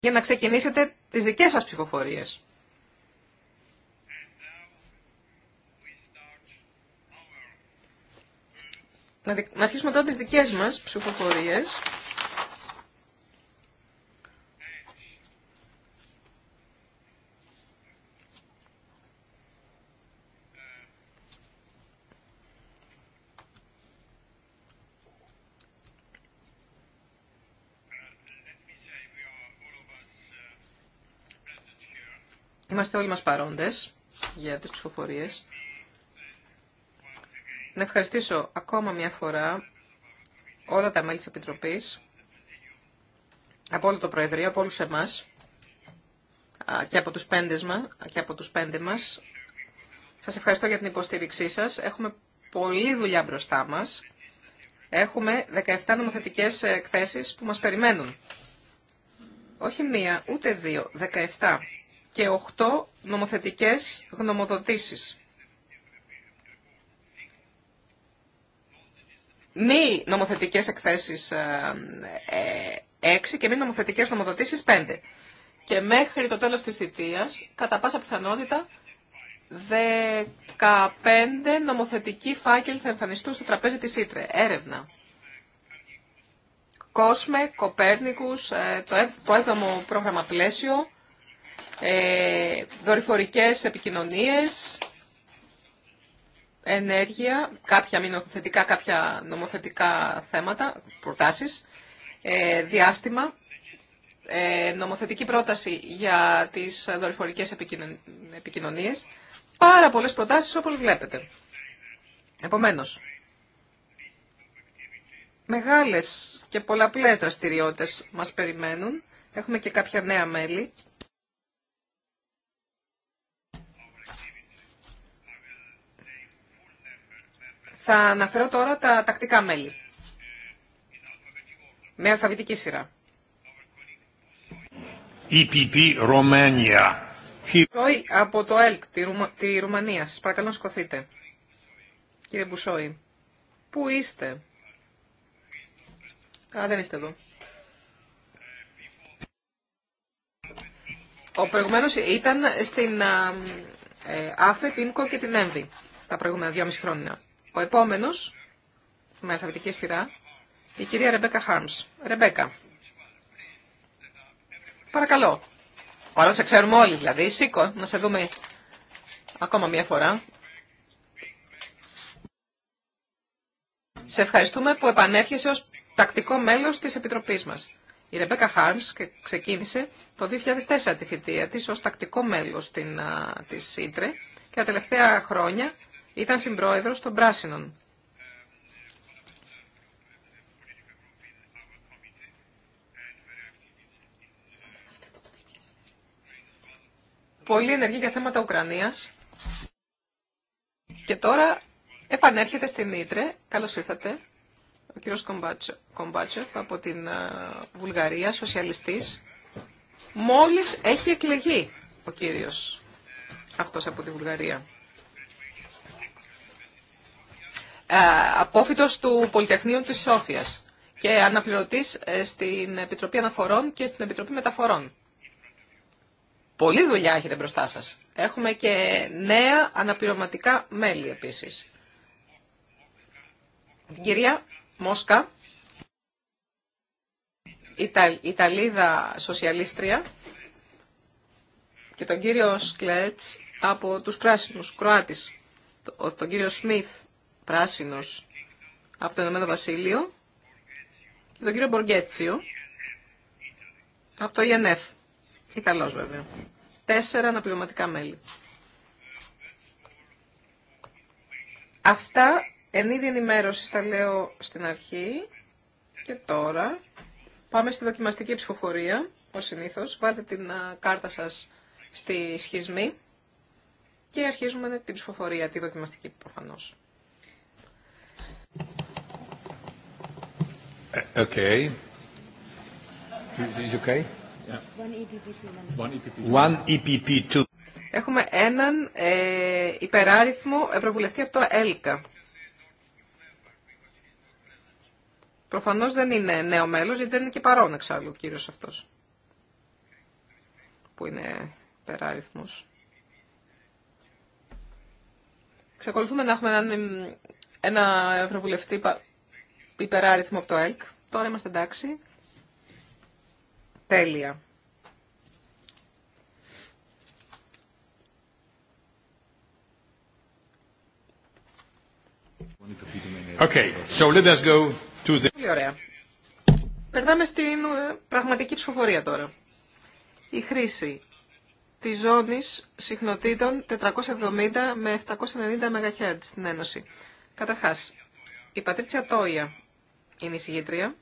για να ξεκινήσετε τις δικές σας ψηφοφορίες. Να αρχίσουμε τώρα τις δικές μας ψηφοφορίες. είμαστε όλοι μας παρόντες για τις ψηφοφορίες. Να ευχαριστήσω ακόμα μια φορά όλα τα μέλη της Επιτροπής, από όλο το Προεδρείο, από όλους εμάς και από τους, πέντε μας, και από τους πέντε μας. Σας ευχαριστώ για την υποστήριξή σας. Έχουμε πολλή δουλειά μπροστά μας. Έχουμε 17 νομοθετικές εκθέσεις που μας περιμένουν. Όχι μία, ούτε δύο, 17 και 8 νομοθετικές γνωμοδοτήσεις. Μη νομοθετικές εκθέσεις 6 ε, ε, και μη νομοθετικές γνωμοδοτήσεις 5. Και μέχρι το τέλος της θητείας, κατά πάσα πιθανότητα, 15 νομοθετικοί φάκελ θα εμφανιστούν στο τραπέζι της Ήτρε. Έρευνα. Κόσμε, Κοπέρνικους, ε, το 7ο πρόγραμμα πλαίσιο, ε, δορυφορικές επικοινωνίες, ενέργεια, κάποια νομοθετικά, κάποια νομοθετικά θέματα, προτάσεις, ε, διάστημα, ε, νομοθετική πρόταση για τις δορυφορικές επικοινωνίες, πάρα πολλές προτάσεις όπως βλέπετε. Επομένως, μεγάλες και πολλαπλές δραστηριότητες μας περιμένουν. Έχουμε και κάποια νέα μέλη Θα αναφέρω τώρα τα τακτικά μέλη. Με αλφαβητική σειρά. EPP Romania. Από το ΕΛΚ τη, Ρουμα... τη Ρουμανία. Σας παρακαλώ σκοθείτε. Κύριε Μπουσόη, πού είστε. Α, δεν είστε εδώ. Ο προηγουμένο ήταν στην ΑΦΕ, την ΚΟ και την ΕΜΒΗ τα προηγούμενα δυόμιση χρόνια. Ο επόμενος, με αλφαβητική σειρά, η κυρία Ρεμπέκα Χάρμς. Ρεμπέκα. Παρακαλώ. Ωραία, σε ξέρουμε όλοι δηλαδή. Σήκω, να σε δούμε ακόμα μία φορά. Σε ευχαριστούμε που επανέρχεσαι ως τακτικό μέλος της Επιτροπής μας. Η Ρεμπέκα Χάρμς ξεκίνησε το 2004 τη θητεία της ως τακτικό μέλος της ΣΥΤΡΕ και τα τελευταία χρόνια ήταν συμπρόεδρος των Πράσινων. Πολύ ενεργή για θέματα Ουκρανίας. Και τώρα επανέρχεται στην Ήτρε. Καλώς ήρθατε. Ο κύριος Κομπάτσεφ από την Βουλγαρία, σοσιαλιστής. Μόλις έχει εκλεγεί ο κύριος αυτός από τη Βουλγαρία. Ε, απόφυτος του Πολυτεχνείου της Σόφιας και αναπληρωτής ε, στην Επιτροπή Αναφορών και στην Επιτροπή Μεταφορών. Πολλή δουλειά έχετε μπροστά σας. Έχουμε και νέα αναπληρωματικά μέλη επίσης. Την κυρία Μόσκα, Ιταλ, Ιταλίδα Σοσιαλίστρια και τον κύριο Σκλέτς από τους Πράσινους, Κροάτης, τον κύριο Σμιθ πράσινο από το Ηνωμένο Βασίλειο και τον κύριο Μποργέτσιο από το ΙΕΝΕΦ. Ιταλός βέβαια. Τέσσερα αναπληρωματικά μέλη. Αυτά εν είδη ενημέρωση τα λέω στην αρχή και τώρα πάμε στη δοκιμαστική ψηφοφορία, ως συνήθως. Βάλτε την κάρτα σας στη σχισμή και αρχίζουμε την ψηφοφορία, τη δοκιμαστική προφανώς. Okay. Ε, Is okay? One EPP, e Έχουμε έναν ε, υπεράριθμο ευρωβουλευτή από το ΕΛΚΑ. Προφανώς δεν είναι νέο μέλος, γιατί δεν είναι και παρόν εξάλλου ο κύριος αυτός, που είναι υπεράριθμος. Ξεκολουθούμε να έχουμε έναν, ένα ευρωβουλευτή υπεράριθμο από το ΕΛΚ. Τώρα είμαστε εντάξει. Τέλεια. Okay, so let us go to the... Πολύ ωραία. Περνάμε στην ε, πραγματική ψηφοφορία τώρα. Η χρήση της ζώνης συχνοτήτων 470 με 790 MHz στην Ένωση. Καταρχάς, η Πατρίτσια Τόια είναι η συγγετρία.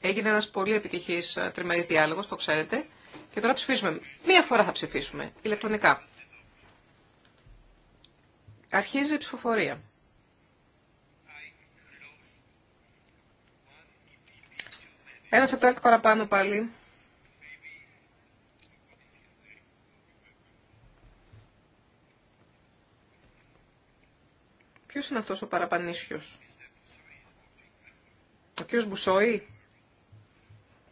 Έγινε ένας πολύ επιτυχής ε, τριμερής διάλογος, το ξέρετε. Και τώρα ψηφίσουμε. Μία φορά θα ψηφίσουμε, ηλεκτρονικά. Αρχίζει η ψηφοφορία. Ένας από το παραπάνω πάλι. Ποιος είναι αυτός ο παραπανίσιος. Ο κύριος Μπουσόη.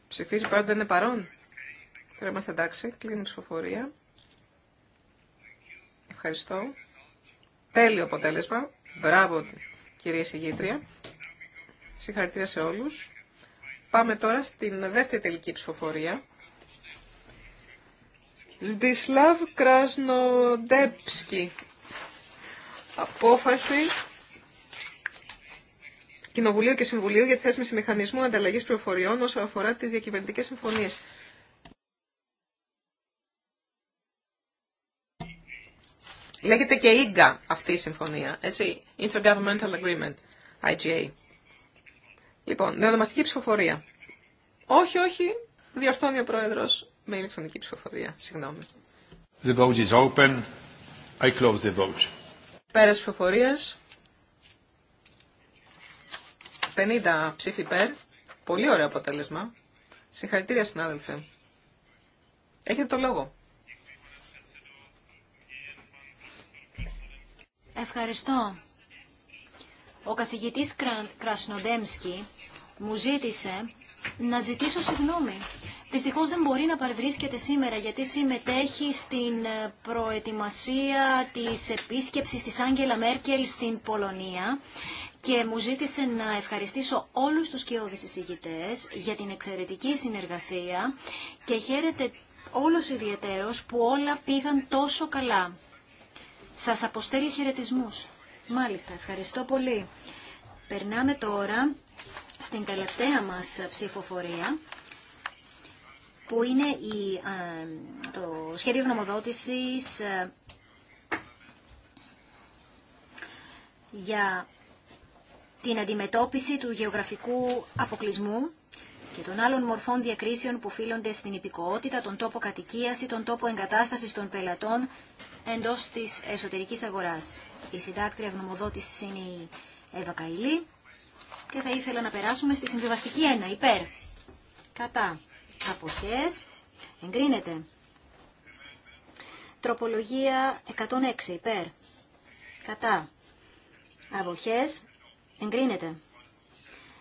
Ψηφίζει παρόν δεν είναι παρόν. Τώρα είμαστε εντάξει. Κλείνει η ψηφοφορία. Ευχαριστώ. Τέλειο αποτέλεσμα. Μπράβο κυρία συγήτρια. Συγχαρητήρια σε όλους. Πάμε τώρα στην δεύτερη τελική ψηφοφορία. Σδισλάβ Κρασνοντέψκι απόφαση Κοινοβουλίου και Συμβουλίου για τη θέσμηση μηχανισμού ανταλλαγή πληροφοριών όσο αφορά τι διακυβερνητικέ συμφωνίε. Λέγεται και ΙΓΚΑ αυτή η συμφωνία, έτσι, Intergovernmental Agreement, IGA. Λοιπόν, με ονομαστική ψηφοφορία. Όχι, όχι, διορθώνει ο Πρόεδρος με ηλεκτρονική ψηφοφορία. Συγγνώμη. The vote is open. I close the vote. Πέρας ψηφοφορίας. 50 ψήφοι πέρ, Πολύ ωραίο αποτέλεσμα. Συγχαρητήρια συνάδελφε. Έχετε το λόγο. Ευχαριστώ. Ο καθηγητής Κρασνοντέμσκι μου ζήτησε να ζητήσω συγγνώμη δυστυχώς δεν μπορεί να παρευρίσκεται σήμερα γιατί συμμετέχει στην ε, προετοιμασία της επίσκεψης της Άγγελα Μέρκελ στην Πολωνία και μου ζήτησε να ευχαριστήσω όλους τους κοιόδης εισηγητές για την εξαιρετική συνεργασία και χαίρεται όλος ιδιαίτερος που όλα πήγαν τόσο καλά. Σας αποστέλει χαιρετισμούς. Μάλιστα, ευχαριστώ πολύ. Περνάμε τώρα στην τελευταία μας ψηφοφορία που είναι η, ε, το σχέδιο γνωμοδότησης ε, για την αντιμετώπιση του γεωγραφικού αποκλεισμού και των άλλων μορφών διακρίσεων που φύλλονται στην υπηκότητα, τον τόπο κατοικίας ή τον τόπο εγκατάστασης των πελατών εντός της εσωτερικής αγοράς. Η συντάκτρια γνωμοδότησης είναι η Εύα η ευα Καϊλή και θα ήθελα να περάσουμε στη συμβιβαστική 1, υπέρ, κατά, αποχές, εγκρίνεται. Τροπολογία 106 υπέρ, κατά, αποχές, εγκρίνεται.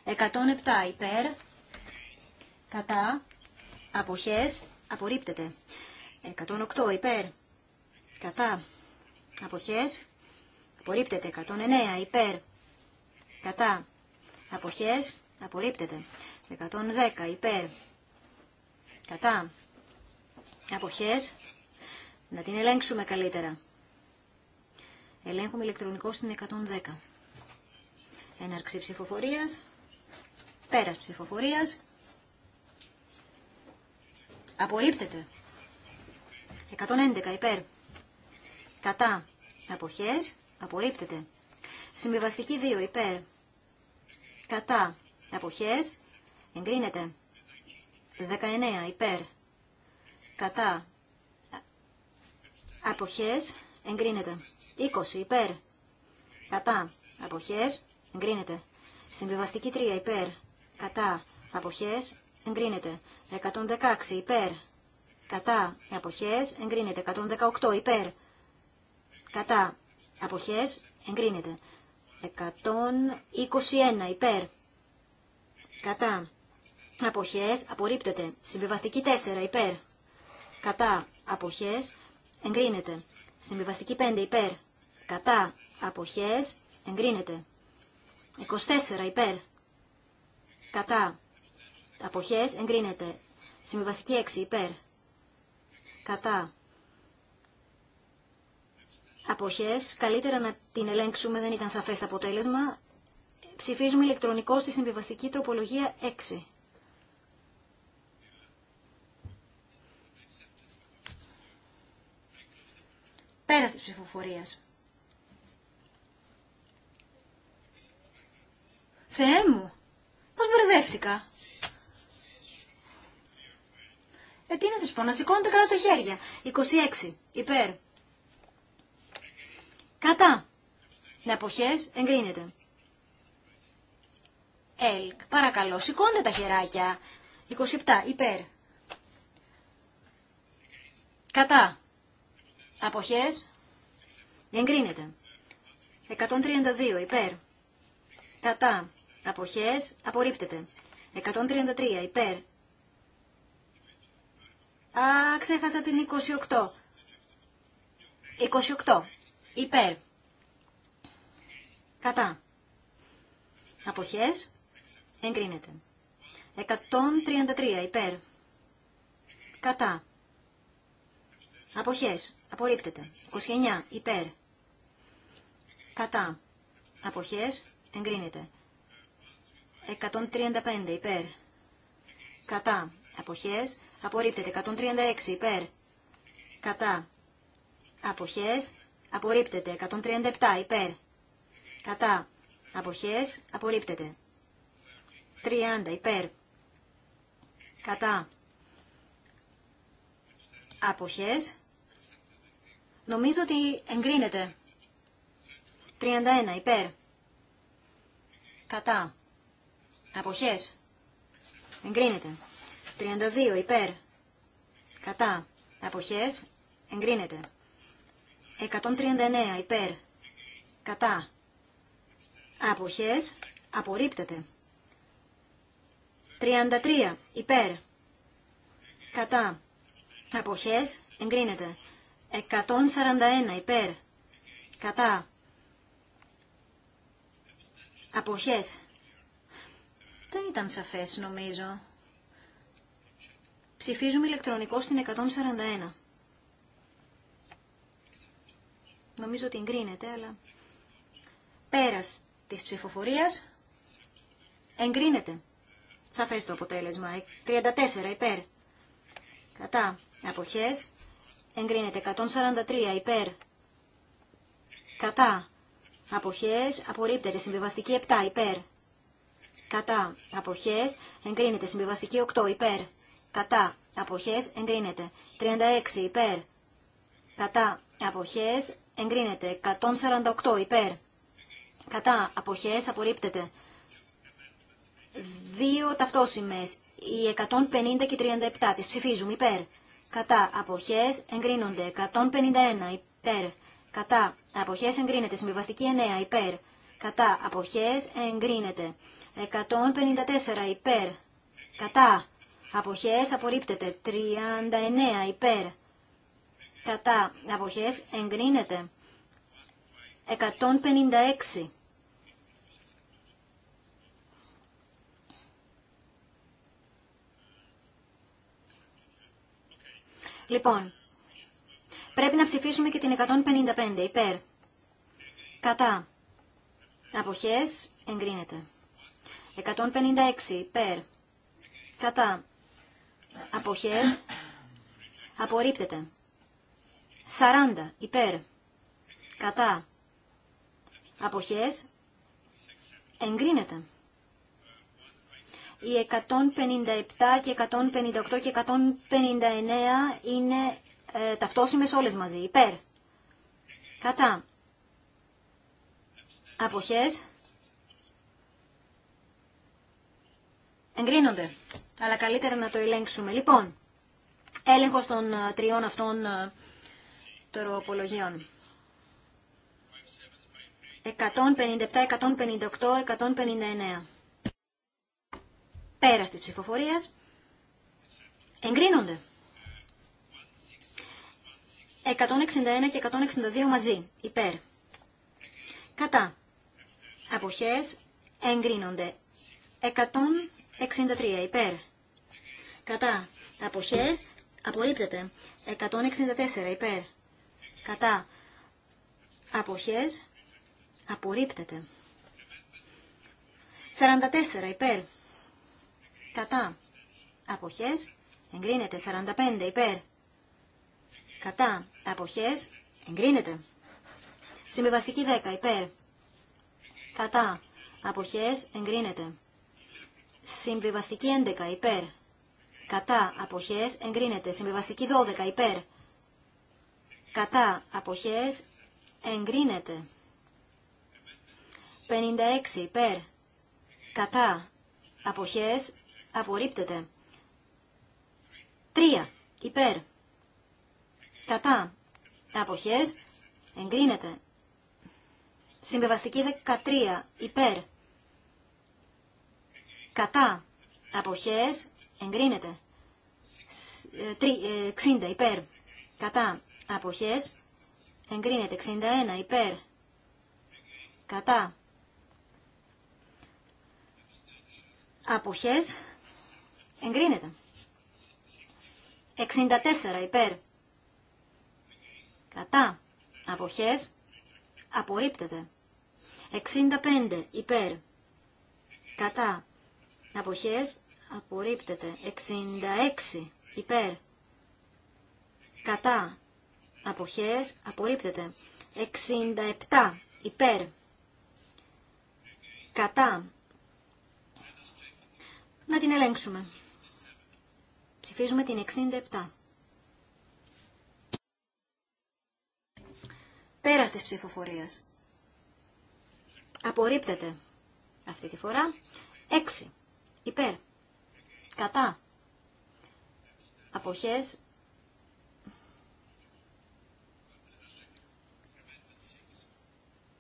107 υπέρ, κατά, αποχές, απορρίπτεται. 108 υπέρ, κατά, αποχές, απορρίπτεται. 109 υπέρ, κατά, αποχές, απορρίπτεται. 110 υπέρ, κατά αποχές να την ελέγξουμε καλύτερα. Ελέγχουμε ηλεκτρονικό στην 110. Έναρξη ψηφοφορίας, πέρας ψηφοφορίας, απορρίπτεται. 111 υπέρ, κατά αποχές, απορρίπτεται. Συμβιβαστική 2 υπέρ, κατά αποχές, εγκρίνεται. 19 υπέρ κατά απόχέ, εγκρίνεται. 20 υπέρ κατά αποχές εγκρίνεται. Συμβιβαστική 3 υπέρ κατά απόχέ, εγκρίνεται. 116 υπέρ κατά αποχές εγκρίνεται. 118 υπέρ κατά απόχέ. εγκρίνεται. 121 υπέρ κατά αποχές απορρίπτεται. Συμβιβαστική 4 υπέρ κατά αποχές εγκρίνεται. Συμβιβαστική 5 υπέρ κατά αποχές εγκρίνεται. 24 υπέρ κατά αποχές εγκρίνεται. Συμβιβαστική 6 υπέρ κατά αποχές. Καλύτερα να την ελέγξουμε, δεν ήταν σαφές το αποτέλεσμα. Ψηφίζουμε ηλεκτρονικό στη συμβιβαστική τροπολογία 6. Πέρας της ψηφοφορίας. Θεέ μου, πώς μπερδεύτηκα. Ε, τι να σας πω, να σηκώνετε καλά τα χέρια. 26, υπέρ. Κατά. Με αποχές, εγκρίνεται. Ελκ, παρακαλώ, σηκώντε τα χεράκια. 27, υπέρ. Κατά. Αποχές. Εγκρίνεται. 132 υπέρ. Κατά. Αποχές. Απορρίπτεται. 133 υπέρ. Α, ξέχασα την 28. 28 υπέρ. Κατά. Αποχές. Εγκρίνεται. 133 υπέρ. Κατά. Αποχές. Απορρίπτεται. 29. Υπέρ. Κατά. Αποχές. Εγκρίνεται. 135. Υπέρ. Κατά. Αποχές. Απορρίπτεται. 136. Υπέρ. Κατά. Αποχές. Απορρίπτεται. 137. Υπέρ. Κατά. Αποχές. Απορρίπτεται. 30. Υπέρ. Κατά. Αποχές. Νομίζω ότι εγκρίνεται. 31 υπέρ. Κατά. Αποχές. Εγκρίνεται. 32 υπέρ. Κατά. Αποχές. Εγκρίνεται. 139 υπέρ. Κατά. Αποχές. Απορρίπτεται. 33 υπέρ. Κατά. Αποχές. Εγκρίνεται. 141 υπέρ. Κατά. Αποχές. Δεν ήταν σαφές νομίζω. Ψηφίζουμε ηλεκτρονικό στην 141. Νομίζω ότι εγκρίνεται, αλλά... Πέρας της ψηφοφορίας εγκρίνεται. Σαφές το αποτέλεσμα. 34 υπέρ. Κατά. Αποχές εγκρίνεται. 143 υπέρ, κατά, αποχές, απορρίπτεται. Συμβιβαστική 7 υπέρ, κατά, αποχές, εγκρίνεται. Συμβιβαστική 8 υπέρ, κατά, αποχές, εγκρίνεται. 36 υπέρ, κατά, αποχές, εγκρίνεται. 148 υπέρ, κατά, αποχές, απορρίπτεται. Δύο ταυτόσημες, οι 150 και 37, τις ψηφίζουμε υπέρ κατά αποχές εγκρίνονται 151 υπέρ, κατά αποχές εγκρίνεται συμβιβαστική 9 υπέρ, κατά αποχές εγκρίνεται 154 υπέρ, κατά αποχές απορρίπτεται 39 υπέρ, κατά αποχές εγκρίνεται 156 Λοιπόν, πρέπει να ψηφίσουμε και την 155 υπέρ. Κατά. Αποχές εγκρίνεται. 156 υπέρ. Κατά. Αποχές απορρίπτεται. 40 υπέρ. Κατά. Αποχές εγκρίνεται. Οι 157 και 158 και 159 είναι ε, ταυτόσιμες όλες μαζί. Υπέρ. Κατά. Αποχές. Εγκρίνονται. Αλλά καλύτερα να το ελέγξουμε. Λοιπόν, έλεγχος των ε, τριών αυτών ε, τροπολογιών. 157, 158, 159. Πέρα τη ψηφοφορία. Εγκρίνονται. 161 και 162 μαζί. Υπέρ. Κατά. Αποχές. Εγκρίνονται. 163 υπέρ. Κατά. Αποχές. Απορρίπτεται. 164 υπέρ. Κατά. Αποχές. Απορρίπτεται. 44 υπέρ κατά αποχές εγκρίνεται 45 υπέρ κατά αποχές εγκρίνεται συμβιβαστική 10 υπέρ κατά αποχές εγκρίνεται συμβιβαστική 11 υπέρ κατά αποχές εγκρίνεται συμβιβαστική 12 υπέρ κατά αποχές εγκρίνεται 56 υπέρ κατά αποχές απορρίπτεται. 3 υπέρ, κατά, αποχές, εγκρίνεται. Συμβεβαστική 13 υπέρ, κατά, αποχές, εγκρίνεται. 60 ε, ε, υπέρ, κατά, αποχές, εγκρίνεται. 61 υπέρ, κατά, αποχές, Εγκρίνεται. 64 υπέρ. Κατά. Αποχές. Απορρίπτεται. 65 υπέρ. Κατά. Αποχές. Απορρίπτεται. 66 υπέρ. Κατά. Αποχές. Απορρίπτεται. 67 υπέρ. Κατά. Να την ελέγξουμε. Ψηφίζουμε την 67. Πέρας της ψηφοφορίας. Απορρίπτεται. Αυτή τη φορά. 6. Υπέρ. Κατά. Αποχές.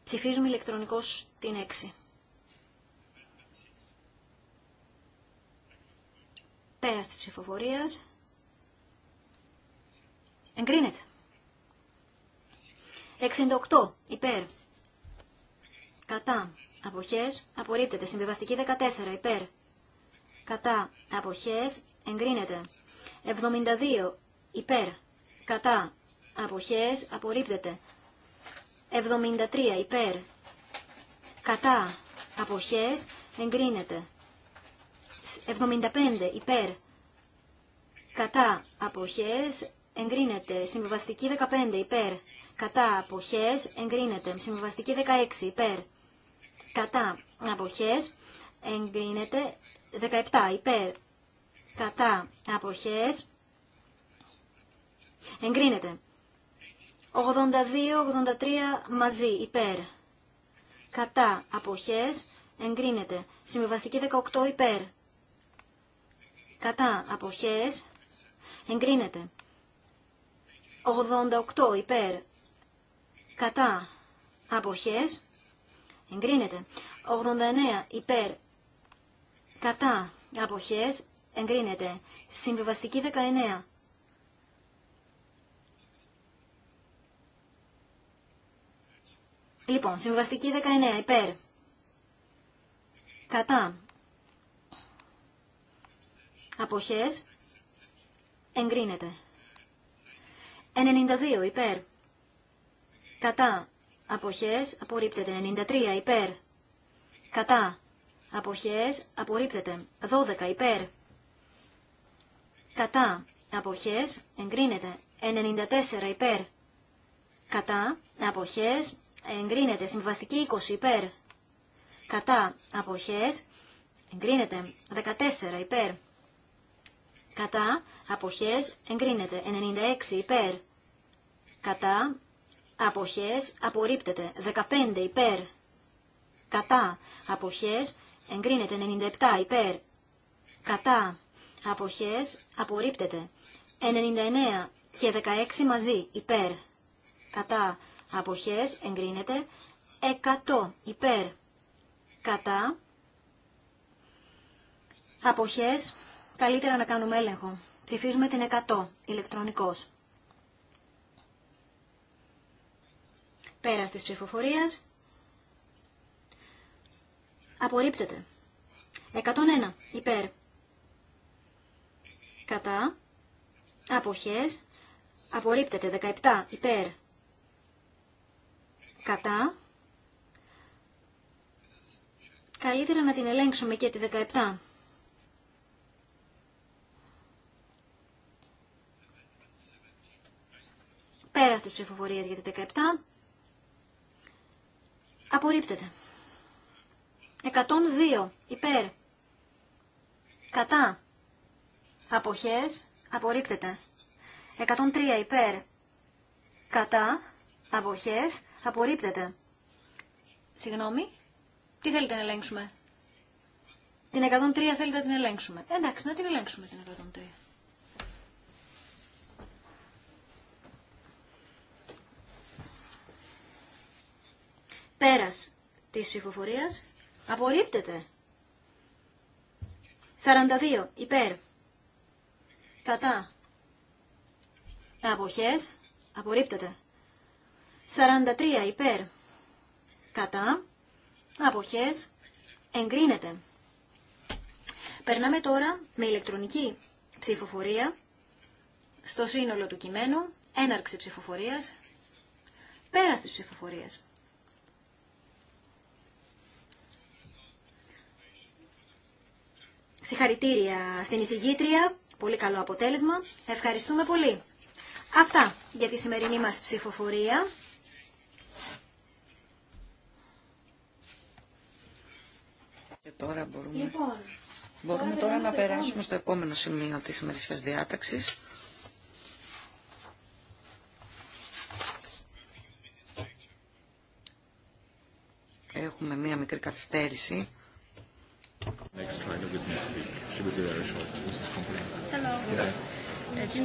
Ψηφίζουμε ηλεκτρονικώς την 6. Πέρας της ψηφοφορίας. Εγκρίνεται. 68. Υπέρ. Κατά. Αποχές. Απορρίπτεται. Συμβιβαστική 14. Υπέρ. Κατά. Αποχές. Εγκρίνεται. 72. Υπέρ. Κατά. Αποχές. Απορρίπτεται. 73. Υπέρ. Κατά. Αποχές. Εγκρίνεται. 75 υπέρ κατά αποχές εγκρίνεται. Συμβιβαστική 15 υπέρ κατά αποχές εγκρίνεται. Συμβιβαστική 16 υπέρ κατά αποχές εγκρίνεται. 17 υπέρ κατά αποχές εγκρίνεται. 82-83 μαζί υπέρ κατά αποχές εγκρίνεται. Συμβιβαστική 18 υπέρ κατά αποχές εγκρίνεται. 88 υπέρ κατά αποχές εγκρίνεται. 89 υπέρ κατά αποχές εγκρίνεται. Συμβιβαστική 19. Λοιπόν, συμβαστική 19 υπέρ. Κατά αποχές, εγκρίνεται. 92 υπέρ, κατά, αποχές, απορρίπτεται. 93 υπέρ, κατά, αποχές, απορρίπτεται. 12 υπέρ, κατά, αποχές, εγκρίνεται. 94 υπέρ, κατά, αποχές, εγκρίνεται. Συμβαστική 20 υπέρ, κατά, αποχές, εγκρίνεται. 14 υπέρ, κατά, αποχές, εγκρίνεται. 96 υπέρ, κατά, αποχές, απορρίπτεται. 15 υπέρ, κατά, αποχές, εγκρίνεται. 97 υπέρ, κατά, αποχές, απορρίπτεται. 99 και 16 μαζί, υπέρ, κατά, αποχές, εγκρίνεται. 100 υπέρ, κατά, αποχές, Καλύτερα να κάνουμε έλεγχο. Ψηφίζουμε την 100 ηλεκτρονικός. Πέρα της ψηφοφορίας. Απορρίπτεται. 101 υπέρ. Κατά. Αποχές. Απορρίπτεται. 17 υπέρ. Κατά. Καλύτερα να την ελέγξουμε και τη 17. Πέρα στις ψηφοφορίες για τη 17. Απορρίπτεται. 102 υπέρ. Κατά. Αποχές. Απορρίπτεται. 103 υπέρ. Κατά. Αποχές. Απορρίπτεται. Συγγνώμη. Τι θέλετε να ελέγξουμε. Την 103 θέλετε να την ελέγξουμε. Εντάξει, να την ελέγξουμε την 103. Πέρας της ψηφοφορίας. Απορρίπτεται. 42. Υπέρ. Κατά. Αποχές. Απορρίπτεται. 43. Υπέρ. Κατά. Αποχές. Εγκρίνεται. Περνάμε τώρα με ηλεκτρονική ψηφοφορία στο σύνολο του κειμένου. Έναρξη ψηφοφορίας. Πέρας της ψηφοφορίας. Συγχαρητήρια στην εισηγήτρια. Πολύ καλό αποτέλεσμα. Ευχαριστούμε πολύ. Αυτά για τη σημερινή μας ψηφοφορία. Και τώρα μπορούμε, λοιπόν, τώρα, να περάσουμε στο επόμενο σημείο της σημερινής διάταξης. Έχουμε μία μικρή καθυστέρηση. Dzień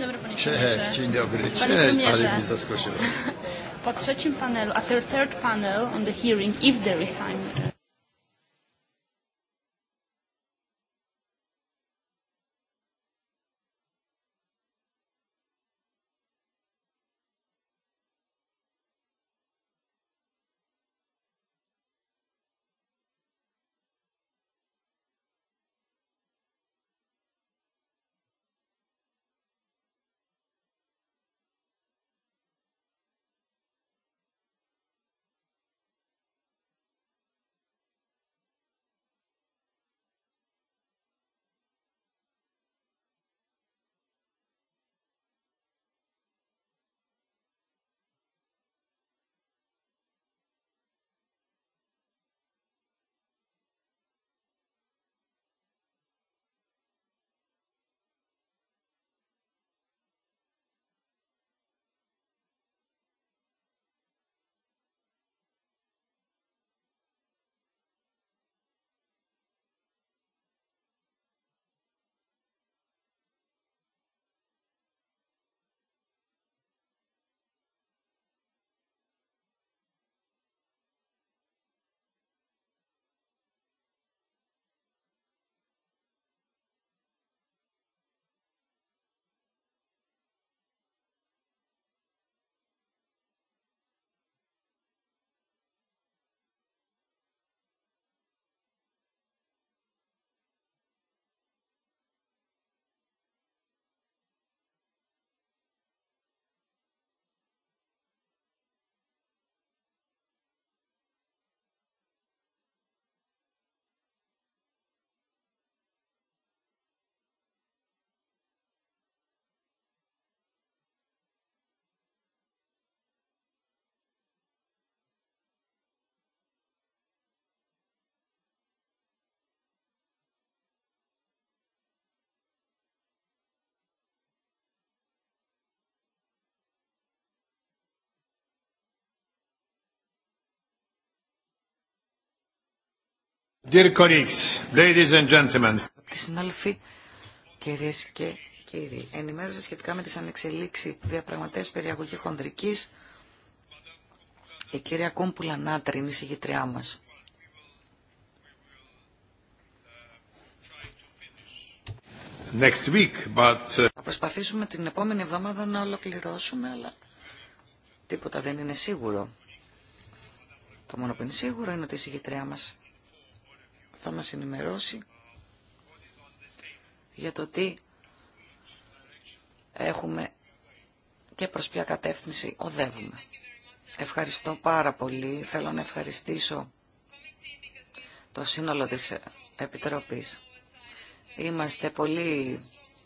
dobry, panie premierze. Po trzecim panelu, third panel on the hearing, if there is time, Dear colleagues, ladies κυρίες και κύριοι, ενημέρωση σχετικά με τι ανεξελίξει διαπραγματεύσεις περιαγωγή χονδρική. η κυρία Κούμπουλα Νάτρη είναι η συγγητριά μα. Uh, Θα προσπαθήσουμε την επόμενη εβδομάδα να ολοκληρώσουμε, αλλά τίποτα δεν είναι σίγουρο. Το μόνο που είναι σίγουρο είναι ότι η συγγητριά μας θα μας ενημερώσει για το τι έχουμε και προς ποια κατεύθυνση οδεύουμε. Ευχαριστώ πάρα πολύ. Θέλω να ευχαριστήσω το σύνολο της Επιτροπής. Είμαστε πολύ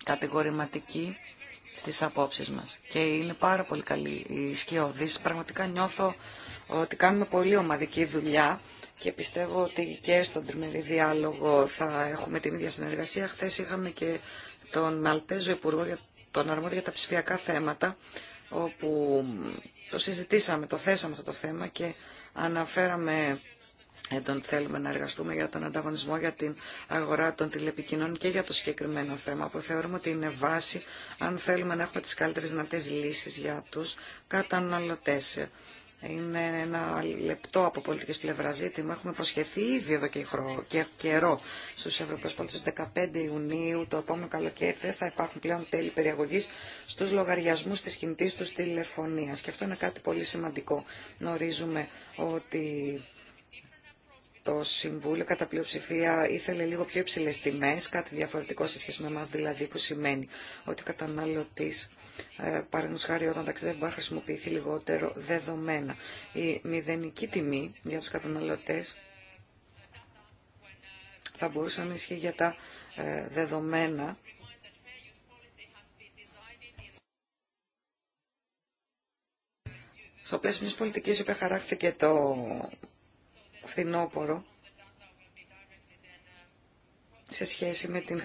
κατηγορηματικοί στις απόψεις μας και είναι πάρα πολύ καλή η σκιώδηση. Πραγματικά νιώθω ότι κάνουμε πολύ ομαδική δουλειά και πιστεύω ότι και στον τριμερή διάλογο θα έχουμε την ίδια συνεργασία. Χθε είχαμε και τον Μαλτέζο Υπουργό για τον Αρμόδιο για τα ψηφιακά θέματα, όπου το συζητήσαμε, το θέσαμε αυτό το θέμα και αναφέραμε τον θέλουμε να εργαστούμε για τον ανταγωνισμό, για την αγορά των τηλεπικοινών και για το συγκεκριμένο θέμα που θεωρούμε ότι είναι βάση αν θέλουμε να έχουμε τις καλύτερες δυνατές λύσεις για τους καταναλωτές. Είναι ένα λεπτό από πολιτικής πλευρά ζήτημα. Έχουμε προσχεθεί ήδη εδώ και, χρόνο, και καιρό στους Ευρωπαίους πολίτες. 15 Ιουνίου το επόμενο καλοκαίρι θα υπάρχουν πλέον τέλη περιαγωγής στους λογαριασμούς της κινητής τους τηλεφωνίας. Και αυτό είναι κάτι πολύ σημαντικό. Γνωρίζουμε ότι το Συμβούλιο κατά πλειοψηφία ήθελε λίγο πιο υψηλές τιμές, κάτι διαφορετικό σε σχέση με εμάς δηλαδή, που σημαίνει ότι ο καταναλωτής ε, παραδείγματο χάρη όταν ταξιδεύει μπορεί να χρησιμοποιηθεί λιγότερο δεδομένα. Η μηδενική τιμή για τους καταναλωτές θα μπορούσε να ισχύει για τα ε, δεδομένα Στο πλαίσιο μια πολιτικής υπεχαράχθηκε το φθινόπωρο σε σχέση με την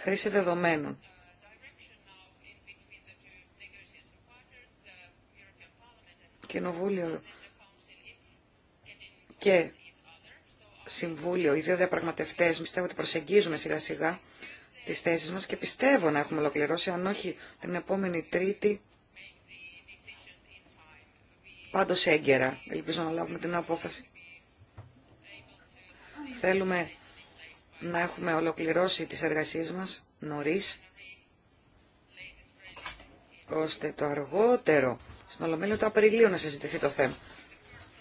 χρήση δεδομένων. Κοινοβούλιο και Συμβούλιο, οι δύο διαπραγματευτέ, πιστεύω ότι προσεγγίζουμε σιγά σιγά τι θέσει μα και πιστεύω να έχουμε ολοκληρώσει, αν όχι την επόμενη Τρίτη, πάντω έγκαιρα. Ελπίζω να λάβουμε την απόφαση. Θέλουμε να έχουμε ολοκληρώσει τις εργασίες μας νωρίς, ώστε το αργότερο στον Ολομέλεια του Απριλίου να συζητηθεί το θέμα.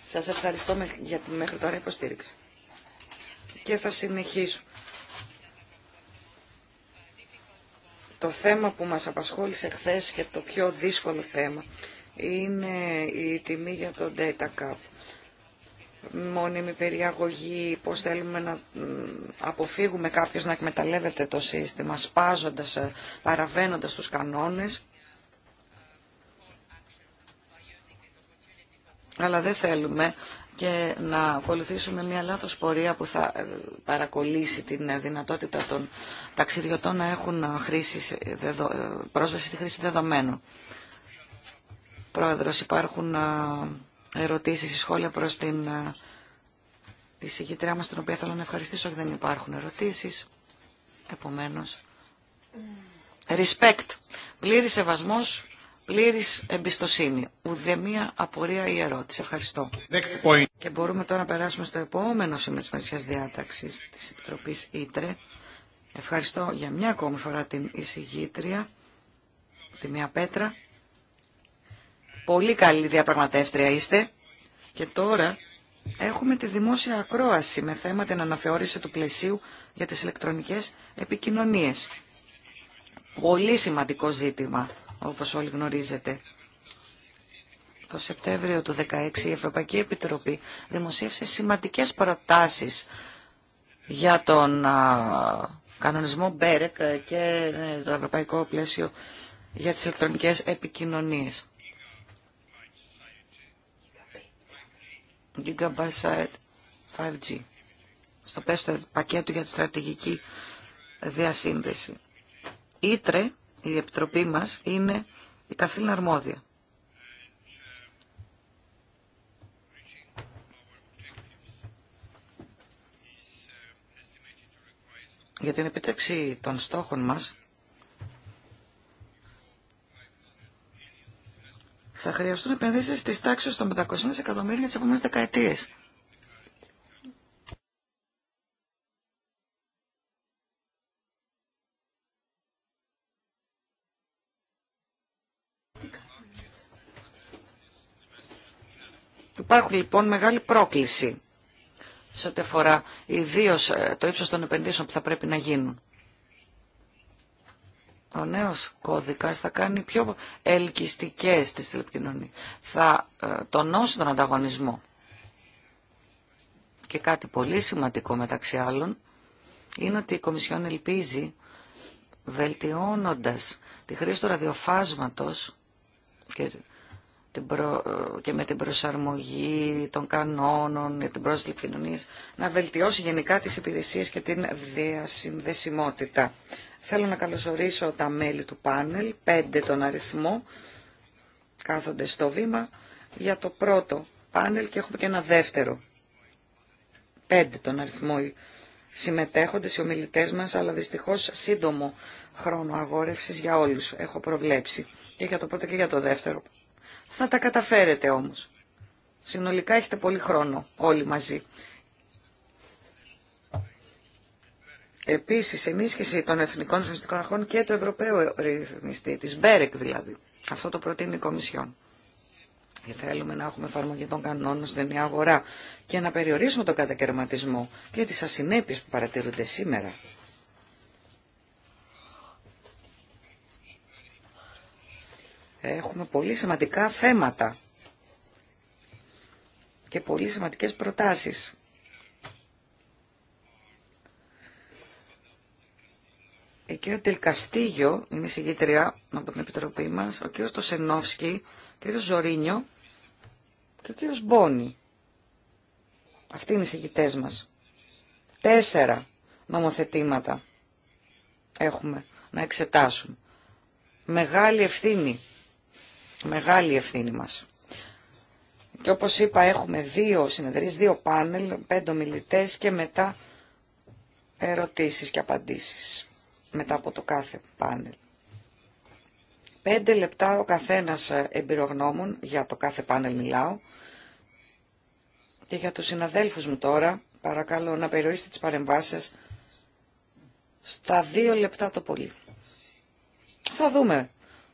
Σας ευχαριστώ για τη μέχρι τώρα υποστήριξη. Και θα συνεχίσω. Το θέμα που μας απασχόλησε χθε και το πιο δύσκολο θέμα είναι η τιμή για το Data Cup. Μόνιμη περιαγωγή, πώς θέλουμε να αποφύγουμε κάποιος να εκμεταλλεύεται το σύστημα, σπάζοντας, ε, παραβαίνοντας τους κανόνες αλλά δεν θέλουμε και να ακολουθήσουμε μια λάθος πορεία που θα ε, παρακολύσει την ε, δυνατότητα των ταξιδιωτών να έχουν ε, πρόσβαση στη χρήση δεδομένων. Πρόεδρος, υπάρχουν ερωτήσεις ή σχόλια προς την εισηγήτριά μας, την οποία θέλω να ευχαριστήσω, δεν υπάρχουν ερωτήσεις. Επομένως, respect, πλήρη σεβασμός πλήρη εμπιστοσύνη. Ουδέμια απορία ή ερώτηση. Ευχαριστώ. Next point. Και μπορούμε τώρα να περάσουμε στο επόμενο σήμερα της διάταξης της Επιτροπής Ήτρε. Ευχαριστώ για μια ακόμη φορά την εισηγήτρια, τη Μια Πέτρα. Πολύ καλή διαπραγματεύτρια είστε. Και τώρα έχουμε τη δημόσια ακρόαση με θέμα την αναθεώρηση του πλαισίου για τις ηλεκτρονικές επικοινωνίες. Πολύ σημαντικό ζήτημα όπως όλοι γνωρίζετε. Το Σεπτέμβριο του 2016 η Ευρωπαϊκή Επιτροπή δημοσίευσε σημαντικές προτάσεις για τον κανονισμό Μπέρεκ και ε, το Ευρωπαϊκό Πλαίσιο για τις ηλεκτρονικές επικοινωνίες. Gigabyte 5G στο πέστο πακέτο για τη στρατηγική διασύνδεση. Ήτρε η Επιτροπή μας είναι η καθήλυνα αρμόδια. Για την επίτευξη των στόχων μας θα χρειαστούν επενδύσεις της τάξης των 500 εκατομμύρια τις επόμενες δεκαετίες. Υπάρχει λοιπόν μεγάλη πρόκληση σε ό,τι αφορά ιδίω ε, το ύψος των επενδύσεων που θα πρέπει να γίνουν. Ο νέος κώδικας θα κάνει πιο ελκυστικές τις τηλεπικοινωνίες. Θα ε, τονώσει τον ανταγωνισμό. Και κάτι πολύ σημαντικό μεταξύ άλλων είναι ότι η Κομισιόν ελπίζει βελτιώνοντας τη χρήση του ραδιοφάσματος και και με την προσαρμογή των κανόνων, την πρόσληψη κοινωνία, να βελτιώσει γενικά τις υπηρεσίες και την διασυνδεσιμότητα. Θέλω να καλωσορίσω τα μέλη του πάνελ, πέντε τον αριθμό, κάθονται στο βήμα, για το πρώτο πάνελ και έχουμε και ένα δεύτερο. Πέντε τον αριθμό συμμετέχοντες οι ομιλητές μας, αλλά δυστυχώς σύντομο χρόνο αγόρευσης για όλους έχω προβλέψει και για το πρώτο και για το δεύτερο θα τα καταφέρετε όμως. Συνολικά έχετε πολύ χρόνο όλοι μαζί. Επίσης, ενίσχυση των εθνικών ρυθμιστικών αρχών και του Ευρωπαίου ρυθμιστή, της Μπέρεκ δηλαδή. Αυτό το προτείνει η Κομισιόν. Και θέλουμε να έχουμε εφαρμογή των κανόνων στην νέα αγορά και να περιορίσουμε τον κατακαιρματισμό και τις ασυνέπειες που παρατηρούνται σήμερα. Έχουμε πολύ σημαντικά θέματα και πολύ σημαντικές προτάσεις. Η ε, κύριο Τελκαστίγιο είναι η συγγήτρια από την Επιτροπή μας, ο κύριος Τοσενόφσκι, ο κύριος Ζωρίνιο και ο κύριος Μπόνι. Αυτοί είναι οι συγγητές μας. Τέσσερα νομοθετήματα έχουμε να εξετάσουμε. Μεγάλη ευθύνη Μεγάλη ευθύνη μας. Και όπως είπα έχουμε δύο συνεδρίες, δύο πάνελ, πέντε ομιλητές και μετά ερωτήσεις και απαντήσεις μετά από το κάθε πάνελ. Πέντε λεπτά ο καθένας ε, εμπειρογνώμων, για το κάθε πάνελ μιλάω, και για τους συναδέλφους μου τώρα, παρακαλώ να περιορίσετε τις παρεμβάσεις στα δύο λεπτά το πολύ. Θα δούμε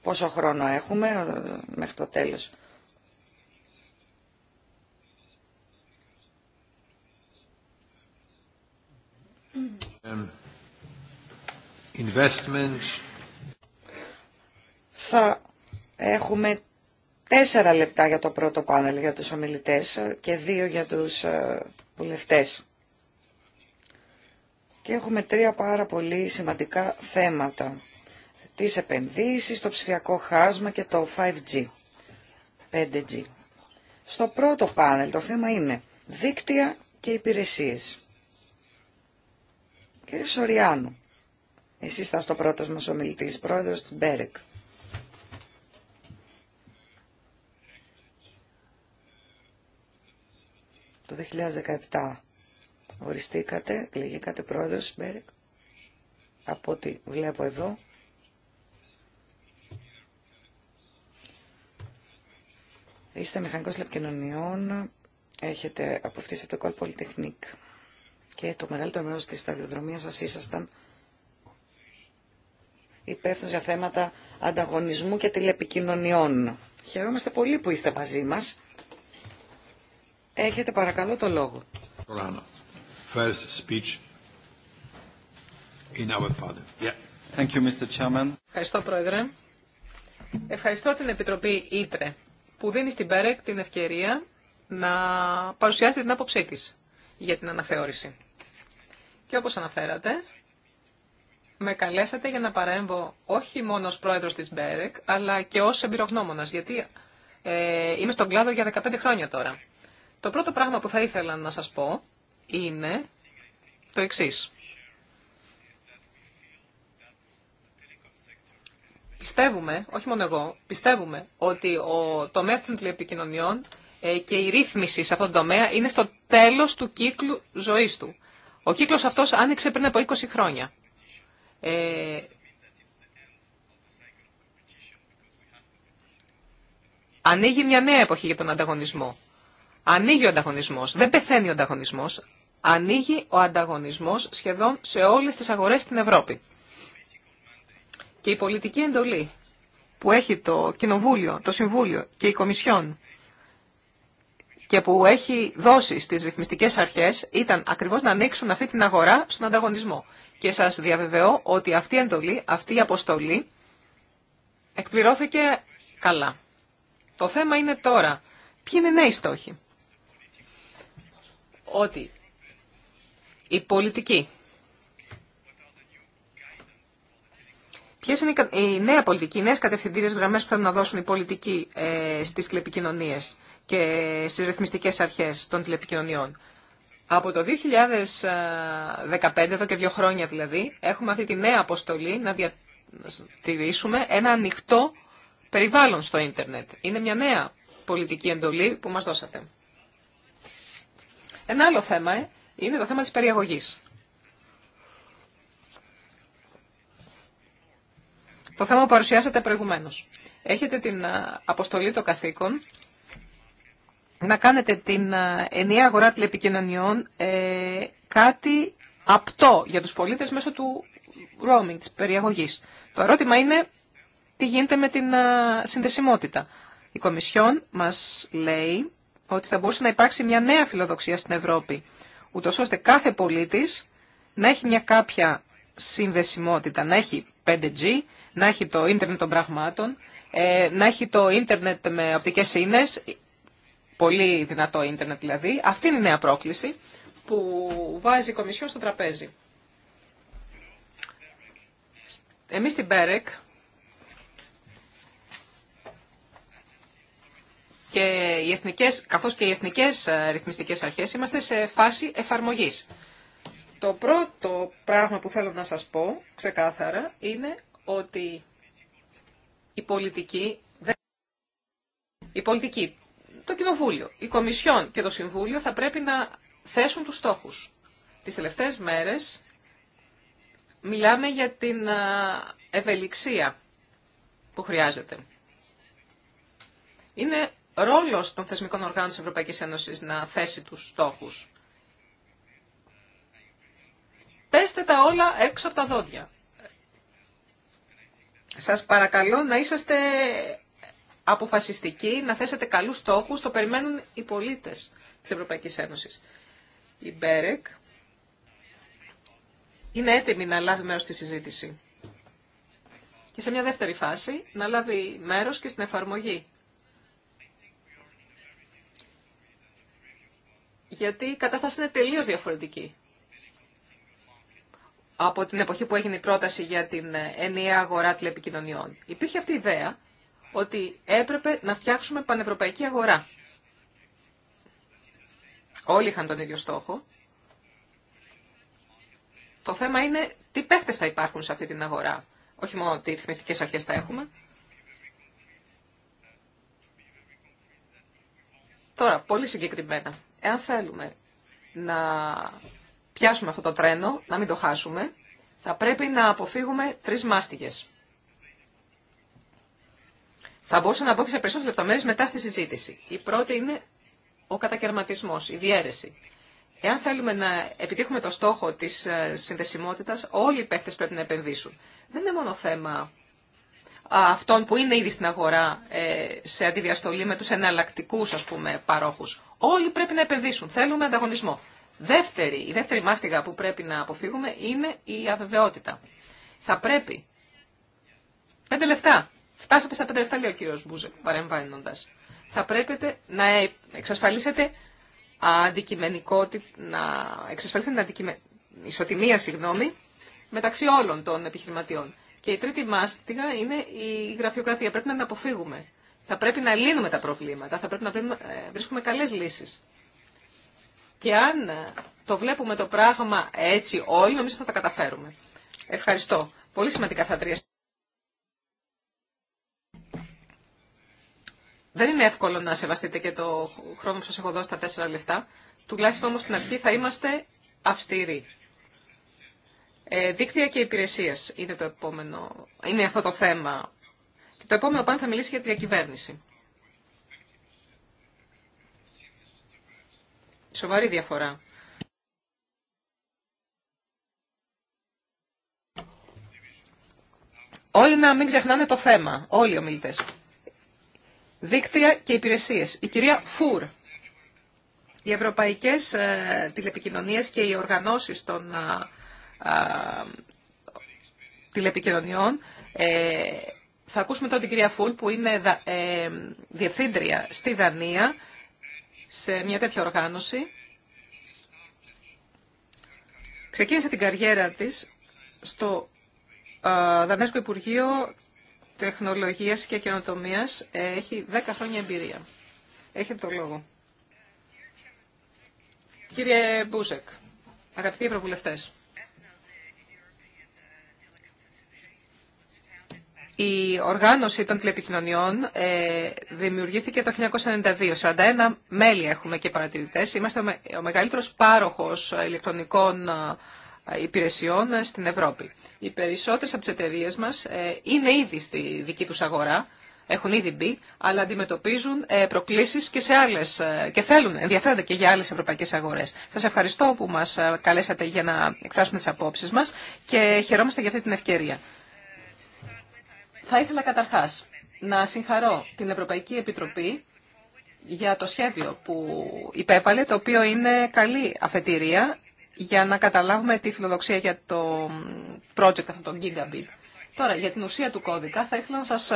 Πόσο χρόνο έχουμε ε, μέχρι το τέλος. Θα έχουμε τέσσερα λεπτά για το πρώτο πάνελ για τους ομιλητές και δύο για τους ε, βουλευτές. Και έχουμε τρία πάρα πολύ σημαντικά θέματα τις επενδύσεις, το ψηφιακό χάσμα και το 5G, 5G. Στο πρώτο πάνελ το θέμα είναι δίκτυα και υπηρεσίες. Κύριε Σοριάνου, εσύ θα στο πρώτος μας ομιλητής, πρόεδρος της Μπέρεκ. Το 2017 οριστήκατε, κλήγηκατε πρόεδρος της Μπέρεκ. Από ό,τι βλέπω εδώ, Είστε μηχανικός λεπικοινωνιών, έχετε αποφτήσει από το Call Polytechnique και το μεγαλύτερο μέρος της σταδιοδρομίας σας ήσασταν υπεύθυνος για θέματα ανταγωνισμού και τηλεπικοινωνιών. Χαιρόμαστε πολύ που είστε μαζί μας. Έχετε παρακαλώ το λόγο. First speech in our yeah. Thank you, Mr. Chairman. Ευχαριστώ, Πρόεδρε. Ευχαριστώ την Επιτροπή Ήτρε που δίνει στην ΠΕΡΕΚ την ευκαιρία να παρουσιάσει την άποψή της για την αναθεώρηση. Και όπως αναφέρατε, με καλέσατε για να παρέμβω όχι μόνο ως πρόεδρος της ΜΠΕΡΕΚ, αλλά και ως εμπειρογνώμονας, γιατί ε, είμαι στον κλάδο για 15 χρόνια τώρα. Το πρώτο πράγμα που θα ήθελα να σας πω είναι το εξής. Πιστεύουμε, όχι μόνο εγώ, πιστεύουμε ότι ο τομέας των τηλεπικοινωνιών ε, και η ρύθμιση σε αυτόν τον τομέα είναι στο τέλος του κύκλου ζωής του. Ο κύκλος αυτός άνοιξε πριν από 20 χρόνια. Ε, ανοίγει μια νέα εποχή για τον ανταγωνισμό. Ανοίγει ο ανταγωνισμός. Δεν πεθαίνει ο ανταγωνισμός. Ανοίγει ο ανταγωνισμό σχεδόν σε όλε τι αγορέ στην Ευρώπη και η πολιτική εντολή που έχει το Κοινοβούλιο, το Συμβούλιο και η Κομισιόν και που έχει δώσει στις ρυθμιστικές αρχές ήταν ακριβώς να ανοίξουν αυτή την αγορά στον ανταγωνισμό. Και σας διαβεβαιώ ότι αυτή η εντολή, αυτή η αποστολή εκπληρώθηκε καλά. Το θέμα είναι τώρα ποιοι είναι νέοι στόχοι. Ότι η πολιτική Ποιε είναι η νέα πολιτική, οι νέε κατευθυντήριε γραμμέ που θέλουν να δώσουν οι πολιτικοί ε, στι τηλεπικοινωνίε και στι ρυθμιστικέ αρχέ των τηλεπικοινωνιών. Από το 2015, εδώ και δύο χρόνια δηλαδή, έχουμε αυτή τη νέα αποστολή να διατηρήσουμε ένα ανοιχτό περιβάλλον στο ίντερνετ. Είναι μια νέα πολιτική εντολή που μας δώσατε. Ένα άλλο θέμα ε, είναι το θέμα της περιαγωγής. Το θέμα που παρουσιάσατε προηγουμένω. Έχετε την ε, αποστολή των καθήκων να κάνετε την ε, ενιαία αγορά τηλεπικοινωνιών ε, κάτι απτό για τους πολίτες μέσω του roaming, της περιαγωγή. Το ερώτημα είναι τι γίνεται με την ε, συνδεσιμότητα. Η Κομισιόν μας λέει ότι θα μπορούσε να υπάρξει μια νέα φιλοδοξία στην Ευρώπη, ούτω ώστε κάθε πολίτης να έχει μια κάποια συνδεσιμότητα, να έχει 5G, να έχει το ίντερνετ των πραγμάτων, ε, να έχει το ίντερνετ με οπτικές σύνες, πολύ δυνατό ίντερνετ δηλαδή. Αυτή είναι η νέα πρόκληση που βάζει η Κομισιόν στο τραπέζι. Εμείς στην ΠΕΡΕΚ και οι εθνικές, καθώς και οι εθνικές ε, ρυθμιστικές αρχές είμαστε σε φάση εφαρμογής. Το πρώτο πράγμα που θέλω να σας πω ξεκάθαρα είναι ότι η πολιτική, το Κοινοβούλιο, η Κομισιόν και το Συμβούλιο θα πρέπει να θέσουν τους στόχους. Τις τελευταίες μέρες μιλάμε για την ευελιξία που χρειάζεται. Είναι ρόλος των θεσμικών οργάνων της Ευρωπαϊκής Ένωσης να θέσει τους στόχους. Πέστε τα όλα έξω από τα δόντια. Σας παρακαλώ να είσαστε αποφασιστικοί, να θέσετε καλούς στόχους, το περιμένουν οι πολίτες της Ευρωπαϊκής Ένωσης. Η Μπέρεκ είναι έτοιμη να λάβει μέρος στη συζήτηση. Και σε μια δεύτερη φάση να λάβει μέρος και στην εφαρμογή. Γιατί η κατάσταση είναι τελείως διαφορετική από την εποχή που έγινε η πρόταση για την ε, ενιαία αγορά τηλεπικοινωνιών. Υπήρχε αυτή η ιδέα ότι έπρεπε να φτιάξουμε πανευρωπαϊκή αγορά. Όλοι είχαν τον ίδιο στόχο. Το θέμα είναι τι παίχτες θα υπάρχουν σε αυτή την αγορά. Όχι μόνο τι ρυθμιστικές αρχές θα έχουμε. Τώρα, πολύ συγκεκριμένα, εάν θέλουμε να πιάσουμε αυτό το τρένο, να μην το χάσουμε, θα πρέπει να αποφύγουμε τρεις μάστιγες. Θα μπορούσα να μπω και σε περισσότερες λεπτομέρειες μετά στη συζήτηση. Η πρώτη είναι ο κατακαιρματισμός, η διαίρεση. Εάν θέλουμε να επιτύχουμε το στόχο της ε, συνδεσιμότητας, όλοι οι παίχτες πρέπει να επενδύσουν. Δεν είναι μόνο θέμα αυτών που είναι ήδη στην αγορά ε, σε αντιδιαστολή με τους εναλλακτικού ας πούμε, παρόχους. Όλοι πρέπει να επενδύσουν. Θέλουμε ανταγωνισμό. Δεύτερη, η δεύτερη μάστιγα που πρέπει να αποφύγουμε είναι η αβεβαιότητα. Θα πρέπει. Πέντε λεφτά. Φτάσατε στα πέντε λεφτά, λέει ο κύριο Μπουζε, παρεμβαίνοντα. Θα πρέπει να εξασφαλίσετε αντικειμενικότητα, να εξασφαλίσετε την αντικειμε... ισοτιμία, συγγνώμη, μεταξύ όλων των επιχειρηματιών. Και η τρίτη μάστιγα είναι η γραφειοκρατία. Πρέπει να την αποφύγουμε. Θα πρέπει να λύνουμε τα προβλήματα, θα πρέπει να ε, βρίσκουμε καλές λύσεις. Και αν το βλέπουμε το πράγμα έτσι όλοι, νομίζω θα τα καταφέρουμε. Ευχαριστώ. Πολύ σημαντικά θα τρία. Δεν είναι εύκολο να σεβαστείτε και το χρόνο που σας έχω δώσει τα τέσσερα λεφτά. Τουλάχιστον όμως στην αρχή θα είμαστε αυστηροί. Ε, δίκτυα και υπηρεσίες είναι, το επόμενο, είναι αυτό το θέμα. Και το επόμενο πάνω θα μιλήσει για τη διακυβέρνηση. Σοβαρή διαφορά. Όλοι να μην ξεχνάμε το θέμα, όλοι οι ομιλητές. Δίκτυα και υπηρεσίες. Η κυρία Φουρ. Οι ευρωπαϊκές ε, τηλεπικοινωνίες και οι οργανώσεις των ε, ε τηλεπικοινωνιών ε, θα ακούσουμε τώρα την κυρία Φουρ που είναι ε, διευθύντρια στη Δανία σε μια τέτοια οργάνωση. Ξεκίνησε την καριέρα της στο Δανέσκο Υπουργείο Τεχνολογίας και Καινοτομίας. Έχει 10 χρόνια εμπειρία. Έχετε το λόγο. Κύριε Μπούζεκ, αγαπητοί ευρωβουλευτές. Η οργάνωση των τηλεπικοινωνιών ε, δημιουργήθηκε το 1992. 41 μέλη έχουμε και παρατηρητές. Είμαστε ο μεγαλύτερος πάροχος ηλεκτρονικών ε, υπηρεσιών ε, στην Ευρώπη. Οι περισσότερες από τις εταιρείες μας είναι ήδη στη δική τους αγορά, έχουν ήδη μπει, αλλά αντιμετωπίζουν προκλήσεις και σε άλλες και θέλουν, ενδιαφέρονται και για άλλες ευρωπαϊκές αγορές. Σας ευχαριστώ που μας καλέσατε για να εκφράσουμε τις απόψεις μας και χαιρόμαστε για αυτή την ευκαιρία. Θα ήθελα καταρχάς να συγχαρώ την Ευρωπαϊκή Επιτροπή για το σχέδιο που υπέβαλε, το οποίο είναι καλή αφετηρία για να καταλάβουμε τη φιλοδοξία για το project αυτό, το Gigabit. Τώρα, για την ουσία του κώδικα, θα ήθελα να σας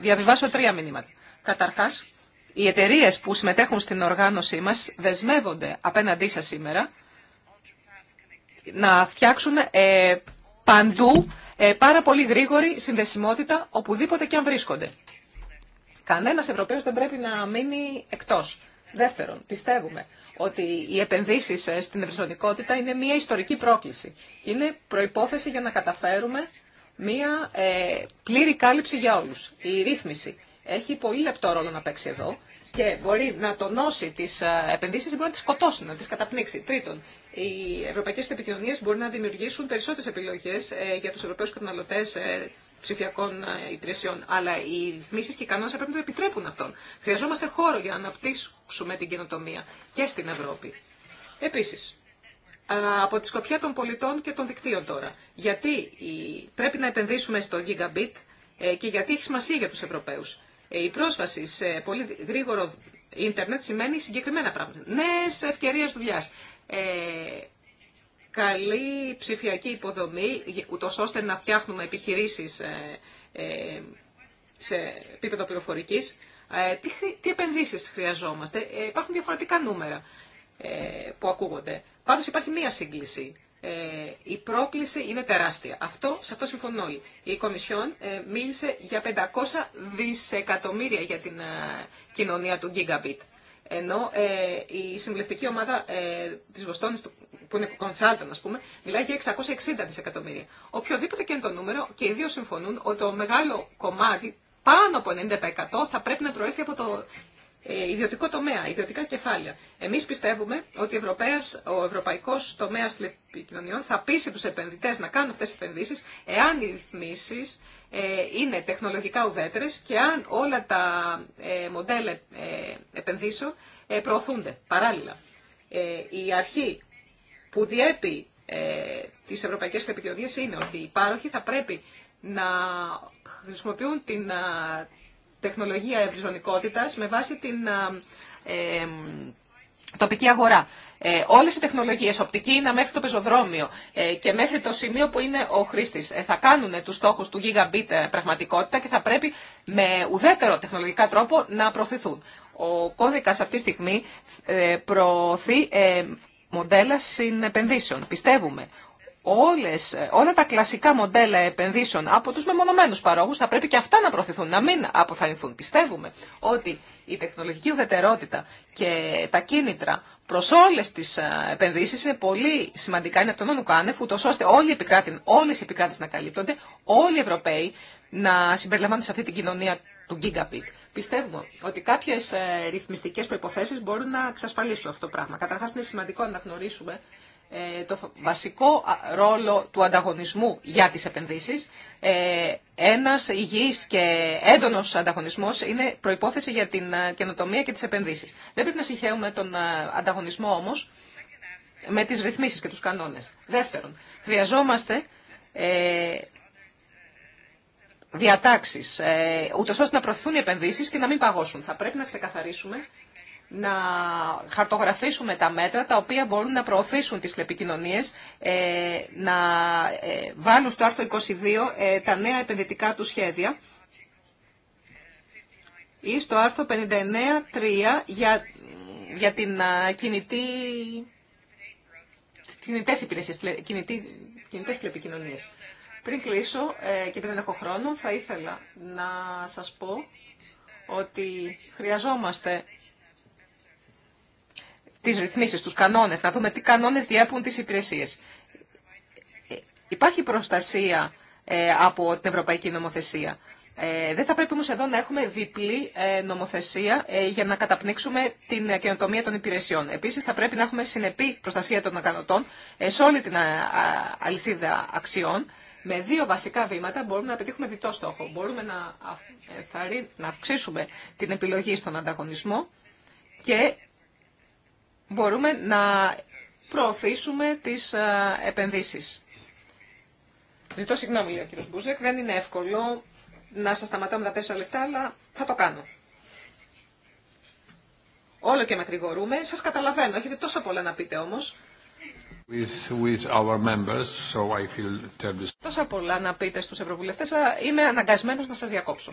διαβιβάσω τρία μηνύματα. Καταρχάς, οι εταιρείε που συμμετέχουν στην οργάνωσή μας δεσμεύονται απέναντί σας σήμερα να φτιάξουν ε, παντού ε, πάρα πολύ γρήγορη συνδεσιμότητα οπουδήποτε και αν βρίσκονται. Κανένας Ευρωπαίος δεν πρέπει να μείνει εκτός. Δεύτερον, πιστεύουμε ότι οι επενδύσεις ε, στην ευρυζωνικότητα είναι μια ιστορική πρόκληση. Είναι προϋπόθεση για να καταφέρουμε μια ε, πλήρη κάλυψη για όλους. Η ρύθμιση έχει πολύ λεπτό ρόλο να παίξει εδώ και μπορεί να τονώσει τι επενδύσει ή μπορεί να τι σκοτώσει, να τι καταπνίξει. Τρίτον, οι ευρωπαϊκέ επικοινωνίε μπορούν να δημιουργήσουν περισσότερε επιλογέ ε, για του ευρωπαίους καταναλωτέ ε, ψηφιακών ε, υπηρεσιών. Αλλά οι ρυθμίσει και οι κανόνε πρέπει να επιτρέπουν αυτόν. Χρειαζόμαστε χώρο για να αναπτύξουμε την καινοτομία και στην Ευρώπη. Επίση, από τη σκοπιά των πολιτών και των δικτύων τώρα. Γιατί πρέπει να επενδύσουμε στο gigabit και γιατί έχει σημασία για του Ευρωπαίου. Η πρόσβαση σε πολύ γρήγορο ίντερνετ σημαίνει συγκεκριμένα πράγματα. Νέες ευκαιρίες δουλειά. Ε, καλή ψηφιακή υποδομή, ούτω ώστε να φτιάχνουμε επιχειρήσεις ε, ε σε επίπεδο πληροφορικής. Ε, τι, τι επενδύσεις χρειαζόμαστε. Ε, υπάρχουν διαφορετικά νούμερα που ακούγονται. Πάντως υπάρχει μία σύγκληση. Ε, η πρόκληση είναι τεράστια. Αυτό, σε αυτό συμφωνούν όλοι. Η Κομισιόν ε, μίλησε για 500 δισεκατομμύρια για την ε, κοινωνία του Gigabit. Ενώ η συμβουλευτική ομάδα της Βοστόνης, που είναι κονσάλτα, α πούμε, μιλάει για 660 δισεκατομμύρια. Οποιοδήποτε και είναι το νούμερο, και οι δύο συμφωνούν ότι το μεγάλο κομμάτι πάνω από 90% θα πρέπει να προέρχεται από το ε, ιδιωτικό τομέα, ιδιωτικά κεφάλαια. Εμείς πιστεύουμε ότι ο ευρωπαϊκός τομέας τηλεπικοινωνιών θα πείσει του επενδυτές να κάνουν αυτές τις επενδύσεις εάν οι ρυθμίσεις ε, είναι τεχνολογικά ουδέτερε και αν όλα τα ε, μοντέλα επενδύσεων προωθούνται παράλληλα. Η αρχή που διέπει τις ευρωπαϊκές τηλεπικοινωνίες είναι ότι οι πάροχοι θα πρέπει να χρησιμοποιούν την τεχνολογία ευρυζωνικότητας με βάση την ε, τοπική αγορά. Ε, όλες οι τεχνολογίες, οπτική είναι μέχρι το πεζοδρόμιο ε, και μέχρι το σημείο που είναι ο χρήστης, ε, θα κάνουν τους στόχους του gigabit ε, πραγματικότητα και θα πρέπει με ουδέτερο τεχνολογικά τρόπο να προωθηθούν. Ο κώδικας αυτή τη στιγμή προωθεί μοντέλα συνεπενδύσεων. Πιστεύουμε όλες, ε, όλα τα κλασικά μοντέλα επενδύσεων από τους μεμονωμένους παρόγους θα πρέπει και αυτά να προωθηθούν, να μην αποθαρρυνθούν. Πιστεύουμε ότι η τεχνολογική ουδετερότητα και τα κίνητρα προ όλε τι ε, επενδύσει είναι πολύ σημαντικά, είναι από τον νόμο Κάνεφ, ούτω ώστε όλοι οι όλες οι επικράτες να καλύπτονται, όλοι οι Ευρωπαίοι να συμπεριλαμβάνονται σε αυτή την κοινωνία του Gigabit. Πιστεύουμε ότι κάποιε ρυθμιστικέ προποθέσει μπορούν να εξασφαλίσουν αυτό το πράγμα. Καταρχά, είναι σημαντικό να γνωρίσουμε ε, το βασικό ρόλο του ανταγωνισμού για τις επενδύσεις. Ε, ένας υγιής και έντονος ανταγωνισμός είναι προϋπόθεση για την ε, καινοτομία και τις επενδύσεις. Δεν πρέπει να συγχαίουμε τον ανταγωνισμό όμως με τις ρυθμίσεις και τους κανόνες. Δεύτερον, χρειαζόμαστε διατάξεις, ούτως ώστε να προωθούν οι επενδύσεις και να μην παγώσουν. Θα πρέπει να ξεκαθαρίσουμε να χαρτογραφήσουμε τα μέτρα τα οποία μπορούν να προωθήσουν τις τηλεπικοινωνίες, ε, να ε, βάλουν στο άρθρο 22 ε, τα νέα επενδυτικά του σχέδια ή στο άρθρο 59.3 για, για την κινητή κινητές υπηρεσίες, κινητή, κινητές τηλεπικοινωνίες. Πριν κλείσω και επειδή δεν έχω χρόνο, θα ήθελα να σας πω ότι χρειαζόμαστε τι ρυθμίσει, τους κανόνες, να δούμε τι κανόνες διέπουν τις υπηρεσίε. Υπάρχει προστασία ε, από την Ευρωπαϊκή Νομοθεσία. Ε, δεν θα πρέπει όμω εδώ να έχουμε διπλή ε, νομοθεσία για να καταπνίξουμε την καινοτομία των υπηρεσιών. Επίσης θα πρέπει να έχουμε συνεπή προστασία των ακανοτών σε όλη την αλυσίδα αξιών. Με δύο βασικά βήματα μπορούμε να πετύχουμε διτό στόχο. Μπορούμε να, αυξήσουμε την επιλογή στον ανταγωνισμό και μπορούμε να προωθήσουμε τις ε, επενδύσεις. Ζητώ συγγνώμη, λέει ο κύριος Μπούζεκ, δεν είναι εύκολο να σας σταματάω με τα τέσσερα λεπτά, αλλά θα το κάνω. Όλο και με μακρηγορούμε, σας καταλαβαίνω, έχετε τόσα πολλά να πείτε όμως. With, with our members, so I feel... Τόσα πολλά να πείτε στους ευρωβουλευτές, αλλά είμαι αναγκασμένος να σας διακόψω.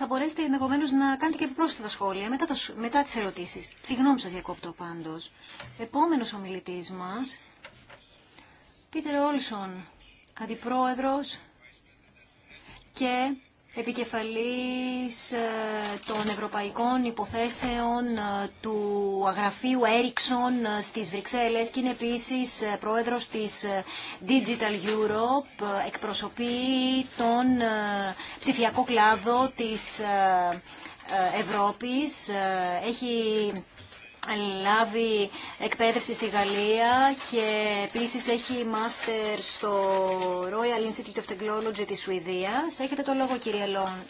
θα μπορέσετε ενδεχομένω να κάνετε και επιπρόσθετα σχόλια μετά, μετά τις ερωτήσεις. Συγγνώμη σα διακόπτω πάντως. Επόμενος ομιλητής μας, Πίτερ Όλσον, αντιπρόεδρο και επικεφαλής ε, των ευρωπαϊκών υποθέσεων ε, του αγραφείου Έριξον ε, στις Βρυξέλλες και είναι επίσης πρόεδρος της Digital Europe, εκπροσωπεί τον ψηφιακό κλάδο της Ευρώπης, έχει λάβει εκπαίδευση στη Γαλλία και επίσης έχει μάστερ στο Royal Institute of Technology της Σουηδίας. Έχετε το λόγο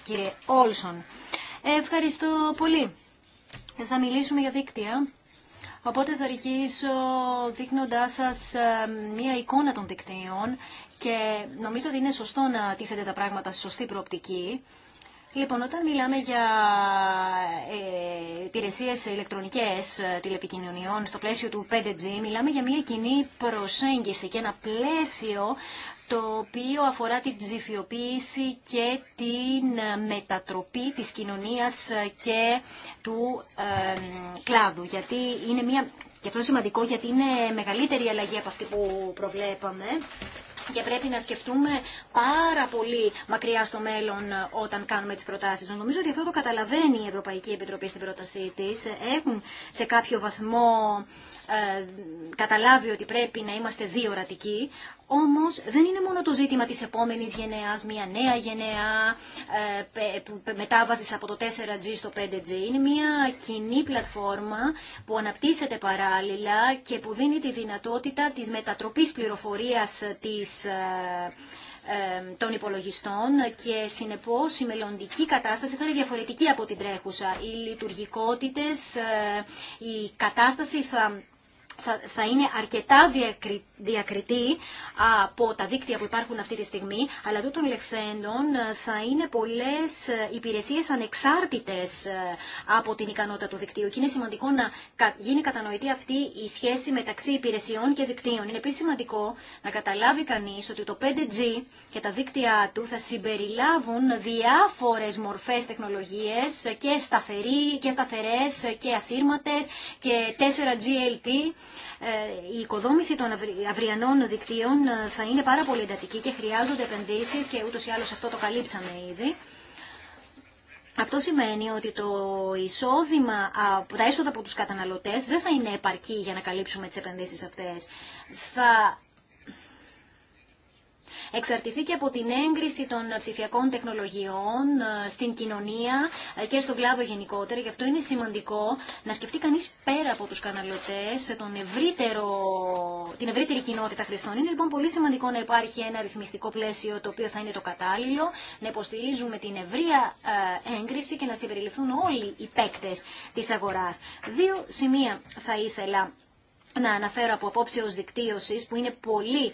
κύριε Όλσον. Ευχαριστώ πολύ. Θα μιλήσουμε για δίκτυα. Οπότε θα αρχίσω δείχνοντάς σας ε, μία εικόνα των δικτύων και νομίζω ότι είναι σωστό να τίθεται τα πράγματα σε σωστή προοπτική. Λοιπόν, όταν μιλάμε για ε, υπηρεσίε ηλεκτρονικέ ε, τηλεπικοινωνιών στο πλαίσιο του 5G, μιλάμε για μια κοινή προσέγγιση και ένα πλαίσιο το οποίο αφορά την ψηφιοποίηση και την ε, μετατροπή της κοινωνίας ε, και του κλάδου. Γιατί είναι μια, και αυτό είναι σημαντικό γιατί είναι μεγαλύτερη αλλαγή από αυτή που προβλέπαμε και πρέπει να σκεφτούμε πάρα πολύ μακριά στο μέλλον ε, όταν κάνουμε τις προτάσεις. Νομίζω ότι αυτό το καταλαβαίνει η Ευρωπαϊκή Επιτροπή στην πρότασή τη. Έχουν σε κάποιο βαθμό ε, καταλάβει ότι πρέπει να είμαστε διορατικοί, όμως δεν είναι μόνο το ζήτημα της επόμενης γενεάς, μια νέα γενεά ε, μετάβασης από το 4G στο 5G. Είναι μια κοινή πλατφόρμα που αναπτύσσεται παράλληλα και που δίνει τη δυνατότητα της μετατροπής πληροφορίας ε, ε, των υπολογιστών και συνεπώς η μελλοντική κατάσταση θα είναι διαφορετική από την τρέχουσα. Οι λειτουργικότητες, ε, η κατάσταση θα θα, είναι αρκετά διακρι, διακριτή από τα δίκτυα που υπάρχουν αυτή τη στιγμή, αλλά τούτων λεχθέντων ε, θα είναι πολλές ε, υπηρεσίες ανεξάρτητες ε, από την ικανότητα του δικτύου. Και είναι σημαντικό να γίνει κατανοητή αυτή η σχέση μεταξύ υπηρεσιών και δικτύων. Είναι επίσης σημαντικό να καταλάβει κανείς ότι το 5G και τα δίκτυά του θα συμπεριλάβουν διάφορες μορφές τεχνολογίες και, και σταθερές και ασύρματες και 4G LTE ε, η οικοδόμηση των αυριανών δικτύων ε, θα είναι πάρα πολύ εντατική και χρειάζονται επενδύσεις και ούτως ή άλλως αυτό το καλύψαμε ήδη. Αυτό σημαίνει ότι το εισόδημα, τα έσοδα από τους καταναλωτές δεν θα είναι επαρκή για να καλύψουμε τις επενδύσεις αυτές. Θα εξαρτηθεί και από την έγκριση των ψηφιακών τεχνολογιών ε, στην κοινωνία ε, και στον κλάδο γενικότερα. Γι' αυτό είναι σημαντικό να σκεφτεί κανεί πέρα από τους καναλωτές ε, ευρύτερο, την ευρύτερη κοινότητα χρηστών. Είναι λοιπόν πολύ σημαντικό να υπάρχει ένα ρυθμιστικό πλαίσιο το οποίο θα είναι το κατάλληλο, να υποστηρίζουμε την ευρεία έγκριση και να συμπεριληφθούν όλοι οι παίκτε τη αγορά. Δύο σημεία θα ήθελα να αναφέρω από απόψεως δικτύωσης που είναι πολύ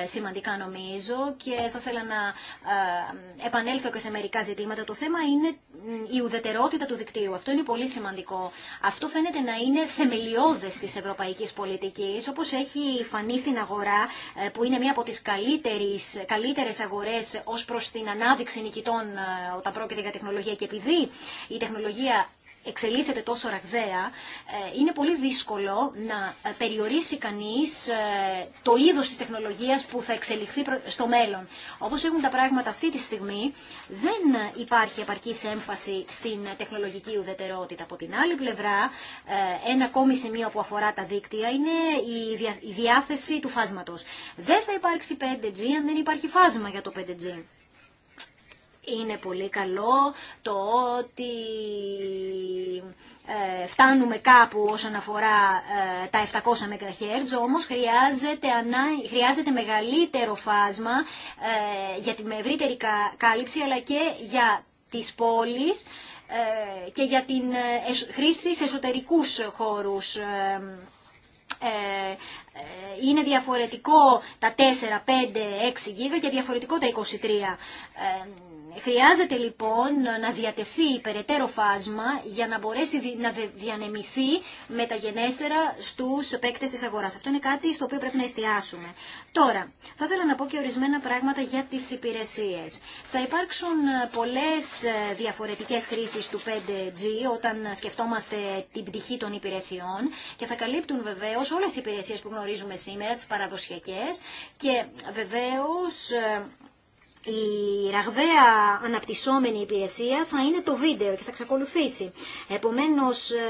ε, σημαντικά νομίζω και θα ήθελα να ε, επανέλθω και σε μερικά ζητήματα. Το θέμα είναι η ουδετερότητα του δικτύου. Αυτό είναι πολύ σημαντικό. Αυτό φαίνεται να είναι θεμελιώδες της ευρωπαϊκής πολιτικής όπως έχει φανεί στην αγορά ε, που είναι μία από τις καλύτερες, καλύτερες αγορές ως προς την ανάδειξη νικητών όταν πρόκειται για τεχνολογία και επειδή η τεχνολογία εξελίσσεται τόσο ραγδαία, ε, είναι πολύ δύσκολο να ε, περιορίσει κανείς ε, το είδος της τεχνολογίας που θα εξελιχθεί στο μέλλον. Όπως έχουν τα πράγματα αυτή τη στιγμή, δεν υπάρχει επαρκή έμφαση στην τεχνολογική ουδετερότητα. Από την άλλη πλευρά, ένα ακόμη σημείο που αφορά τα δίκτυα είναι η διάθεση του φάσματος. Δεν θα υπάρξει 5G αν δεν υπάρχει φάσμα για το 5G. Είναι πολύ καλό το ότι ε, φτάνουμε κάπου όσον αφορά ε, τα 700 MHz, όμως χρειάζεται, ανά, χρειάζεται μεγαλύτερο φάσμα ε, για την ευρύτερη κάλυψη, αλλά και για τις πόλεις και για την χρήση σε εσωτερικούς χώρους είναι διαφορετικό τα 4, 5, 6 γίγα και διαφορετικό τα 23. Χρειάζεται λοιπόν να διατεθεί περαιτέρω φάσμα για να μπορέσει να διανεμηθεί μεταγενέστερα στους παίκτες της αγοράς. Αυτό είναι κάτι στο οποίο πρέπει να εστιάσουμε. Τώρα, θα ήθελα να πω και ορισμένα πράγματα για τις υπηρεσίες. Θα υπάρξουν ε, πολλές ε, διαφορετικές χρήσεις του 5G όταν σκεφτόμαστε την πτυχή των υπηρεσιών και θα καλύπτουν βεβαίως όλες τις υπηρεσίες που γνωρίζουμε σήμερα, τις παραδοσιακές και βεβαίως ε, η ραγδαία αναπτυσσόμενη υπηρεσία θα είναι το βίντεο και θα εξακολουθήσει. Επομένως ε,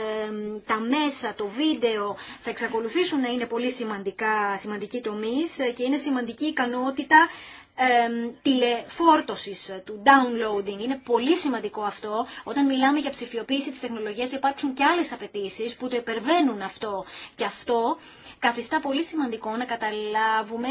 τα μέσα, το βίντεο θα εξακολουθήσουν να είναι πολύ σημαντικά, σημαντική τομής ε, και είναι σημαντική ικανότητα ε, τηλεφόρτωσης, ε, του downloading. Είναι πολύ σημαντικό αυτό. Όταν μιλάμε για ψηφιοποίηση της τεχνολογίας θα υπάρξουν και άλλες απαιτήσει που το υπερβαίνουν αυτό. Και αυτό καθιστά πολύ σημαντικό να καταλάβουμε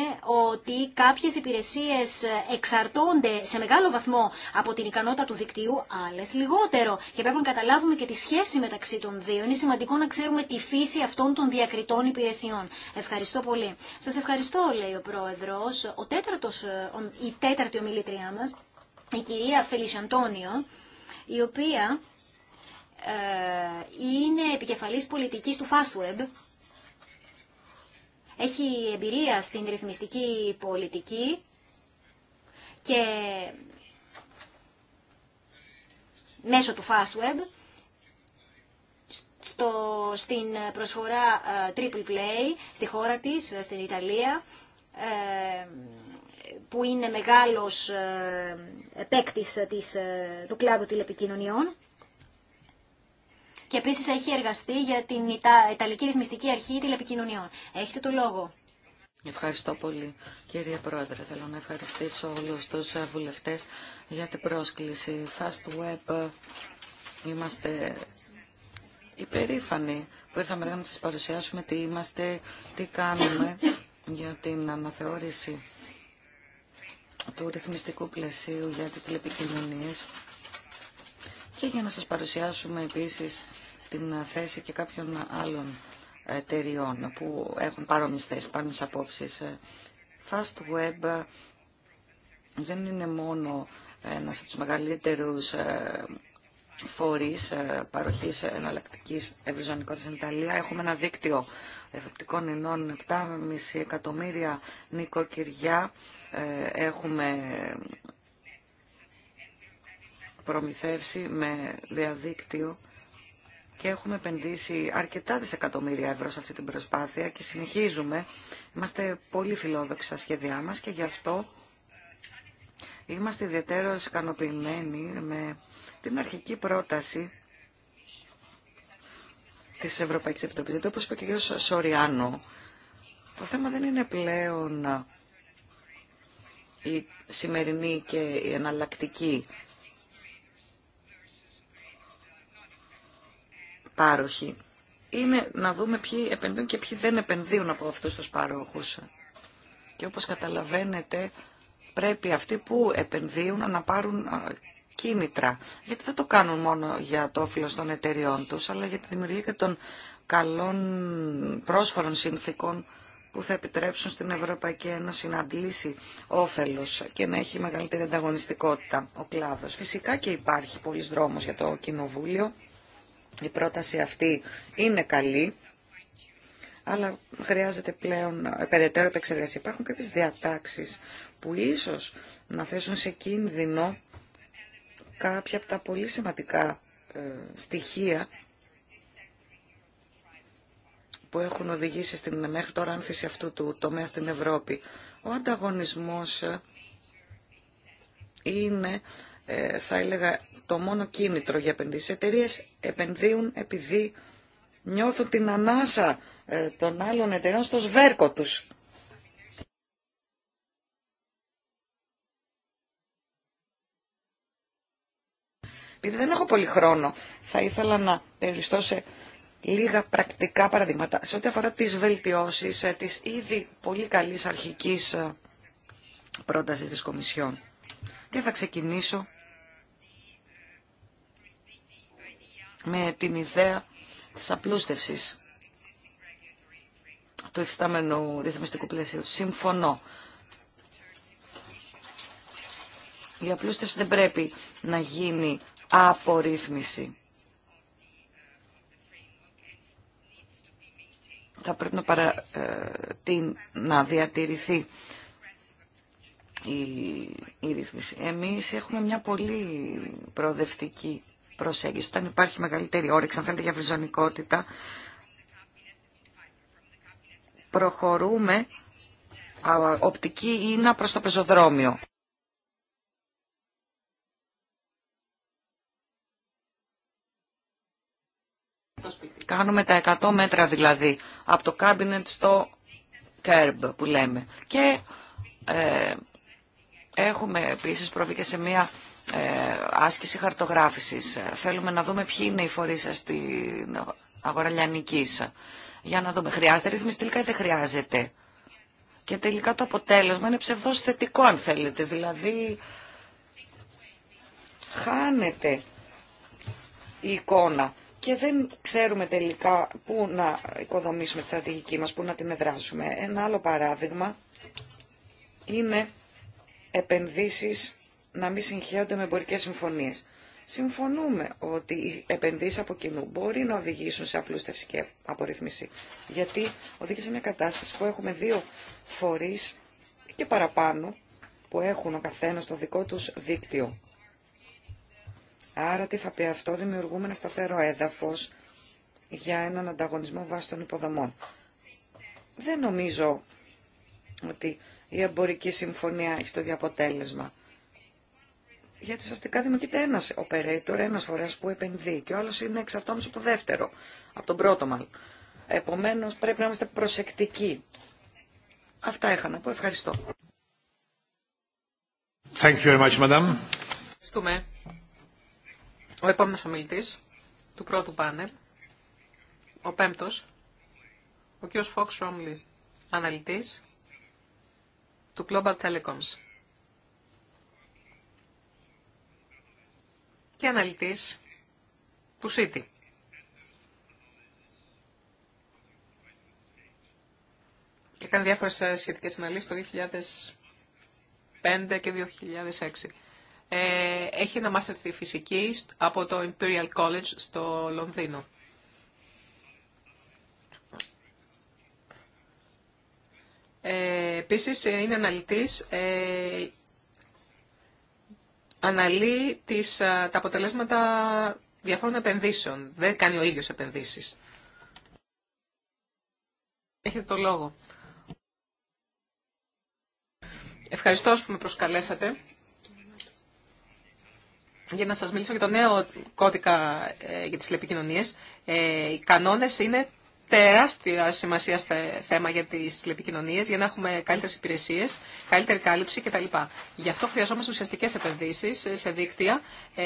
ότι κάποιες υπηρεσίες εξαρτώνται σε μεγάλο βαθμό από την ικανότητα του δικτύου, άλλες λιγότερο. Και πρέπει να καταλάβουμε και τη σχέση μεταξύ των δύο. Είναι σημαντικό να ξέρουμε τη φύση αυτών των διακριτών υπηρεσιών. Ευχαριστώ πολύ. Σας ευχαριστώ, λέει ο Πρόεδρος. Ο τέταρτος, η τέταρτη ομιλήτριά μας, η κυρία Φελίση Αντώνιο, η οποία ε, είναι επικεφαλής πολιτικής του FastWeb, έχει εμπειρία στην ρυθμιστική πολιτική και μέσω του Fastweb στο, στην προσφορά ε, Triple Play στη χώρα της, ε, στην Ιταλία ε, που είναι μεγάλος παίκτη του κλάδου τηλεπικοινωνιών και επίση έχει εργαστεί για την Ιταλική Ρυθμιστική Αρχή Τηλεπικοινωνιών. Έχετε το λόγο. Ευχαριστώ πολύ κύριε Πρόεδρε. Θέλω να ευχαριστήσω όλους τους ε, βουλευτές για την πρόσκληση. Fast Web ε, είμαστε υπερήφανοι που ήρθαμε να σας παρουσιάσουμε τι είμαστε, τι κάνουμε για την αναθεώρηση του ρυθμιστικού πλαισίου για τις τηλεπικοινωνίες και για να σας παρουσιάσουμε επίσης την θέση και κάποιων άλλων εταιριών που έχουν παρόμοιες θέσεις, παρόμοιες απόψεις. Fast Web δεν είναι μόνο ένας από τους μεγαλύτερους ε, φορείς ε, παροχής εναλλακτικής ευρυζωνικότητας στην Ιταλία. Έχουμε ένα δίκτυο εφοπτικών ενών, 7,5 εκατομμύρια νοικοκυριά. Ε, έχουμε προμηθεύσει με διαδίκτυο και έχουμε επενδύσει αρκετά δισεκατομμύρια ευρώ σε αυτή την προσπάθεια και συνεχίζουμε. Είμαστε πολύ φιλόδοξοι στα σχέδιά μας και γι' αυτό είμαστε ιδιαίτερως ικανοποιημένοι με την αρχική πρόταση της Ευρωπαϊκής Επιτροπής. Το όπως είπε και ο κ. Σοριάνο, το θέμα δεν είναι πλέον η σημερινή και η εναλλακτική πάροχοι είναι να δούμε ποιοι επενδύουν και ποιοι δεν επενδύουν από αυτούς τους παρόχους. Και όπως καταλαβαίνετε πρέπει αυτοί που επενδύουν να πάρουν κίνητρα. Γιατί δεν το κάνουν μόνο για το όφελο των εταιριών τους, αλλά για τη δημιουργία και των καλών πρόσφορων συνθήκων που θα επιτρέψουν στην Ευρωπαϊκή Ένωση να αντλήσει όφελος και να έχει μεγαλύτερη ανταγωνιστικότητα ο κλάδος. Φυσικά και υπάρχει πολλής δρόμος για το Κοινοβούλιο η πρόταση αυτή είναι καλή, αλλά χρειάζεται πλέον ε, περαιτέρω επεξεργασία. Υπάρχουν κάποιες διατάξεις που ίσως να θέσουν σε κίνδυνο κάποια από τα πολύ σημαντικά ε, στοιχεία που έχουν οδηγήσει στην μέχρι τώρα άνθηση αυτού του τομέα στην Ευρώπη. Ο ανταγωνισμός ε, είναι ε, θα έλεγα το μόνο κίνητρο για επενδύσεις. εταιρείε επενδύουν επειδή νιώθουν την ανάσα ε, των άλλων εταιρεών στο σβέρκο τους. Επειδή δεν έχω πολύ χρόνο, θα ήθελα να περιοριστώ σε λίγα πρακτικά παραδείγματα. Σε ό,τι αφορά τις βελτιώσεις ε, της ήδη πολύ καλής αρχικής πρότασης της Κομισιόν και θα ξεκινήσω με την ιδέα της απλούστευσης του εφιστάμενου ρυθμιστικού πλαίσιου. Συμφωνώ. Η απλούστευση δεν πρέπει να γίνει απορρίθμιση. Θα πρέπει να, παρα, ε, την, να διατηρηθεί η, η ρύθμιση. Εμείς έχουμε μια πολύ προοδευτική προσέγγιση. Όταν υπάρχει μεγαλύτερη όρεξη, αν θέλετε, για βριζονικότητα, προχωρούμε οπτική να προς το πεζοδρόμιο. Κάνουμε τα 100 μέτρα δηλαδή από το κάμπινετ στο κέρμπ που λέμε και ε, Έχουμε επίσης προβεί και σε μια ε, άσκηση χαρτογράφησης. Θέλουμε να δούμε ποιοι είναι οι φορείς στην αγορά Για να δούμε, χρειάζεται ρύθμιση τελικά ή δεν χρειάζεται. Και τελικά το αποτέλεσμα είναι ψευδός θετικό αν θέλετε. Δηλαδή χάνεται η εικόνα και δεν ξέρουμε τελικά πού να οικοδομήσουμε τη στρατηγική μας, πού να την εδράσουμε. Ένα άλλο παράδειγμα είναι επενδύσεις να μην συγχέονται με εμπορικέ συμφωνίες. Συμφωνούμε ότι οι επενδύσει από κοινού μπορεί να οδηγήσουν σε απλούστευση και απορρίθμιση. Γιατί οδηγεί μια κατάσταση που έχουμε δύο φορεί και παραπάνω που έχουν ο καθένα το δικό του δίκτυο. Άρα τι θα πει αυτό, δημιουργούμε ένα σταθερό έδαφο για έναν ανταγωνισμό βάσει των υποδομών. Δεν νομίζω ότι η εμπορική συμφωνία έχει το ίδιο Γιατί ουσιαστικά δημιουργείται ένα operator, ένα φορέα που επενδύει και ο άλλο είναι εξαρτώμενο από το δεύτερο, από τον πρώτο μάλλον. Επομένω πρέπει να είμαστε προσεκτικοί. Αυτά είχα να πω. Ευχαριστώ. Thank you very much, madam. Ευχαριστούμε. Ο επόμενο ομιλητή του πρώτου πάνελ, ο πέμπτο, ο κ. Φόξ Ρόμλι, αναλυτή του Global Telecoms. Και αναλυτής του City. Έκανε διάφορες ε, σχετικές αναλύσεις το 2005 και 2006. Ε, έχει ένα μάστερ στη φυσική από το Imperial College στο Λονδίνο. Ε, ε, είναι αναλυτή ε, αναλύει τις, τα αποτελέσματα διαφόρων επενδύσεων. Δεν κάνει ο ίδιος επενδύσεις. Έχετε το λόγο. Ευχαριστώ που με προσκαλέσατε για να σας μιλήσω για το νέο κώδικα ε, για τις τηλεπικοινωνίες. Ε, οι κανόνες είναι τεράστια σημασία θέμα για τι τηλεπικοινωνίε, για να έχουμε καλύτερε υπηρεσίε, καλύτερη κάλυψη κτλ. Γι' αυτό χρειαζόμαστε ουσιαστικέ επενδύσει σε δίκτυα ε,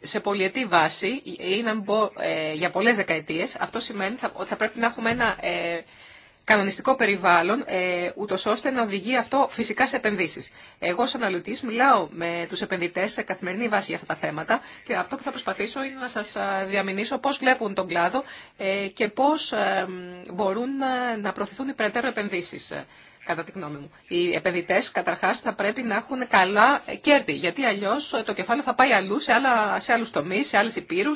σε πολυετή βάση, είναι ε, για πολλές δεκαετίες. Αυτό σημαίνει ότι θα πρέπει να έχουμε ένα ε, κανονιστικό περιβάλλον, ε, ούτω ώστε να οδηγεί αυτό φυσικά σε επενδύσει. Εγώ, ω αναλυτή, μιλάω με του επενδυτέ σε καθημερινή βάση για αυτά τα θέματα και αυτό που θα προσπαθήσω είναι να σα ε, διαμηνήσω πώ βλέπουν τον κλάδο ε, και πώ ε, μπορούν ε, να προωθηθούν οι περαιτέρω επενδύσει. Κατά τη γνώμη μου. Οι επενδυτέ καταρχά θα πρέπει να έχουν καλά κέρδη, γιατί αλλιώ το κεφάλαιο θα πάει αλλού, σε, άλλα, σε άλλου τομεί, σε άλλε υπήρου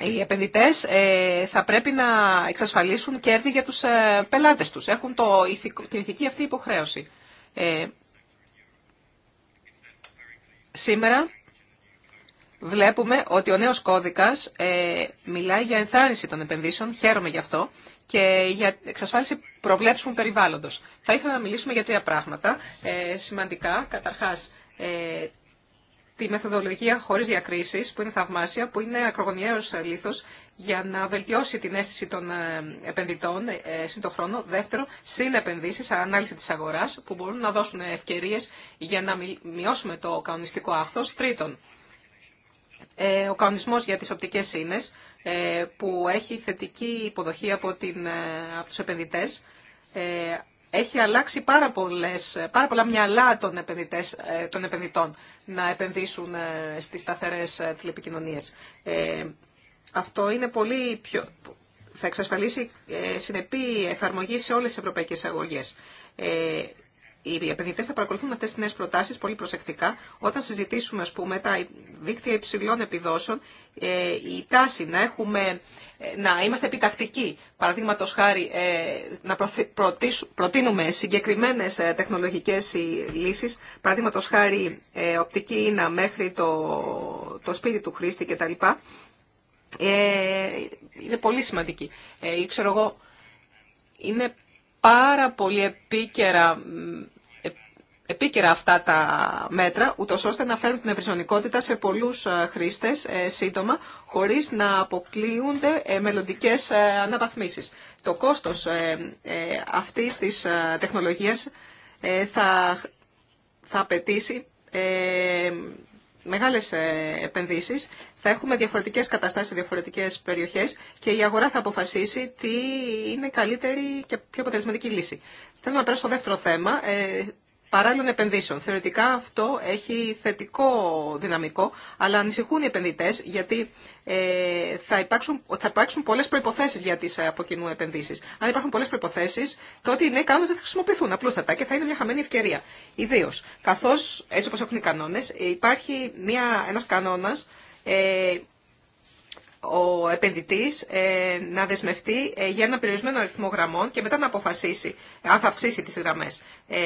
οι επενδυτές ε, θα πρέπει να εξασφαλίσουν κέρδη για τους ε, πελάτες τους. Έχουν το, την ηθική αυτή υποχρέωση. Ε, σήμερα βλέπουμε ότι ο νέος κώδικας μιλάει για ενθάρρυνση των επενδύσεων, χαίρομαι γι' αυτό, και για εξασφάλιση προβλέψιμου περιβάλλοντος. Θα ήθελα να μιλήσουμε για τρία πράγματα σημαντικά. Καταρχάς, τη μεθοδολογία χωρίς διακρίσεις, που είναι θαυμάσια, που είναι ακρογωνιαίος λήθος για να βελτιώσει την αίσθηση των ε, επενδυτών ε, στον χρόνο. Δεύτερο, συνεπενδύσεις, ανάλυση της αγοράς, που μπορούν να δώσουν ευκαιρίες για να μειώσουμε το κανονιστικό άχθος. Τρίτον, ε, ο κανονισμός για τις οπτικές σύνες, που έχει θετική υποδοχή από, την, από τους επενδυτές, έχει αλλάξει πάρα, πολλές, πάρα πολλά μυαλά των, ε, των επενδυτών να επενδύσουν ε, στις σταθερές ε, τηλεπικοινωνίες. Ε, αυτό είναι πολύ πιο, θα εξασφαλίσει συνεπή εφαρμογή σε όλες τις ευρωπαϊκές αγωγές. Ε, οι επενδυτέ θα παρακολουθούν αυτές τις νέε προτάσει πολύ προσεκτικά όταν συζητήσουμε, ας πούμε, τα δίκτυα υψηλών επιδόσεων ε, η τάση να, έχουμε, ε, να είμαστε επιτακτικοί, παραδείγματο χάρη ε, να προτείνουμε συγκεκριμένες τεχνολογικές λύσεις, παραδείγματο χάρη οπτική να μέχρι το, το σπίτι του χρήστη κτλ. είναι πολύ σημαντική. Ε, εγώ, είναι πάρα πολύ επίκαιρα επίκαιρα αυτά τα μέτρα, ούτω ώστε να φέρουν την ευρυζωνικότητα σε πολλούς ε, χρήστες ε, σύντομα, χωρίς να αποκλείονται ε, μελλοντικέ αναβαθμίσεις. Το κόστος αυτής της τεχνολογίας θα, θα απαιτήσει μεγάλες επενδύσεις, θα έχουμε διαφορετικές καταστάσεις σε διαφορετικές περιοχές και η αγορά θα αποφασίσει τι είναι καλύτερη και πιο αποτελεσματική λύση. Θέλω να περάσω στο δεύτερο θέμα, παράλληλων επενδύσεων. Θεωρητικά αυτό έχει θετικό δυναμικό, αλλά ανησυχούν οι επενδυτέ γιατί ε, θα, υπάρξουν, θα υπάρξουν πολλέ προποθέσει για τι ε, από κοινού επενδύσει. Αν υπάρχουν πολλέ προποθέσει, τότε οι νέοι κανόνε δεν θα χρησιμοποιηθούν απλούστατα και θα είναι μια χαμένη ευκαιρία. Ιδίω, καθώ έτσι όπω έχουν οι κανόνε, υπάρχει ένα κανόνα. Ε, ο επενδυτή ε, να δεσμευτεί ε, για ένα περιορισμένο αριθμό γραμμών και μετά να αποφασίσει αν θα αυξήσει τι γραμμέ. Ε,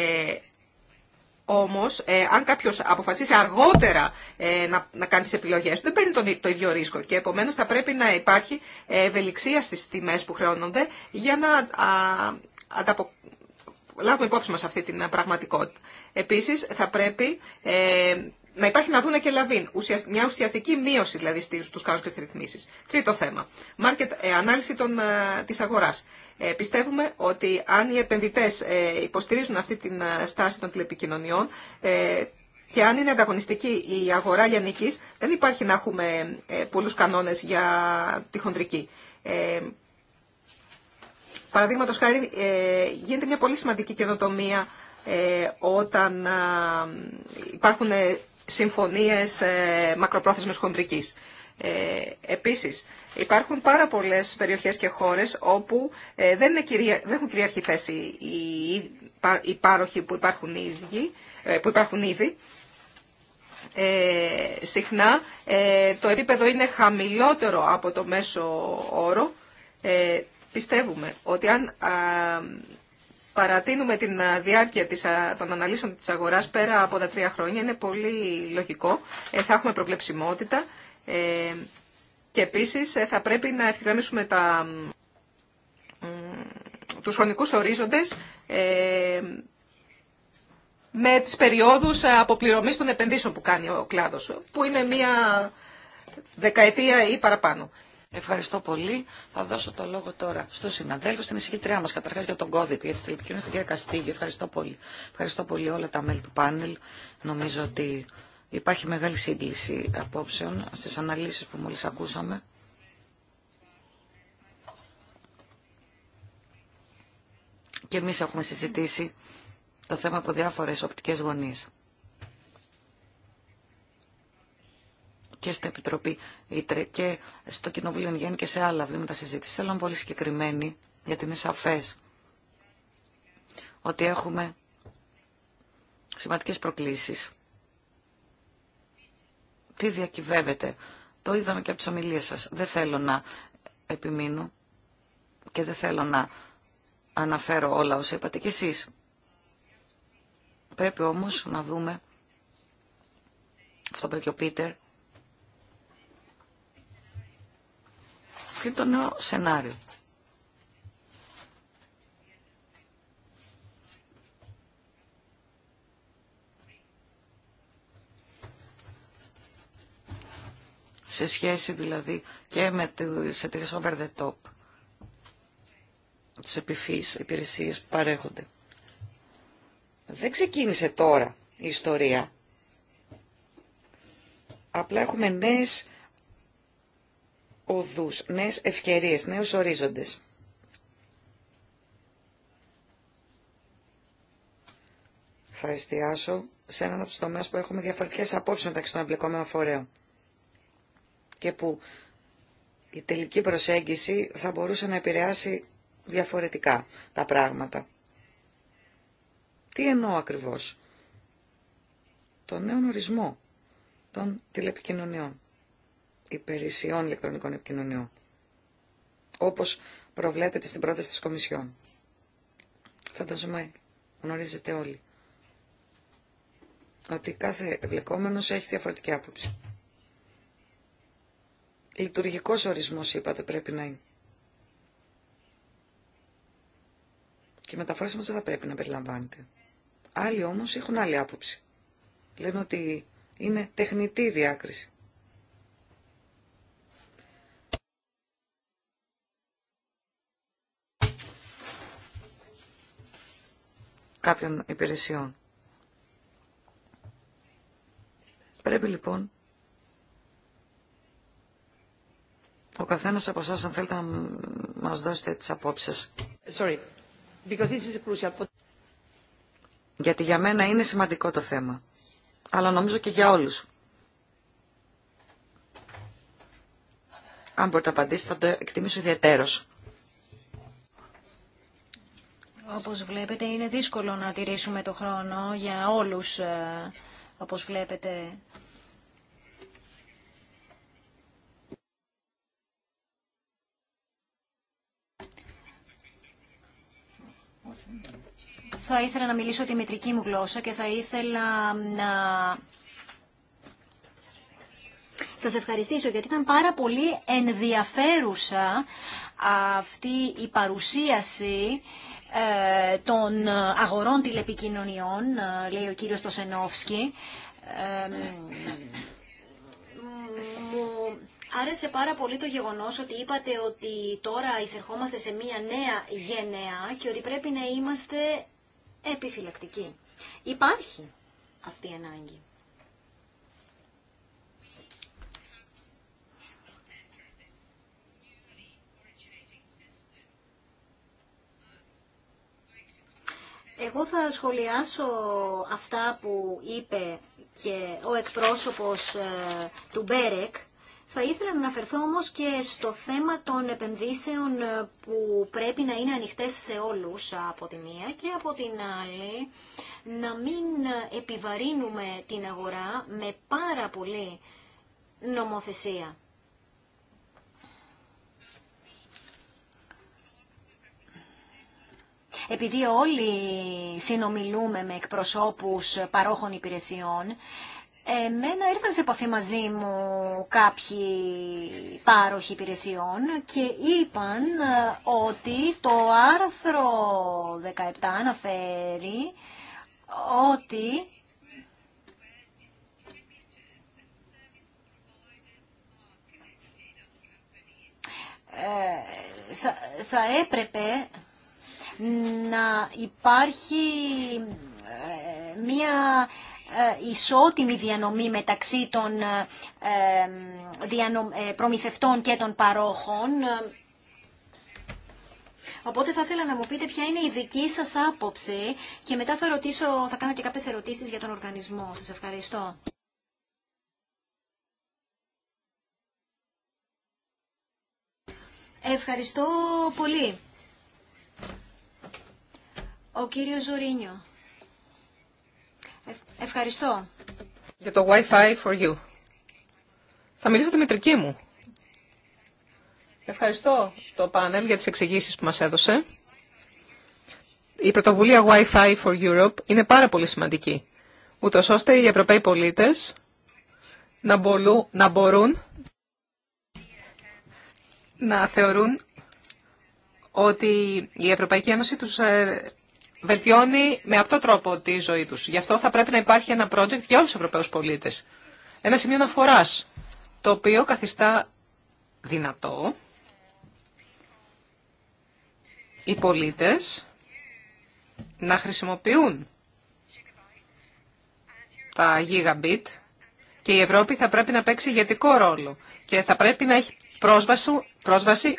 όμως, ε, αν κάποιος αποφασίσει αργότερα ε, να, να κάνει τις επιλογές του, δεν παίρνει το ίδιο ρίσκο και επομένως θα πρέπει να υπάρχει ευελιξία στις τιμές που χρεώνονται για να α, λάβουμε υπόψη μας αυτή την πραγματικότητα. Επίσης, θα πρέπει ε, να υπάρχει να δούνε και λαβήν. Μια ουσιαστική μείωση δηλαδή στους κάνους και στις ρυθμίσεις. Τρίτο θέμα. ανάλυση ε, της αγοράς. Ε, πιστεύουμε ότι αν οι επενδυτές ε, υποστηρίζουν αυτή την ε, στάση των τηλεπικοινωνιών ε, και αν είναι ανταγωνιστική η αγορά λιανικής, δεν υπάρχει να έχουμε ε, πολλούς κανόνες για τη χοντρική. Ε, Παραδείγματο χάρη, γίνεται μια πολύ σημαντική καινοτομία όταν υπάρχουν συμφωνίες μακροπρόθεσμες χοντρικής. Ε, επίσης, υπάρχουν πάρα πολλές περιοχές και χώρες όπου ε, δεν, έχουν κυρίαρχη θέση οι, οι πάροχοι που υπάρχουν, ε, που υπάρχουν ήδη. Ε, συχνά ε, το επίπεδο είναι χαμηλότερο από το μέσο όρο. πιστεύουμε ότι αν α, παρατείνουμε την διάρκεια της, των αναλύσεων της αγοράς πέρα από τα τρία χρόνια είναι πολύ λογικό. θα έχουμε προβλεψιμότητα ε, και επίσης ε, θα πρέπει να ευθυγραμμίσουμε τα, τους χρονικούς ορίζοντες ε, με τις περιόδους αποπληρωμής των επενδύσεων που κάνει ο κλάδος, που είναι μία δεκαετία ή παραπάνω. Ευχαριστώ πολύ. Θα δώσω το λόγο τώρα στους συναδέλφου, στην εισηγητριά μας καταρχάς για τον κώδικο, για τις τηλεπικοινωνίες στην κυρία Καστίγιο. Ευχαριστώ πολύ. Ευχαριστώ πολύ όλα τα μέλη του πάνελ. Νομίζω ότι Υπάρχει μεγάλη σύγκληση απόψεων στις αναλύσεις που μόλις ακούσαμε. Και εμείς έχουμε συζητήσει το θέμα από διάφορες οπτικές γωνίες. και στην Επιτροπή Ήτρε και στο Κοινοβούλιο και σε άλλα βήματα συζήτηση. Θέλω να πολύ συγκεκριμένη, γιατί είναι σαφέ ότι έχουμε σημαντικές προκλήσεις τι διακυβεύεται. Το είδαμε και από τις ομιλίες σας. Δεν θέλω να επιμείνω και δεν θέλω να αναφέρω όλα όσα είπατε κι εσείς. Πρέπει όμως να δούμε, αυτό πρέπει και ο Πίτερ, είναι το νέο σενάριο. σε σχέση δηλαδή και με τις εταιρείες over the top, τις επιφύσεις, υπηρεσίες που παρέχονται. Δεν ξεκίνησε τώρα η ιστορία. Απλά έχουμε νέες οδούς, νέες ευκαιρίες, νέους ορίζοντες. Θα εστιάσω σε έναν από τους τομέε που έχουμε διαφορετικές απόψεις μεταξύ των εμπλεκόμενων φορέων και που η τελική προσέγγιση θα μπορούσε να επηρεάσει διαφορετικά τα πράγματα. Τι εννοώ ακριβώς. Τον νέο ορισμό των τηλεπικοινωνιών, υπηρεσιών ηλεκτρονικών επικοινωνιών, όπως προβλέπεται στην πρόταση της Κομισιόν. Φανταζομαι, γνωρίζετε όλοι, ότι κάθε εμπλεκόμενος έχει διαφορετική άποψη. Λειτουργικός ορισμός είπατε πρέπει να είναι. Και η δεν θα πρέπει να περιλαμβάνεται. Άλλοι όμως έχουν άλλη άποψη. Λένε ότι είναι τεχνητή διάκριση. κάποιων υπηρεσιών. Πρέπει λοιπόν Ο καθένας από εσά, αν θέλετε να μας δώσετε τις απόψει Sorry, Γιατί για μένα είναι σημαντικό το θέμα. Αλλά νομίζω και για όλους. Αν μπορείτε να απαντήσετε, θα το εκτιμήσω ιδιαίτερος. Όπως βλέπετε, είναι δύσκολο να τηρήσουμε το χρόνο για όλους, ε, όπως βλέπετε. Θα ήθελα να μιλήσω τη μητρική μου γλώσσα και θα ήθελα να σας ευχαριστήσω γιατί ήταν πάρα πολύ ενδιαφέρουσα αυτή η παρουσίαση ε, των αγορών τηλεπικοινωνιών, ε, λέει ο κύριος Τοσενόφσκι. Μου άρεσε πάρα πολύ το γεγονός ότι είπατε ότι τώρα εισερχόμαστε σε μία νέα γενεά και ότι πρέπει να είμαστε Επιφυλακτική. Υπάρχει αυτή η ανάγκη. Εγώ θα σχολιάσω αυτά που είπε και ο εκπρόσωπος ε, του Μπέρεκ θα ήθελα να αναφερθώ όμως και στο θέμα των επενδύσεων ε, που πρέπει να είναι ανοιχτές σε όλους από τη μία και από την άλλη να μην ε, επιβαρύνουμε την αγορά με πάρα πολύ νομοθεσία. Επειδή όλοι συνομιλούμε με εκπροσώπους παρόχων υπηρεσιών, Εμένα ήρθαν σε επαφή μαζί μου κάποιοι πάροχοι υπηρεσιών και είπαν ε, ότι το άρθρο 17 αναφέρει ότι ε, θα έπρεπε να υπάρχει ε, μία ε, ισότιμη διανομή μεταξύ των ε, ε, προμηθευτών και των παρόχων. Οπότε θα ήθελα να μου πείτε ποια είναι η δική σας άποψη και μετά θα, ρωτήσω, θα κάνω και κάποιες ερωτήσεις για τον οργανισμό. Σας ευχαριστώ. Ευχαριστώ πολύ. Ο κύριος Ζωρίνιο. Ευχαριστώ. Για το Wi-Fi for you. Θα μιλήσω τη μητρική μου. Ευχαριστώ το πάνελ για τις εξηγήσει που μας έδωσε. Η πρωτοβουλία Wi-Fi for Europe είναι πάρα πολύ σημαντική, ούτω ώστε οι Ευρωπαίοι πολίτες να, μπορούν, να μπορούν να θεωρούν ότι η Ευρωπαϊκή Ένωση τους ε, βελτιώνει με αυτό τρόπο τη ζωή τους. Γι' αυτό θα πρέπει να υπάρχει ένα project για όλους τους Ευρωπαίους πολίτες. Ένα σημείο αναφορά, το οποίο καθιστά δυνατό οι πολίτες να χρησιμοποιούν τα gigabit και η Ευρώπη θα πρέπει να παίξει ηγετικό ρόλο και θα πρέπει να έχει πρόσβαση, πρόσβαση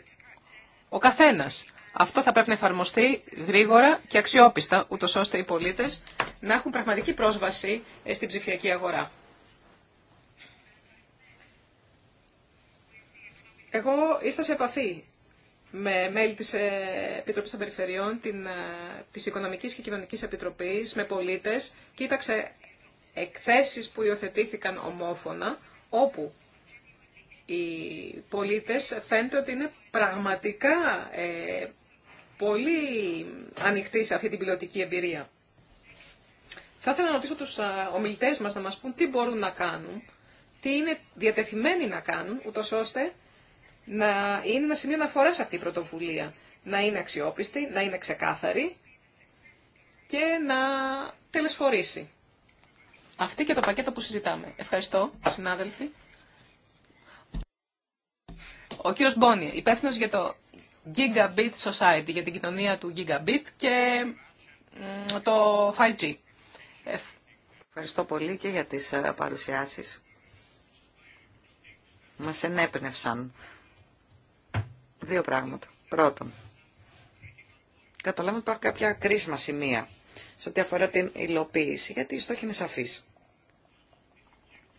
ο καθένας. Αυτό θα πρέπει να εφαρμοστεί γρήγορα και αξιόπιστα, ούτως ώστε οι πολίτες να έχουν πραγματική πρόσβαση ε, στην ψηφιακή αγορά. Εγώ ήρθα σε επαφή με μέλη της ε, Επιτροπής των Περιφερειών, την, ε, της Οικονομικής και Κοινωνικής Επιτροπής, με πολίτες. Κοίταξε εκθέσεις που υιοθετήθηκαν ομόφωνα, όπου οι πολίτες φαίνεται ότι είναι πραγματικά ε, πολύ ανοιχτοί σε αυτή την πιλωτική εμπειρία. Θα ήθελα να ρωτήσω τους ομιλητές μας να μας πούν τι μπορούν να κάνουν, τι είναι διατεθειμένοι να κάνουν, ούτω ώστε να είναι ένα σημείο αναφορά αυτή η πρωτοβουλία. Να είναι αξιόπιστη, να είναι ξεκάθαρη και να τελεσφορήσει. Αυτή και το πακέτο που συζητάμε. Ευχαριστώ, συνάδελφοι. Ο κύριος Μπόνι, υπεύθυνο για το Gigabit Society, για την κοινωνία του Gigabit και το 5G. Ευχαριστώ πολύ και για τις ε, παρουσιάσεις. Μας ενέπνευσαν δύο πράγματα. Πρώτον, καταλάβαμε ότι υπάρχουν κάποια κρίσιμα σημεία σε ό,τι αφορά την υλοποίηση, γιατί η στόχη είναι σαφής.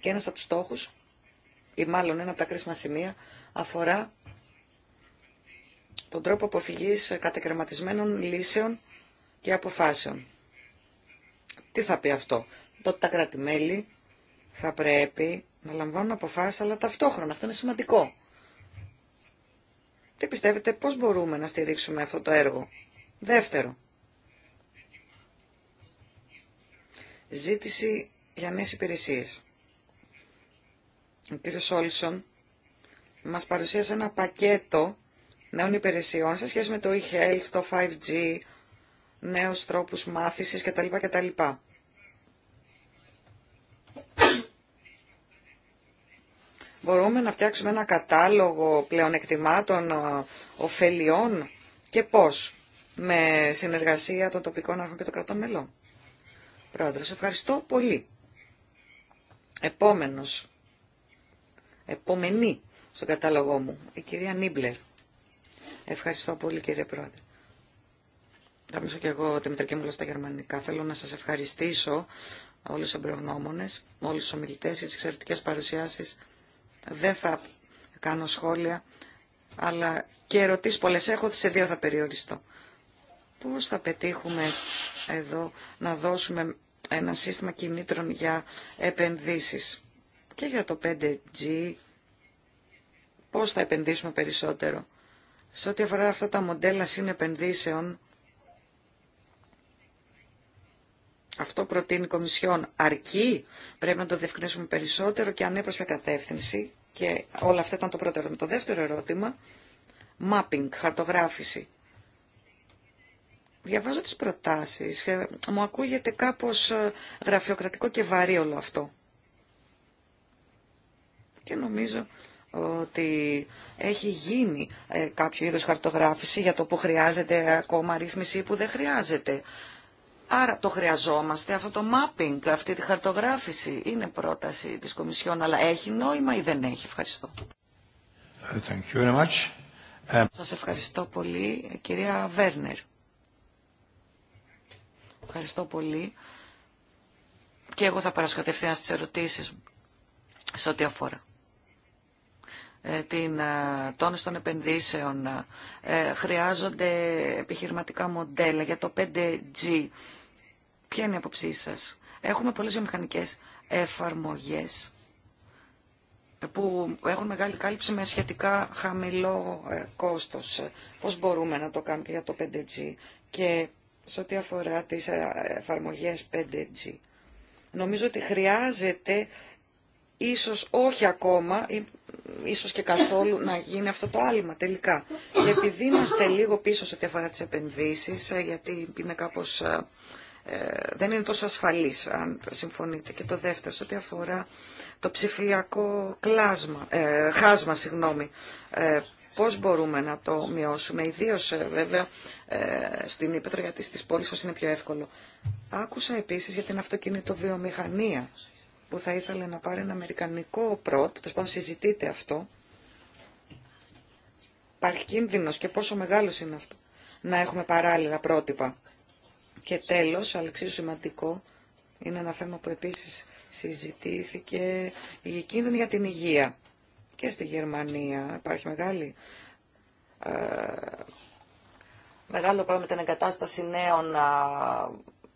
Και ένας από τους στόχους, ή μάλλον ένα από τα κρίσιμα σημεία, αφορά τον τρόπο αποφυγής κατεκρεματισμένων λύσεων και αποφάσεων. Τι θα πει αυτό. Τότε τα κρατη θα πρέπει να λαμβάνουν αποφάσεις, αλλά ταυτόχρονα. Αυτό είναι σημαντικό. Τι πιστεύετε, πώς μπορούμε να στηρίξουμε αυτό το έργο. Δεύτερο. Ζήτηση για νέες υπηρεσίες. Ο κύριος Όλσον μας παρουσίασε ένα πακέτο νέων υπηρεσιών σε σχέση με το e-health, το 5G, νέους τρόπους μάθησης κτλ. κτλ. Μπορούμε να φτιάξουμε ένα κατάλογο πλεονεκτημάτων, ωφελιών και πώς με συνεργασία των τοπικών αρχών και των κρατών μελών. Πρόεδρε, ευχαριστώ πολύ. Επόμενος, επομενή στον κατάλογό μου. Η κυρία Νίμπλερ. Ευχαριστώ πολύ κύριε Πρόεδρε. Θα μιλήσω και εγώ τη μητρική μου γλώσσα στα γερμανικά. Θέλω να σας ευχαριστήσω όλους τους εμπρογνώμονες, όλους τους ομιλητές για τις εξαιρετικές παρουσιάσεις. Δεν θα κάνω σχόλια, αλλά και ερωτήσεις πολλές έχω, σε δύο θα περιοριστώ. Πώς θα πετύχουμε εδώ να δώσουμε ένα σύστημα κινήτρων για επενδύσεις και για το 5G πώς θα επενδύσουμε περισσότερο. Σε ό,τι αφορά αυτά τα μοντέλα συνεπενδύσεων, αυτό προτείνει η Κομισιόν αρκεί, πρέπει να το διευκρινίσουμε περισσότερο και ανέπρος με κατεύθυνση και όλα αυτά ήταν το πρώτο ερώτημα. Το δεύτερο ερώτημα, mapping, χαρτογράφηση. Διαβάζω τις προτάσεις, ε, μου ακούγεται κάπως ε, γραφειοκρατικό και βαρύ όλο αυτό. Και νομίζω ότι έχει γίνει ε, κάποιο είδος χαρτογράφηση για το που χρειάζεται ακόμα ρύθμιση ή που δεν χρειάζεται. Άρα το χρειαζόμαστε αυτό το mapping, αυτή τη χαρτογράφηση. Είναι πρόταση της Κομισιόν, αλλά έχει νόημα ή δεν έχει. Ευχαριστώ. Ε, thank you very ε, Σας ευχαριστώ πολύ, κυρία Βέρνερ. Ευχαριστώ πολύ. Και εγώ θα στι στις ερωτήσεις σε ό,τι αφορά ε, την ε, τόνωση των επενδύσεων. Ε, χρειάζονται επιχειρηματικά μοντέλα για το 5G. Ποια είναι η αποψή σας. Έχουμε πολλές βιομηχανικές εφαρμογές που έχουν μεγάλη κάλυψη με σχετικά χαμηλό κόστος. Πώς μπορούμε να το κάνουμε για το 5G και σε ό,τι αφορά τις εφαρμογές 5G. Νομίζω ότι χρειάζεται ίσως όχι ακόμα, ίσως και καθόλου να γίνει αυτό το άλμα τελικά. Και επειδή είμαστε λίγο πίσω σε ό,τι αφορά τις επενδύσεις, ε, γιατί είναι κάπως, ε, ε, δεν είναι τόσο ασφαλής, αν συμφωνείτε. Και το δεύτερο, σε ό,τι αφορά το ψηφιακό κλάσμα, χάσμα, συγγνώμη, πώς μπορούμε να το μειώσουμε, ιδίως βέβαια στην Ήπετρο, γιατί στις πόλεις όσο είναι πιο εύκολο. Άκουσα επίσης για την βιομηχανία που θα ήθελε να πάρει ένα αμερικανικό πρώτο, τόσο πάντων συζητείτε αυτό. Υπάρχει κίνδυνο και πόσο μεγάλο είναι αυτό να έχουμε παράλληλα πρότυπα. Και τέλος, αλλά εξίσου σημαντικό, είναι ένα θέμα που επίσης συζητήθηκε, η κίνδυνη για την υγεία. Και στη Γερμανία υπάρχει μεγάλη ε, μεγάλο πρόβλημα με την εγκατάσταση νέων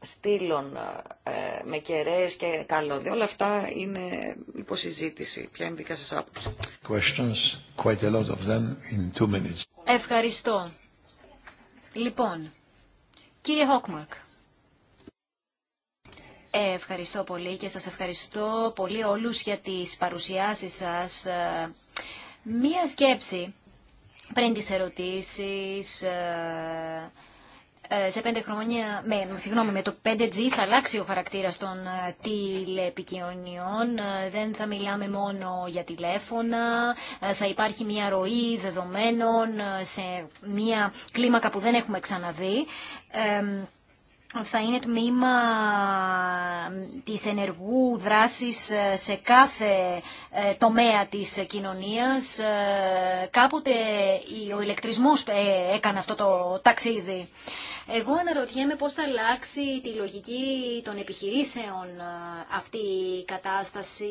στήλων ε, με κεραίες και καλώδια. Όλα αυτά είναι υποσυζήτηση. Ποια είναι δικά σας άποψη. Questions, quite a lot of Ευχαριστώ. Λοιπόν, κύριε Χόκμαρκ. Ε, ευχαριστώ πολύ και σας ευχαριστώ πολύ όλους για τις παρουσιάσεις σας. Ε, μία σκέψη πριν τις ερωτήσεις ε, σε πέντε χρόνια, με, συγγνώμη, με το 5G θα αλλάξει ο χαρακτήρας των ε, τηλεπικοινωνιών. Ε, δεν θα μιλάμε μόνο για τηλέφωνα. Θα υπάρχει μια ροή δεδομένων σε μια κλίμακα που δεν έχουμε ξαναδεί θα είναι τμήμα της ενεργού δράσης σε κάθε τομέα της κοινωνίας. Κάποτε ο ηλεκτρισμός έκανε αυτό το ταξίδι. Εγώ αναρωτιέμαι πώς θα αλλάξει τη λογική των επιχειρήσεων ε, αυτή η κατάσταση,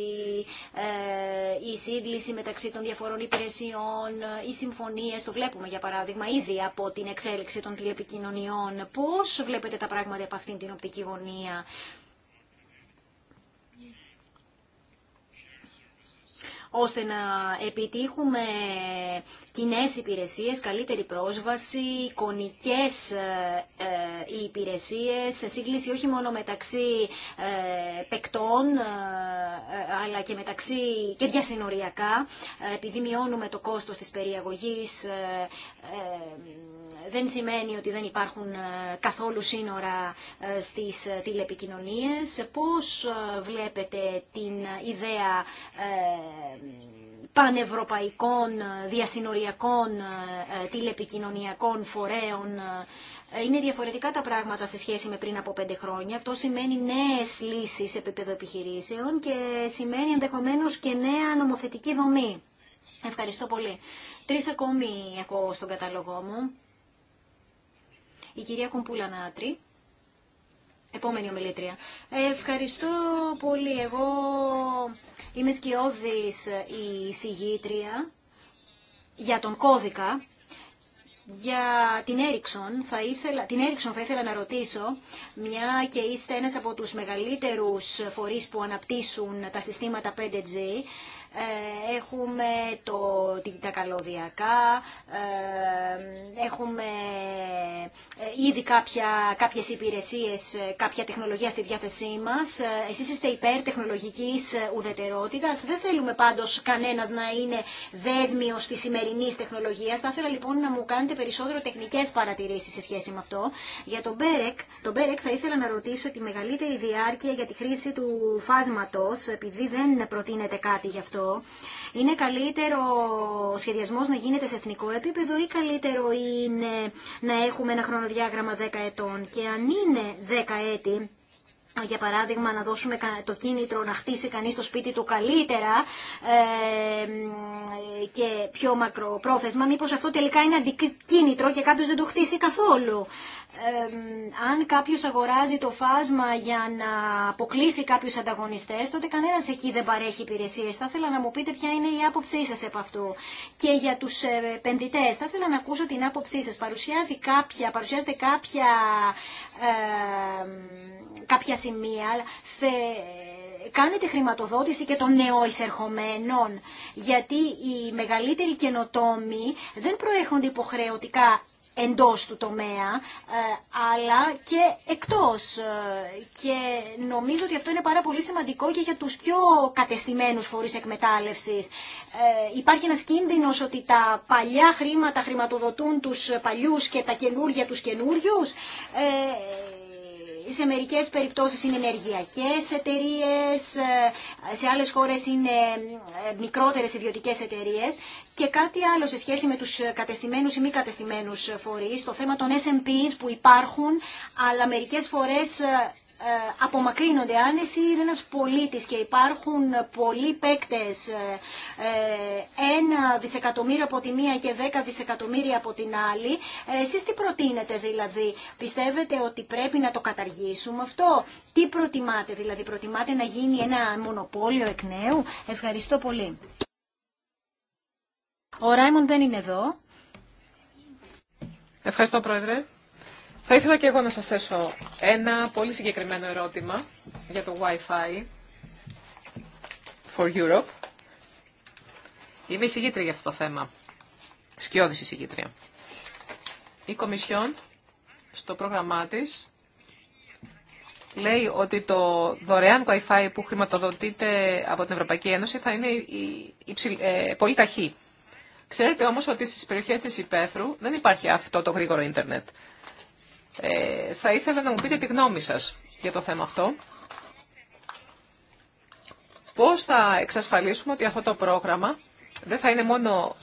ε, η σύγκληση μεταξύ των διαφορών υπηρεσιών, ε, οι συμφωνίες, το βλέπουμε για παράδειγμα ήδη από την εξέλιξη των τηλεπικοινωνιών. Πώς βλέπετε τα πράγματα από αυτήν την οπτική γωνία. ώστε να επιτύχουμε κοινέ υπηρεσίες, καλύτερη πρόσβαση, εικονικές ε, ε, υπηρεσίες, σε σύγκληση όχι μόνο μεταξύ ε, παικτών, αλλά και μεταξύ και διασυνοριακά, επειδή μειώνουμε το κόστος της περιαγωγής δεν σημαίνει ότι δεν υπάρχουν ε, καθόλου σύνορα ε, στις ε, τηλεπικοινωνίες. Πώς βλέπετε την ιδέα πανευρωπαϊκών, διασυνοριακών, τηλεπικοινωνιακών φορέων. Είναι διαφορετικά τα πράγματα σε σχέση με πριν από πέντε χρόνια. Αυτό σημαίνει νέες λύσεις επίπεδο επιχειρήσεων και σημαίνει ενδεχομένως και νέα νομοθετική δομή. Ευχαριστώ πολύ. Τρεις ακόμη έχω στον καταλογό μου η κυρία Κουμπούλα Νάτρη. Επόμενη ομιλήτρια. Ευχαριστώ πολύ. Εγώ είμαι σκιώδης η συγγήτρια για τον κώδικα για την Έριξον θα ήθελα, την Έριξον θα ήθελα να ρωτήσω, μια και είστε ένας από τους μεγαλύτερους φορείς που αναπτύσσουν τα συστήματα 5G, ε, έχουμε το, τα καλωδιακά, ε, έχουμε ε, ήδη κάποια, κάποιες υπηρεσίες, κάποια τεχνολογία στη διάθεσή μας. Εσείς είστε υπέρ τεχνολογικής ουδετερότητας. Δεν θέλουμε πάντως κανένας να είναι δέσμιος της σημερινής τεχνολογίας. Θα ήθελα λοιπόν να μου κάνετε περισσότερο τεχνικές παρατηρήσεις σε σχέση με αυτό. Για τον Μπέρεκ, τον Μπέρεκ θα ήθελα να ρωτήσω τη μεγαλύτερη διάρκεια για τη χρήση του φάσματος, επειδή δεν προτείνεται κάτι γι' αυτό. Είναι καλύτερο ο σχεδιασμός να γίνεται σε εθνικό επίπεδο ή καλύτερο είναι να έχουμε ένα χρονοδιάγραμμα 10 ετών. Και αν είναι 10 έτη, για παράδειγμα να δώσουμε το κίνητρο να χτίσει κανείς το σπίτι του καλύτερα και πιο μακροπρόθεσμα, μήπως αυτό τελικά είναι αντικίνητρο και κάποιος δεν το χτίσει καθόλου αν κάποιος αγοράζει το φάσμα για να αποκλείσει κάποιους ανταγωνιστές, τότε κανένας εκεί δεν παρέχει υπηρεσίες. Θα ήθελα να μου πείτε ποια είναι η άποψή σας επ' αυτού. Και για τους ε, επενδυτές, θα ήθελα να ακούσω την άποψή σας. Παρουσιάζει κάποια, παρουσιάζεται κάποια, κάποια σημεία, θε, κάνετε χρηματοδότηση και των νεοεισερχομένων, γιατί οι μεγαλύτεροι καινοτόμοι δεν προέρχονται υποχρεωτικά εντός του τομέα, ε, αλλά και εκτός. Ε, και νομίζω ότι αυτό είναι πάρα πολύ σημαντικό και για τους πιο κατεστημένους φορείς εκμετάλλευσης. Ε, υπάρχει ένας κίνδυνος ότι τα παλιά χρήματα χρηματοδοτούν τους παλιούς και τα καινούργια τους καινούριου σε μερικές περιπτώσεις είναι ενεργειακές εταιρείες, ε, σε άλλες χώρες είναι ε, μικρότερες ιδιωτικές εταιρείες και κάτι άλλο σε σχέση με τους κατεστημένους ή μη κατεστημένους φορείς, το θέμα των SMPs που υπάρχουν, αλλά μερικές φορές ε, ε, απομακρύνονται άνεση, είναι ένας πολίτης και υπάρχουν πολλοί παίκτες, ε, ε, ένα δισεκατομμύριο από τη μία και δέκα δισεκατομμύρια από την άλλη. Εσείς τι προτείνετε δηλαδή, πιστεύετε ότι πρέπει να το καταργήσουμε αυτό, τι προτιμάτε δηλαδή, προτιμάτε να γίνει ένα μονοπόλιο εκ νέου. Ευχαριστώ πολύ. Ο Ράιμον δεν είναι εδώ. Ευχαριστώ Πρόεδρε. Θα ήθελα και εγώ να σας θέσω ένα πολύ συγκεκριμένο ερώτημα για το Wi-Fi for Europe. Είμαι εισηγήτρια για αυτό το θέμα. Σκιώδης εισηγήτρια. Η Κομισιόν στο πρόγραμμά της λέει ότι το δωρεάν Wi-Fi που χρηματοδοτείται από την Ευρωπαϊκή Ένωση θα είναι ε, πολύ ταχύ. Ξέρετε όμως ότι στις περιοχές της Υπέθρου δεν υπάρχει αυτό το γρήγορο ίντερνετ. Ε, θα ήθελα να μου πείτε τη γνώμη σας για το θέμα αυτό. Πώς θα εξασφαλίσουμε ότι αυτό το πρόγραμμα δεν θα είναι μόνο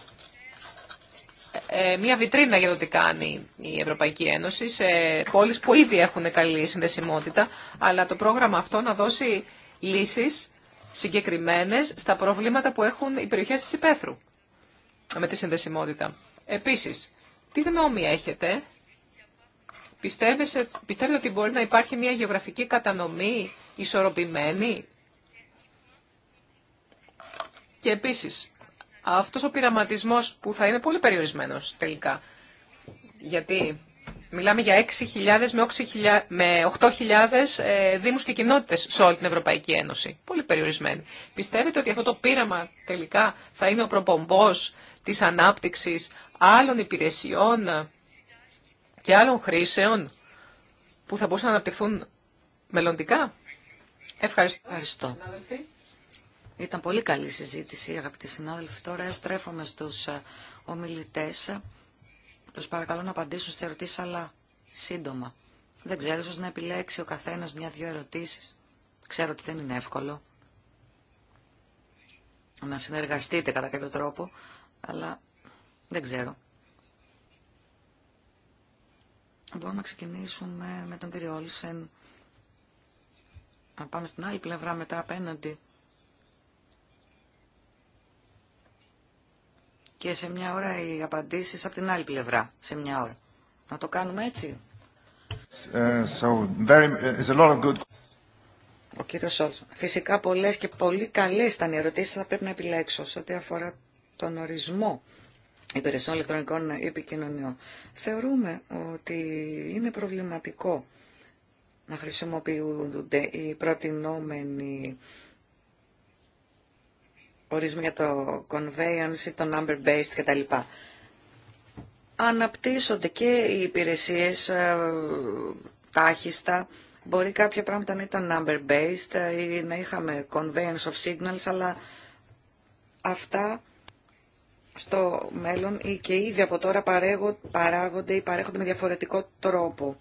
ε, μια βιτρίνα για το τι κάνει η Ευρωπαϊκή Ένωση σε πόλεις που ήδη έχουν καλή συνδεσιμότητα, αλλά το πρόγραμμα αυτό να δώσει λύσεις συγκεκριμένες στα προβλήματα που έχουν οι περιοχές της Υπέθρου με τη συνδεσιμότητα. Επίσης, τι γνώμη έχετε Πιστεύετε, ότι μπορεί να υπάρχει μια γεωγραφική κατανομή ισορροπημένη. Και επίσης, αυτός ο πειραματισμός που θα είναι πολύ περιορισμένος τελικά, γιατί μιλάμε για 6.000 με 8.000 ε, δήμους και κοινότητες σε όλη την Ευρωπαϊκή Ένωση. Πολύ περιορισμένοι. Πιστεύετε ότι αυτό το πείραμα τελικά θα είναι ο προπομπός της ανάπτυξης άλλων υπηρεσιών και άλλων χρήσεων που θα μπορούσαν να αναπτυχθούν μελλοντικά. Ευχαριστώ. Ευχαριστώ. Ήταν πολύ καλή συζήτηση, αγαπητοί συνάδελφοι. Τώρα στρέφομαι στους ε, ομιλητές. Τους παρακαλώ να απαντήσουν σε ερωτήσεις, αλλά σύντομα. Δεν ξέρω, ίσως να επιλέξει ο καθένας μια-δυο ερωτήσεις. Ξέρω ότι δεν είναι εύκολο να συνεργαστείτε κατά κάποιο τρόπο, αλλά δεν ξέρω. Μπορούμε να ξεκινήσουμε με τον κύριο Όλσεν. Να πάμε στην άλλη πλευρά μετά απέναντι. Και σε μια ώρα οι απαντήσεις από την άλλη πλευρά. Σε μια ώρα. Να το κάνουμε έτσι. Ε, ε, Ο κύριος Όλσον. Φυσικά πολλές και πολύ καλές ήταν οι ερωτήσεις. Θα πρέπει να επιλέξω σε ό,τι αφορά τον ορισμό υπηρεσιών ηλεκτρονικών επικοινωνιών. Θεωρούμε ότι είναι προβληματικό να χρησιμοποιούνται οι προτινόμενοι ορισμοί για το conveyance ή το number-based κτλ. Αναπτύσσονται και οι υπηρεσίες ε, τάχιστα. Μπορεί κάποια πράγματα να ήταν number-based ή να είχαμε conveyance of signals, αλλά αυτά στο μέλλον ή και ήδη από τώρα παράγονται ή παρέχονται με διαφορετικό τρόπο.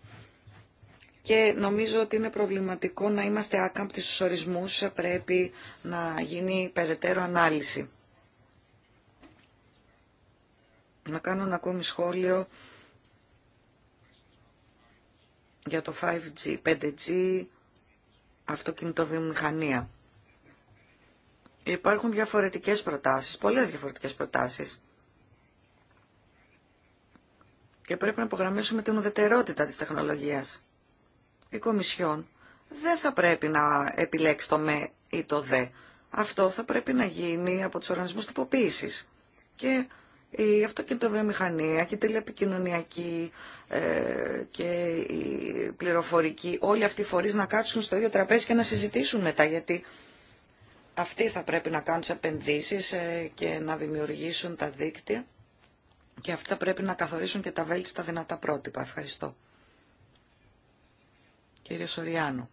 Και νομίζω ότι είναι προβληματικό να είμαστε άκαμπτοι στους ορισμούς, πρέπει να γίνει περαιτέρω ανάλυση. Να κάνω ένα ακόμη σχόλιο για το 5G, 5G, αυτοκινητοβιομηχανία. Υπάρχουν διαφορετικές προτάσεις, πολλές διαφορετικές προτάσεις. Και πρέπει να υπογραμμίσουμε την ουδετερότητα της τεχνολογίας. Η Κομισιόν δεν θα πρέπει να επιλέξει το με ή το δε. Αυτό θα πρέπει να γίνει από τους οργανισμούς τυποποίησης. Και η αυτοκινητοβιομηχανία και η τηλεπικοινωνιακή ε, και η πληροφορική, όλοι αυτοί οι φορείς να κάτσουν στο ίδιο τραπέζι και να συζητήσουν μετά, γιατί αυτοί θα πρέπει να κάνουν τις επενδύσεις ε, και να δημιουργήσουν τα δίκτυα και αυτοί θα πρέπει να καθορίσουν και τα βέλτιστα δυνατά πρότυπα. Ευχαριστώ. Κύριε Σοριάνου.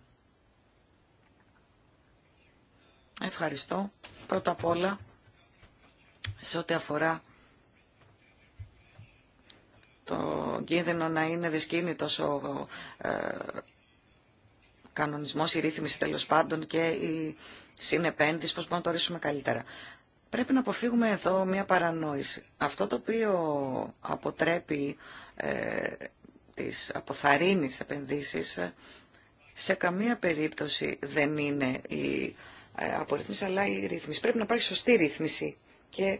Ευχαριστώ. Πρώτα απ' όλα, σε ό,τι αφορά το κίνδυνο να είναι δυσκίνητος ο ε, κανονισμός, η ρύθμιση τέλος πάντων και η συνεπένδυση, πώς μπορούμε να το ορίσουμε καλύτερα. Πρέπει να αποφύγουμε εδώ μια παρανόηση. Αυτό το οποίο αποτρέπει ε, τις αποθαρρύνεις επενδύσεις σε καμία περίπτωση δεν είναι η ε, απορρίθμιση αλλά η ρύθμιση. Πρέπει να υπάρχει σωστή ρύθμιση και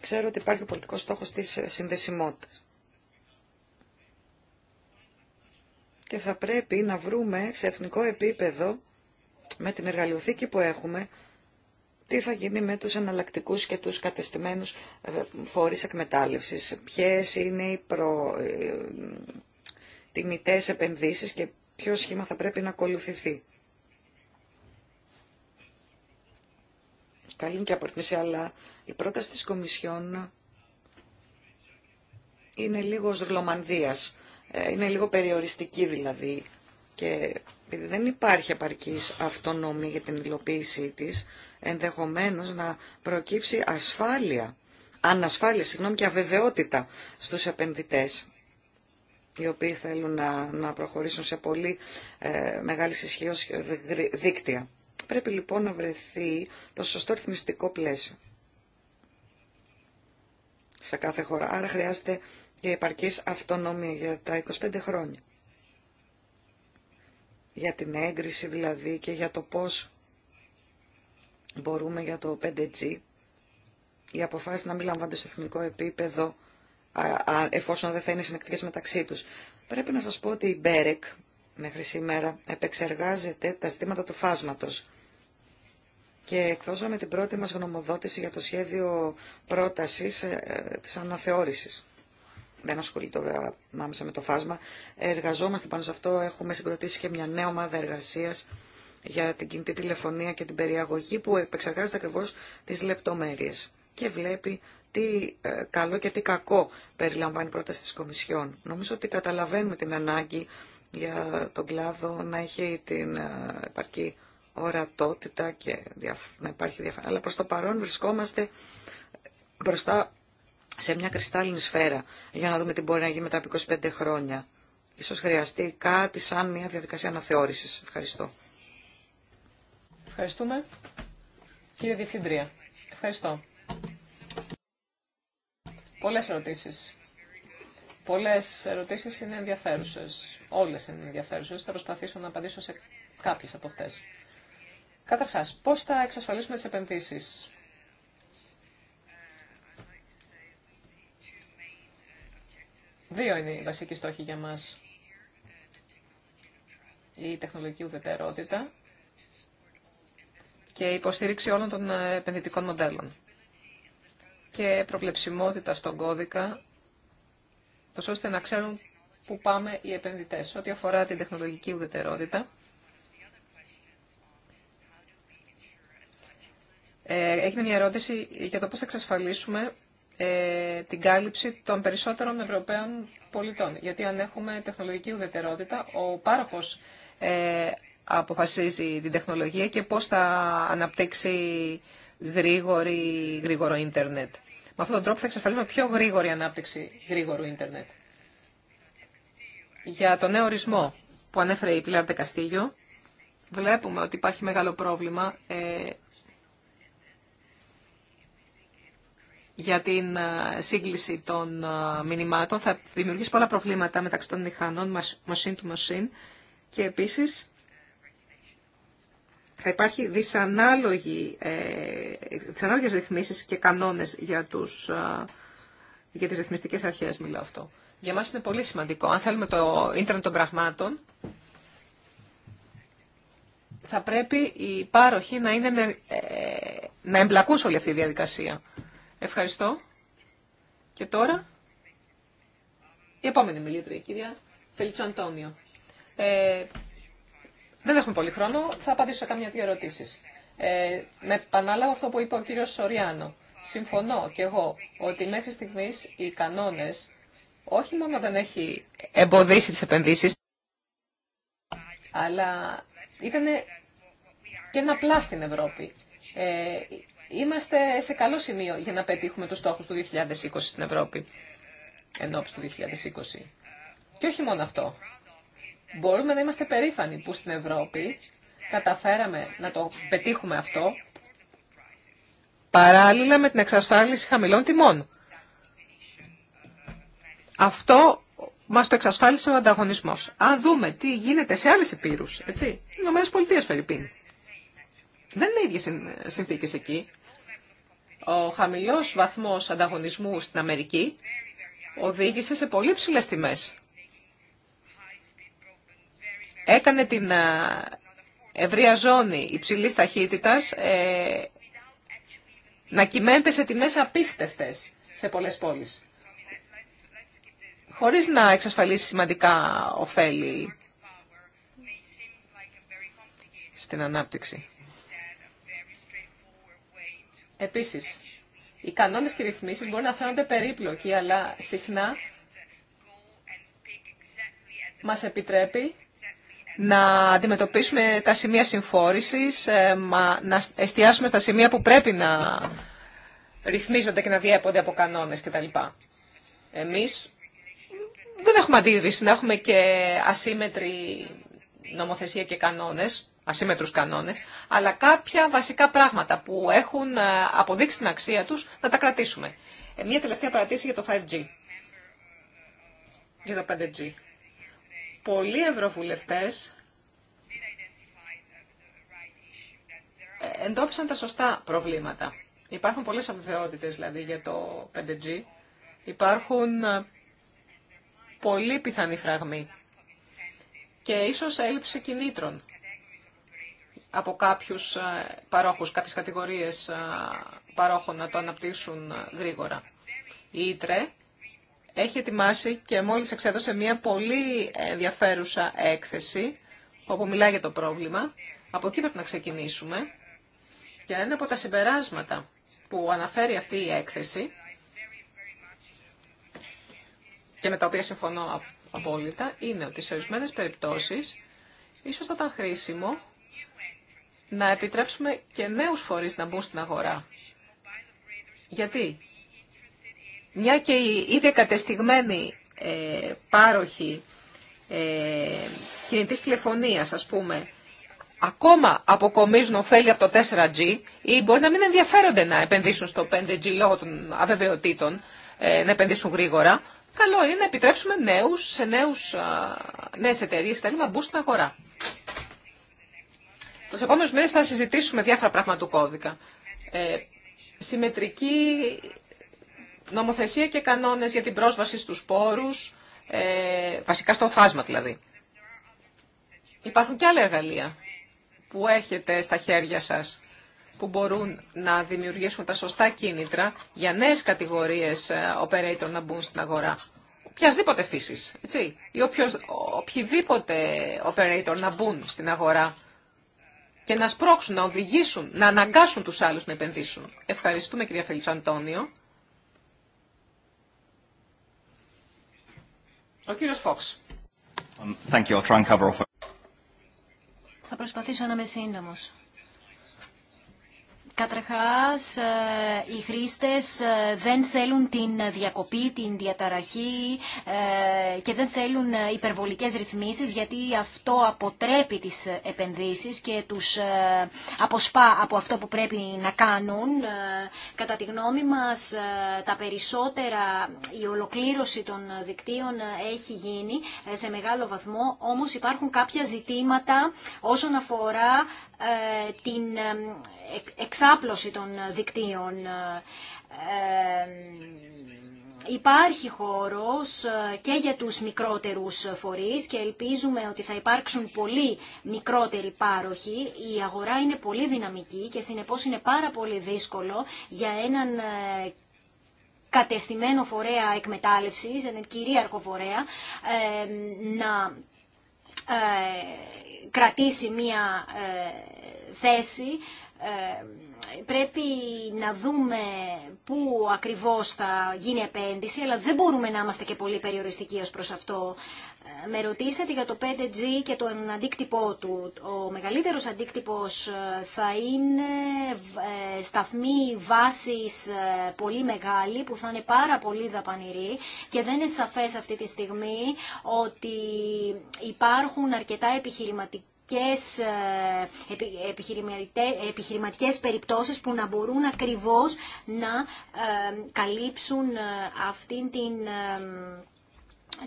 ξέρω ότι υπάρχει ο πολιτικός στόχος της συνδεσιμότητας. και θα πρέπει να βρούμε σε εθνικό επίπεδο με την εργαλειοθήκη που έχουμε τι θα γίνει με τους εναλλακτικού και τους κατεστημένους ε, φόρεις εκμετάλλευσης, ποιες είναι οι προ... Ε, τιμητές επενδύσεις και ποιο σχήμα θα πρέπει να ακολουθηθεί. Καλή και απορτήση, αλλά η πρόταση της Κομισιόν είναι λίγος ρλομανδίας. Ε, είναι λίγο περιοριστική δηλαδή και επειδή δεν υπάρχει απαρκής αυτονομία για την υλοποίησή της, ενδεχομένως να προκύψει ασφάλεια, ανασφάλεια, συγγνώμη, και αβεβαιότητα στους επενδυτές οι οποίοι θέλουν να, να προχωρήσουν σε πολύ ε, μεγάλη ισχύω δίκτυα. Πρέπει λοιπόν να βρεθεί το σωστό ρυθμιστικό πλαίσιο σε κάθε χώρα. Άρα χρειάζεται και επαρκής αυτονομία για τα 25 χρόνια. Για την έγκριση δηλαδή και για το πώς μπορούμε για το 5G οι αποφάσεις να μην λαμβάνονται σε εθνικό επίπεδο εφόσον δεν θα είναι συνεκτικές μεταξύ τους. Πρέπει να σας πω ότι η Μπέρεκ μέχρι σήμερα επεξεργάζεται τα ζητήματα του φάσματος και εκδώσαμε την πρώτη μας γνωμοδότηση για το σχέδιο πρότασης ε, ε, της αναθεώρησης δεν ασχολείται βέβαια άμεσα με το φάσμα. Εργαζόμαστε πάνω σε αυτό. Έχουμε συγκροτήσει και μια νέα ομάδα εργασία για την κινητή τηλεφωνία και την περιαγωγή που επεξεργάζεται ακριβώ τι λεπτομέρειε και βλέπει τι ε, καλό και τι κακό περιλαμβάνει η πρόταση τη Κομισιόν. Νομίζω ότι καταλαβαίνουμε την ανάγκη για τον κλάδο να έχει την ε, επαρκή ορατότητα και να υπάρχει διαφάνεια. Αλλά προς το παρόν βρισκόμαστε μπροστά σε μια κρυστάλλινη σφαίρα για να δούμε τι μπορεί να γίνει μετά από 25 χρόνια. Ίσως χρειαστεί κάτι σαν μια διαδικασία αναθεώρησης. Ευχαριστώ. Ευχαριστούμε. Κύριε Διευθυντρία, ευχαριστώ. Πολλές ερωτήσεις. Πολλές ερωτήσεις είναι ενδιαφέρουσες. Όλες είναι ενδιαφέρουσες. Θα προσπαθήσω να απαντήσω σε κάποιες από αυτές. Καταρχάς, πώς θα εξασφαλίσουμε τις επενδύσεις Δύο είναι οι βασικοί στόχοι για μας. Η τεχνολογική ουδετερότητα και η υποστήριξη όλων των ε, επενδυτικών μοντέλων. Και προβλεψιμότητα στον κώδικα, τόσο ώστε να ξέρουν πού πάμε οι επενδυτές. Ό,τι αφορά την τεχνολογική ουδετερότητα, ε, έγινε μια ερώτηση για το πώς θα εξασφαλίσουμε ε, την κάλυψη των περισσότερων Ευρωπαίων πολιτών. Γιατί αν έχουμε τεχνολογική ουδετερότητα, ο πάροχος ε, αποφασίζει την τεχνολογία και πώς θα αναπτύξει γρήγορο ίντερνετ. Με αυτόν τον τρόπο θα εξαφαλίσουμε πιο γρήγορη ανάπτυξη γρήγορου ίντερνετ. Για τον νέο ορισμό που ανέφερε η Πιλάρντε Καστίγιο, βλέπουμε ότι υπάρχει μεγάλο πρόβλημα ε, για την ε, σύγκληση των ε, μηνυμάτων θα δημιουργήσει πολλά προβλήματα μεταξύ των μηχανών machine to machine και επίσης θα υπάρχει δυσανάλογη, ε, δυσανάλογες ρυθμίσεις και κανόνες για, τους, για τις ρυθμιστικές αρχές, μιλάω αυτό. Για μας είναι πολύ σημαντικό. Αν θέλουμε το ίντερνετ των πραγμάτων, θα πρέπει οι πάροχοι να, είναι, να εμπλακούν σε όλη αυτή τη διαδικασία. Ευχαριστώ. Και τώρα, η επόμενη μιλήτρια, η κυρία Φελίτσο ε, δεν έχουμε πολύ χρόνο, θα απαντήσω σε καμιά δύο ερωτήσει. Ε, με επαναλάβω αυτό που είπε ο κύριος Σοριάνο. Συμφωνώ και εγώ ότι μέχρι στιγμής οι κανόνες όχι μόνο δεν έχει εμποδίσει τις επενδύσεις, αλλά ήταν και ένα πλά στην Ευρώπη. Ε, είμαστε σε καλό σημείο για να πετύχουμε τους στόχους του 2020 στην Ευρώπη, ενώπιση του 2020. Και όχι μόνο αυτό. Μπορούμε να είμαστε περήφανοι που στην Ευρώπη καταφέραμε να το πετύχουμε αυτό παράλληλα με την εξασφάλιση χαμηλών τιμών. Αυτό μας το εξασφάλισε ο ανταγωνισμός. Αν δούμε τι γίνεται σε άλλες επίρους, έτσι, οι Ηνωμένες Δεν είναι ίδιες συνθήκες εκεί. Ο χαμηλός βαθμός ανταγωνισμού στην Αμερική οδήγησε σε πολύ ψηλές τιμές. Έκανε την ευρεία ζώνη υψηλής ταχύτητας ε, να κυμαίνεται σε τιμές απίστευτες σε πολλές πόλεις. Χωρίς να εξασφαλίσει σημαντικά ωφέλη στην ανάπτυξη. Επίσης, οι κανόνες και ρυθμίσεις μπορεί να φαίνονται περίπλοκοι, αλλά συχνά μας επιτρέπει να αντιμετωπίσουμε τα σημεία συμφόρησης, ε, να εστιάσουμε στα σημεία που πρέπει να ρυθμίζονται και να διέπονται από κανόνες κτλ. Εμείς δεν έχουμε αντίρρηση να έχουμε και ασύμετρη νομοθεσία και κανόνες ασύμετρους κανόνες, αλλά κάποια βασικά πράγματα που έχουν ε, αποδείξει την αξία τους να τα κρατήσουμε. Ε, μια τελευταία παρατήρηση για το 5G, για το 5G. Πολλοί ευρωβουλευτές ε, εντόπισαν τα σωστά προβλήματα. Υπάρχουν πολλές αμφιβαιότητες δηλαδή για το 5G. Υπάρχουν πολύ πιθανοί φραγμή και ίσως έλλειψη κινήτρων από κάποιους ε, παρόχους, κάποιες κατηγορίες ε, παρόχων να το αναπτύσσουν γρήγορα. Η Ήτρε έχει ετοιμάσει και μόλις εξέδωσε μια πολύ ενδιαφέρουσα έκθεση όπου μιλάει για το πρόβλημα. Από εκεί πρέπει να ξεκινήσουμε. Και ένα από τα συμπεράσματα που αναφέρει αυτή η έκθεση και με τα οποία συμφωνώ απόλυτα είναι ότι σε ορισμένε περιπτώσεις ίσως θα ήταν χρήσιμο να επιτρέψουμε και νέους φορείς να μπουν στην αγορά. Γιατί, μια και οι ήδη κατεστηγμένοι ε, πάροχοι ε, κινητής τηλεφωνίας, ας πούμε, ακόμα αποκομίζουν ωφέλη από το 4G ή μπορεί να μην ενδιαφέρονται να επενδύσουν στο 5G λόγω των αβεβαιοτήτων, ε, να επενδύσουν γρήγορα, καλό είναι να επιτρέψουμε νέους, σε νέους, α, νέες εταιρείες να μπουν στην αγορά. Στου επόμενου μήνε θα συζητήσουμε διάφορα πράγματα του κώδικα. Ε, συμμετρική νομοθεσία και κανόνες για την πρόσβαση στους πόρους, ε, βασικά στο φάσμα δηλαδή. Υπάρχουν και άλλα εργαλεία που έχετε στα χέρια σας που μπορούν να δημιουργήσουν τα σωστά κίνητρα για νέες κατηγορίες ε, operator να μπουν στην αγορά. Οποιασδήποτε φύσης, έτσι, ή οποιος, οποιοδήποτε operator να μπουν στην αγορά και να σπρώξουν, να οδηγήσουν, να αναγκάσουν τους άλλους να επενδύσουν. Ευχαριστούμε κυρία Φελίξ Αντώνιο. Ο κύριος Φόξ. Thank you. try and cover off. Θα προσπαθήσω να είμαι σύντομος. Καταρχάς, ε, οι χρήστες ε, δεν θέλουν την διακοπή, την διαταραχή ε, και δεν θέλουν υπερβολικές ρυθμίσεις γιατί αυτό αποτρέπει τις επενδύσεις και τους αποσπά από αυτό που πρέπει να κάνουν. Κατά τη γνώμη μας, τα περισσότερα, η ολοκλήρωση των δικτύων έχει γίνει σε μεγάλο βαθμό, όμως υπάρχουν κάποια ζητήματα όσον αφορά την εξάπλωση των δικτύων. Ε, υπάρχει χώρος ε, και για τους μικρότερους φορείς και ελπίζουμε ότι θα υπάρξουν πολύ μικρότεροι πάροχοι. Η αγορά είναι πολύ δυναμική και συνεπώς είναι πάρα πολύ δύσκολο για έναν ε, κατεστημένο φορέα εκμετάλλευσης, έναν κυρίαρχο φορέα, να κρατήσει μία ε, θέση ε, πρέπει να δούμε πού ακριβώς θα γίνει επένδυση, αλλά δεν μπορούμε να είμαστε και πολύ περιοριστικοί ως προς αυτό. Ε, με ρωτήσατε για το 5G και τον αντίκτυπό του. Ο μεγαλύτερος αντίκτυπος ε, θα είναι ε, σταθμοί βάσης πολύ μεγάλη που θα είναι πάρα πολύ δαπανηροί και δεν είναι σαφές αυτή τη στιγμή ότι υπάρχουν αρκετά επιχειρηματικοί, ε, επιχειρηματικές περιπτώσεις που να μπορούν ακριβώς να ε, καλύψουν ε, αυτήν την,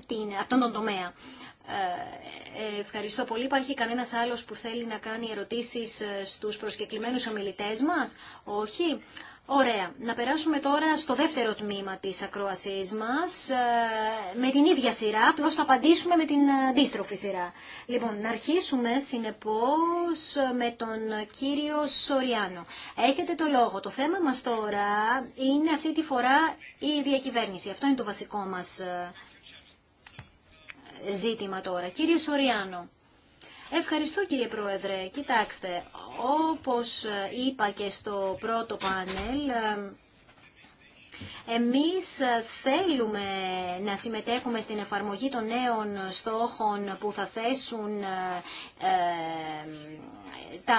την, αυτόν τον τομέα. Ευχαριστώ πολύ. Υπάρχει κανένας άλλος που θέλει να κάνει ερωτήσεις στους προσκεκλημένους ομιλητές μας. Όχι. Ωραία. Να περάσουμε τώρα στο δεύτερο τμήμα της ακρόασής μας, ε, με την ίδια σειρά, απλώς θα απαντήσουμε με την ε, αντίστροφη σειρά. Λοιπόν, να αρχίσουμε συνεπώς με τον κύριο Σοριάνο. Έχετε το λόγο. Το θέμα μας τώρα είναι αυτή τη φορά η διακυβέρνηση. Αυτό είναι το βασικό μας ε, ζήτημα τώρα. Κύριε Σοριάνο. Ευχαριστώ κύριε Πρόεδρε. Κοιτάξτε, όπως είπα και στο πρώτο πάνελ, εμείς θέλουμε να συμμετέχουμε στην εφαρμογή των νέων στόχων που θα θέσουν ε, ε, τα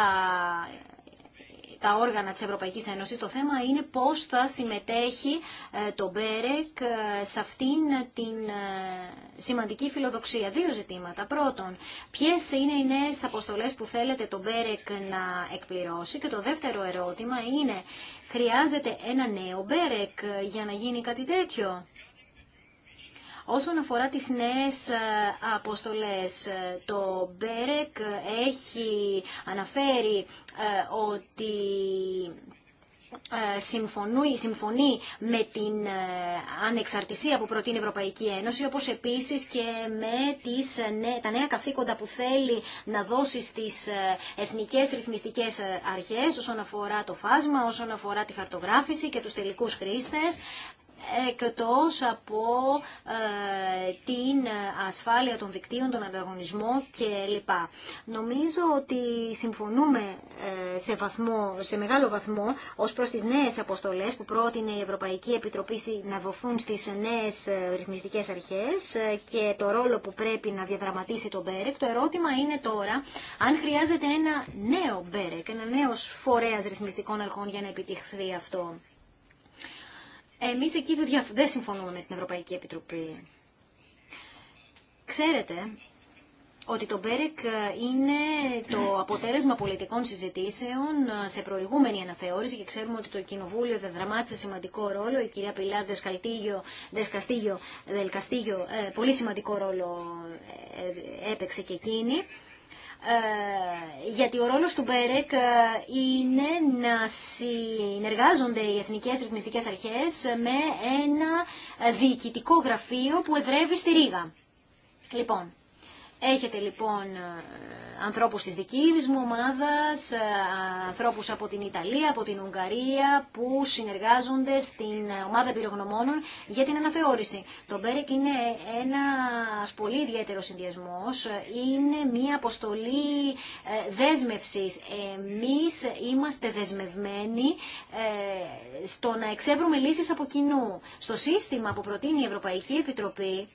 τα όργανα της Ευρωπαϊκής Ένωσης. Το θέμα είναι πώς θα συμμετέχει ε, το ΜΠΕΡΕΚ ε, σε αυτήν την ε, σημαντική φιλοδοξία. Δύο ζητήματα. Πρώτον, ποιες είναι οι νέες αποστολές που θέλετε το ΜΠΕΡΕΚ να εκπληρώσει. Και το δεύτερο ερώτημα είναι, χρειάζεται ένα νέο ΜΠΕΡΕΚ για να γίνει κάτι τέτοιο. Όσον αφορά τις νέες ε, αποστολές, ε, το Μπέρεκ ε, έχει αναφέρει ότι συμφωνεί, συμφωνεί με την ανεξαρτησία που προτείνει η Ευρωπαϊκή Ένωση, όπως επίσης και με τις, τα νέα καθήκοντα που θέλει να δώσει στις εθνικές ρυθμιστικές αρχές όσον αφορά το φάσμα, όσον αφορά τη χαρτογράφηση και τους τελικούς χρήστες εκτός από ε, την ασφάλεια των δικτύων, τον ανταγωνισμό κλπ. Νομίζω ότι συμφωνούμε ε, σε, βαθμό, σε μεγάλο βαθμό ως προς τις νέες αποστολές που πρότεινε η Ευρωπαϊκή Επιτροπή να δοθούν στις νέες ε, ρυθμιστικές αρχές και το ρόλο που πρέπει να διαδραματίσει το Μπέρεκ. Το ερώτημα είναι τώρα αν χρειάζεται ένα νέο Μπέρεκ, ένα νέο φορέας ρυθμιστικών αρχών για να επιτυχθεί αυτό. Εμείς εκεί δεν, συμφωνούμε με την Ευρωπαϊκή Επιτροπή. Ξέρετε ότι το ΜΠΕΡΕΚ ε, είναι το αποτέλεσμα πολιτικών συζητήσεων ε, σε προηγούμενη αναθεώρηση και ξέρουμε ότι το Κοινοβούλιο δεν δραμάτισε σημαντικό ρόλο. Η κυρία Πιλάρ Δελκαστίγιο, ε, πολύ σημαντικό ρόλο έπαιξε και εκείνη. Ε, γιατί ο ρόλος του ΠΕΡΕΚ ε, είναι να συνεργάζονται οι εθνικές ρυθμιστικές αρχές με ένα διοικητικό γραφείο που εδρεύει στη Ρήγα. Λοιπόν, Έχετε λοιπόν ε, ανθρώπους της δικής μου ομάδας, ε, ανθρώπους από την Ιταλία, από την Ουγγαρία που συνεργάζονται στην ομάδα πυρογνωμόνων για την αναθεώρηση. Το Μπέρεκ είναι ένας πολύ ιδιαίτερο συνδυασμός. είναι μια αποστολή ε, δέσμευσης. Εμείς είμαστε δεσμευμένοι στο να εξεύρουμε λύσεις από κοινού. Στο σύστημα που προτείνει η Ευρωπαϊκή Επιτροπή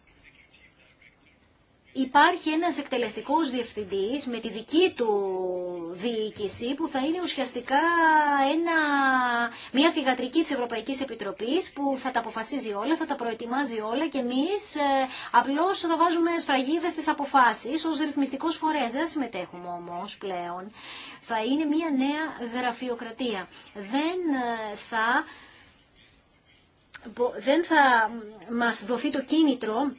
υπάρχει ένας εκτελεστικός διευθυντής με τη δική του διοίκηση που θα είναι ουσιαστικά ένα, μια θηγατρική της Ευρωπαϊκής Επιτροπής που θα τα αποφασίζει όλα, θα τα προετοιμάζει όλα και εμείς ε, απλώς θα βάζουμε σφραγίδες στις αποφάσεις ως ρυθμιστικός φορέας. Δεν συμμετέχουμε όμως πλέον. Θα είναι μια νέα γραφειοκρατία. Δεν ε, θα... Δεν θα μας δοθεί το κίνητρο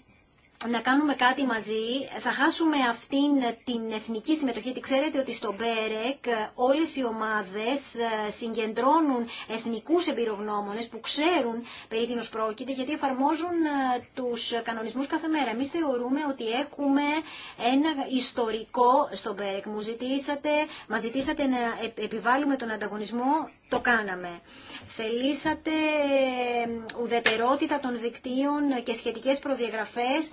να κάνουμε κάτι μαζί, θα χάσουμε αυτήν την εθνική συμμετοχή. τι ξέρετε ότι στο ΜΠΕΡΕΚ όλες οι ομάδες ε, συγκεντρώνουν εθνικούς εμπειρογνώμονες που ξέρουν περί τίνος πρόκειται, γιατί εφαρμόζουν ε, τους κανονισμούς κάθε μέρα. Εμείς θεωρούμε ότι έχουμε ένα ιστορικό στο ΜΠΕΡΕΚ. Μου ζητήσατε, μας να επιβάλλουμε τον ανταγωνισμό, το κάναμε. Θελήσατε ε, ουδετερότητα των δικτύων και σχετικές προδιαγραφές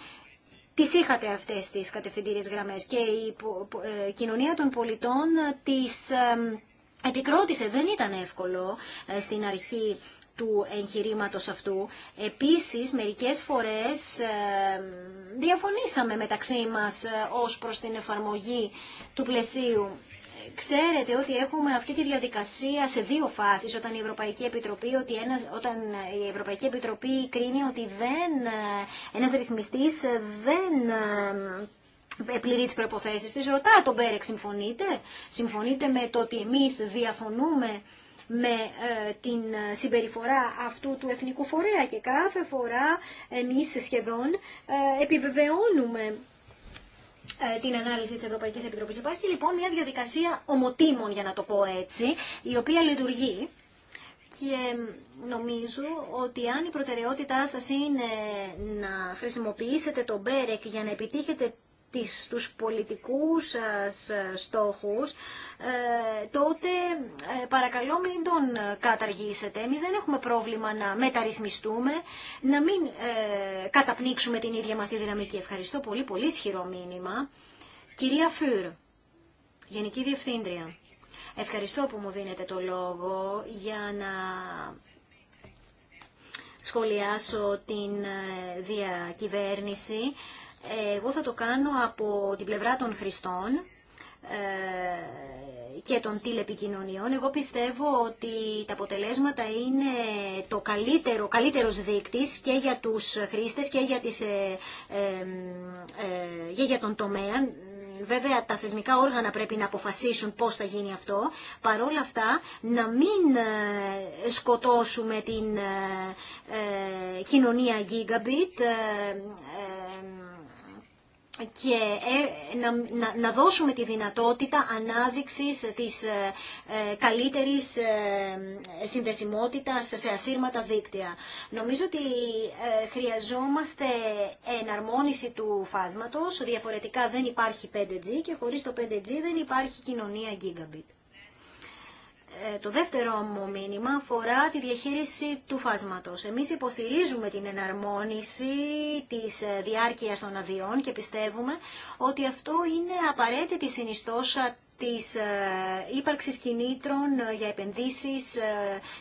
τις είχατε αυτές τις κατευθυντήριες γραμμές και η ε, κοινωνία των πολιτών τις επικρότησε. Δεν ήταν εύκολο ε, στην αρχή του εγχειρήματος αυτού. Επίσης, μερικές φορές διαφωνήσαμε μεταξύ μας ε, ως προς την εφαρμογή του πλαισίου Ξέρετε ότι έχουμε αυτή τη διαδικασία σε δύο φάσεις όταν η Ευρωπαϊκή Επιτροπή, ότι ένας, όταν η Ευρωπαϊκή Επιτροπή κρίνει ότι δεν, ε, ένας ρυθμιστής δεν ε, πληρεί τις προποθέσει της. Ρωτά τον Μπέρεκ, συμφωνείτε. με το ότι εμείς διαφωνούμε με ε, την συμπεριφορά αυτού του εθνικού φορέα και κάθε φορά εμείς σχεδόν επιβεβαιώνουμε ε, την ανάλυση της Ευρωπαϊκής Επιτροπής. Υπάρχει λοιπόν μια διαδικασία ομοτήμων, για να το πω έτσι, η οποία λειτουργεί και νομίζω ότι αν η προτεραιότητά σας είναι να χρησιμοποιήσετε το Μπέρεκ για να επιτύχετε τις, τους πολιτικούς σας ε, στόχους, ε, τότε ε, παρακαλώ μην τον καταργήσετε. Εμείς δεν έχουμε πρόβλημα να μεταρρυθμιστούμε, να μην καταπνίξουμε την ίδια μας τη δυναμική. Ευχαριστώ πολύ, πολύ ισχυρό μήνυμα. Κυρία Φύρ, Γενική Διευθύντρια, ευχαριστώ που μου δίνετε το λόγο για να σχολιάσω την διακυβέρνηση εγώ θα το κάνω από την πλευρά των χρηστών ε, και των τηλεπικοινωνιών. Εγώ πιστεύω ότι τα αποτελέσματα είναι το καλύτερο, καλύτερος δείκτης και για τους χρήστες και για, τις, ε, ε, για τον τομέα. Βέβαια τα θεσμικά όργανα πρέπει να αποφασίσουν πώς θα γίνει αυτό. Παρόλα αυτά να μην σκοτώσουμε την κοινωνία Gigabit και ε, να, δώσουμε τη δυνατότητα ανάδειξης της ε, ε, καλύτερης συνδεσιμότητας σε ασύρματα δίκτυα. Νομίζω ότι χρειαζόμαστε εναρμόνιση του φάσματος, διαφορετικά δεν υπάρχει 5G και χωρίς το 5G δεν υπάρχει κοινωνία gigabit. Ε, το δεύτερο μου μήνυμα αφορά τη διαχείριση του φάσματος. Εμείς υποστηρίζουμε την εναρμόνιση της ε, διάρκειας των αδειών και πιστεύουμε ότι αυτό είναι απαραίτητη συνιστόσα της ε, ύπαρξης κινήτρων ε, για επενδύσεις ε,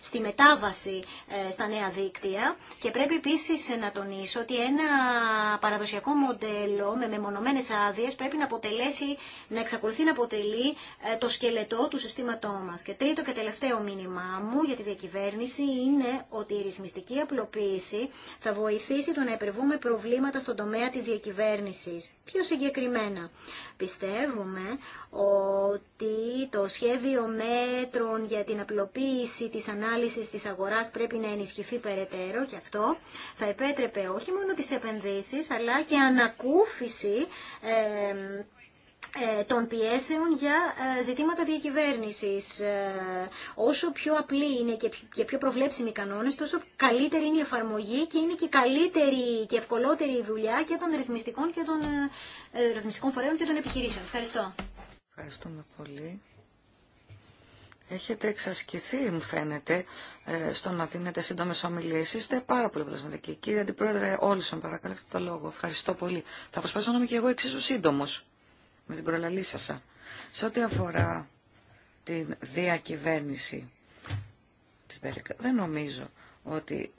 στη μετάβαση στα νέα δίκτυα και πρέπει επίσης να τονίσω ότι ένα παραδοσιακό μοντέλο με μεμονωμένες άδειες πρέπει να αποτελέσει, να εξακολουθεί να αποτελεί το σκελετό του συστήματό μας. Και τρίτο και τελευταίο μήνυμά μου για τη διακυβέρνηση είναι ότι η ρυθμιστική απλοποίηση θα βοηθήσει το να υπερβούμε προβλήματα στον τομέα της διακυβέρνησης. Πιο συγκεκριμένα, πιστεύουμε ότι το σχέδιο μέτρων για την απλοποίηση της ανάλυσης της αγοράς πρέπει να ενισχυθεί περαιτέρω και αυτό θα επέτρεπε όχι μόνο τις επενδύσεις αλλά και ανακούφιση ε, των πιέσεων για ε, ζητήματα διακυβέρνησης. Ε, όσο πιο απλή είναι και πιο προβλέψιμοι οι κανόνες, τόσο καλύτερη είναι η εφαρμογή και είναι και καλύτερη και ευκολότερη η δουλειά και των ρυθμιστικών, και των, ε, ρυθμιστικών φορέων και των επιχειρήσεων. Ευχαριστώ. Ευχαριστούμε πολύ. Έχετε εξασκηθεί, μου φαίνεται, ε, στο να δίνετε σύντομε ομιλίε. Είστε πάρα πολύ αποτελεσματικοί. Κύριε Αντιπρόεδρε, Όλσον, παρακαλώ, έχετε το λόγο. Ευχαριστώ πολύ. Θα προσπαθήσω να είμαι και εγώ εξίσου σύντομο με την προλαλή σα. Σε ό,τι αφορά την διακυβέρνηση τη ΠΕΡΕΚ, δεν νομίζω ότι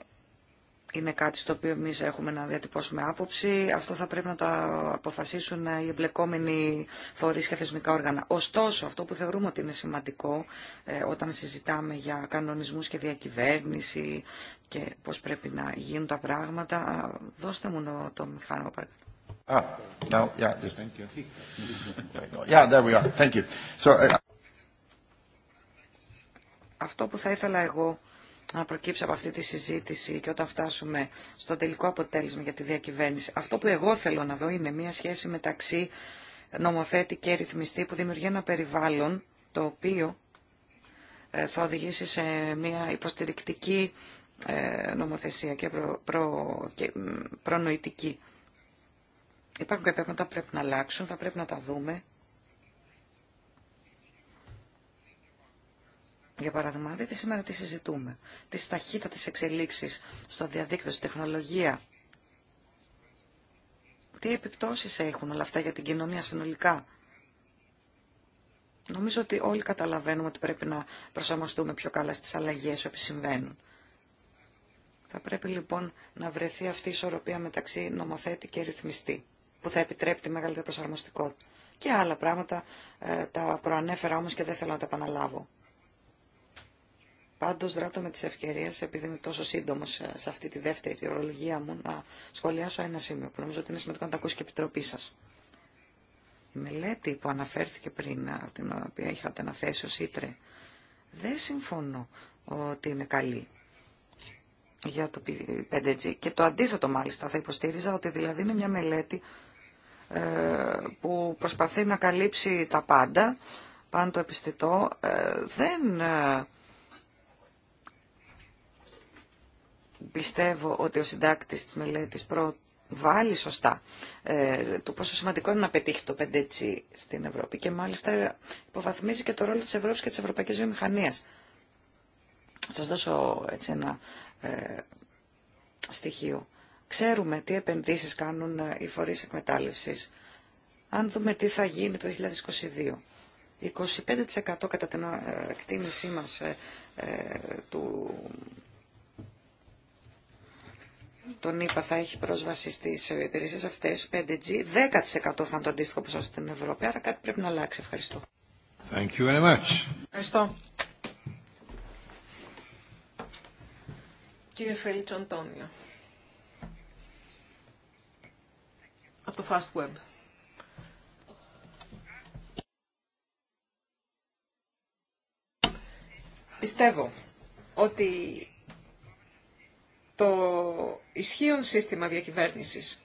είναι κάτι στο οποίο εμεί έχουμε να διατυπώσουμε άποψη. Αυτό θα πρέπει να το αποφασίσουν οι εμπλεκόμενοι φορεί και θεσμικά όργανα. Ωστόσο, αυτό που θεωρούμε ότι είναι σημαντικό ε, όταν συζητάμε για κανονισμούς και διακυβέρνηση και πώς πρέπει να γίνουν τα πράγματα, δώστε μου το μηχάνημα παρακαλώ. Αυτό που θα ήθελα εγώ να προκύψει από αυτή τη συζήτηση και όταν φτάσουμε στο τελικό αποτέλεσμα για τη διακυβέρνηση. Αυτό που εγώ θέλω να δω είναι μια σχέση μεταξύ νομοθέτη και ρυθμιστή που δημιουργεί ένα περιβάλλον το οποίο ε, θα οδηγήσει σε μια υποστηρικτική ε, νομοθεσία και, προ, και προνοητική. Υπάρχουν κάποια πράγματα που πρέπει να αλλάξουν, θα πρέπει να τα δούμε. Για παράδειγμα, δείτε σήμερα τι συζητούμε. Τις της εξελίξεις στο διαδίκτυο, στη τεχνολογία. Τι επιπτώσεις έχουν όλα αυτά για την κοινωνία συνολικά. Νομίζω ότι όλοι καταλαβαίνουμε ότι πρέπει να προσαρμοστούμε πιο καλά στις αλλαγές που επισυμβαίνουν. Θα πρέπει λοιπόν να βρεθεί αυτή η ισορροπία μεταξύ νομοθέτη και ρυθμιστή, που θα επιτρέπει τη μεγαλύτερη προσαρμοστικότητα. Και άλλα πράγματα, ε, τα προανέφερα όμως και δεν θέλω να τα επαναλάβω. Πάντω δράτω με τι ευκαιρίε, επειδή είμαι τόσο σύντομο σε αυτή τη δεύτερη ορολογία μου, να σχολιάσω ένα σημείο που νομίζω ότι είναι σημαντικό να τα ακούσει και η Επιτροπή σα. Η μελέτη που αναφέρθηκε πριν, την οποία είχατε αναθέσει ω Ήτρε, δεν συμφωνώ ότι είναι καλή για το 5G. Και το αντίθετο μάλιστα θα υποστήριζα ότι δηλαδή είναι μια μελέτη ε, που προσπαθεί να καλύψει τα πάντα, πάντο επιστητό, ε, δεν ε, πιστεύω ότι ο συντάκτης της μελέτης προβάλλει σωστά ε, το πόσο σημαντικό είναι να πετύχει το 5G στην Ευρώπη και μάλιστα υποβαθμίζει και το ρόλο της Ευρώπης και της Ευρωπαϊκής Βιομηχανία. Σας δώσω έτσι ένα ε, στοιχείο. Ξέρουμε τι επενδύσεις κάνουν ε, οι φορείς εκμετάλλευσης. Αν δούμε τι θα γίνει το 2022. 25% κατά την ε, εκτίμησή μας ε, του τον είπα θα έχει πρόσβαση στις υπηρεσίες αυτές 5G, 10% θα είναι το αντίστοιχο ποσό στην Ευρώπη, άρα κάτι πρέπει να αλλάξει. Ευχαριστώ. Thank you very much. Ευχαριστώ. Κύριε Φέλιτσο Αντώνιο. Από το Fast Web. Πιστεύω ότι το ισχύον σύστημα διακυβέρνησης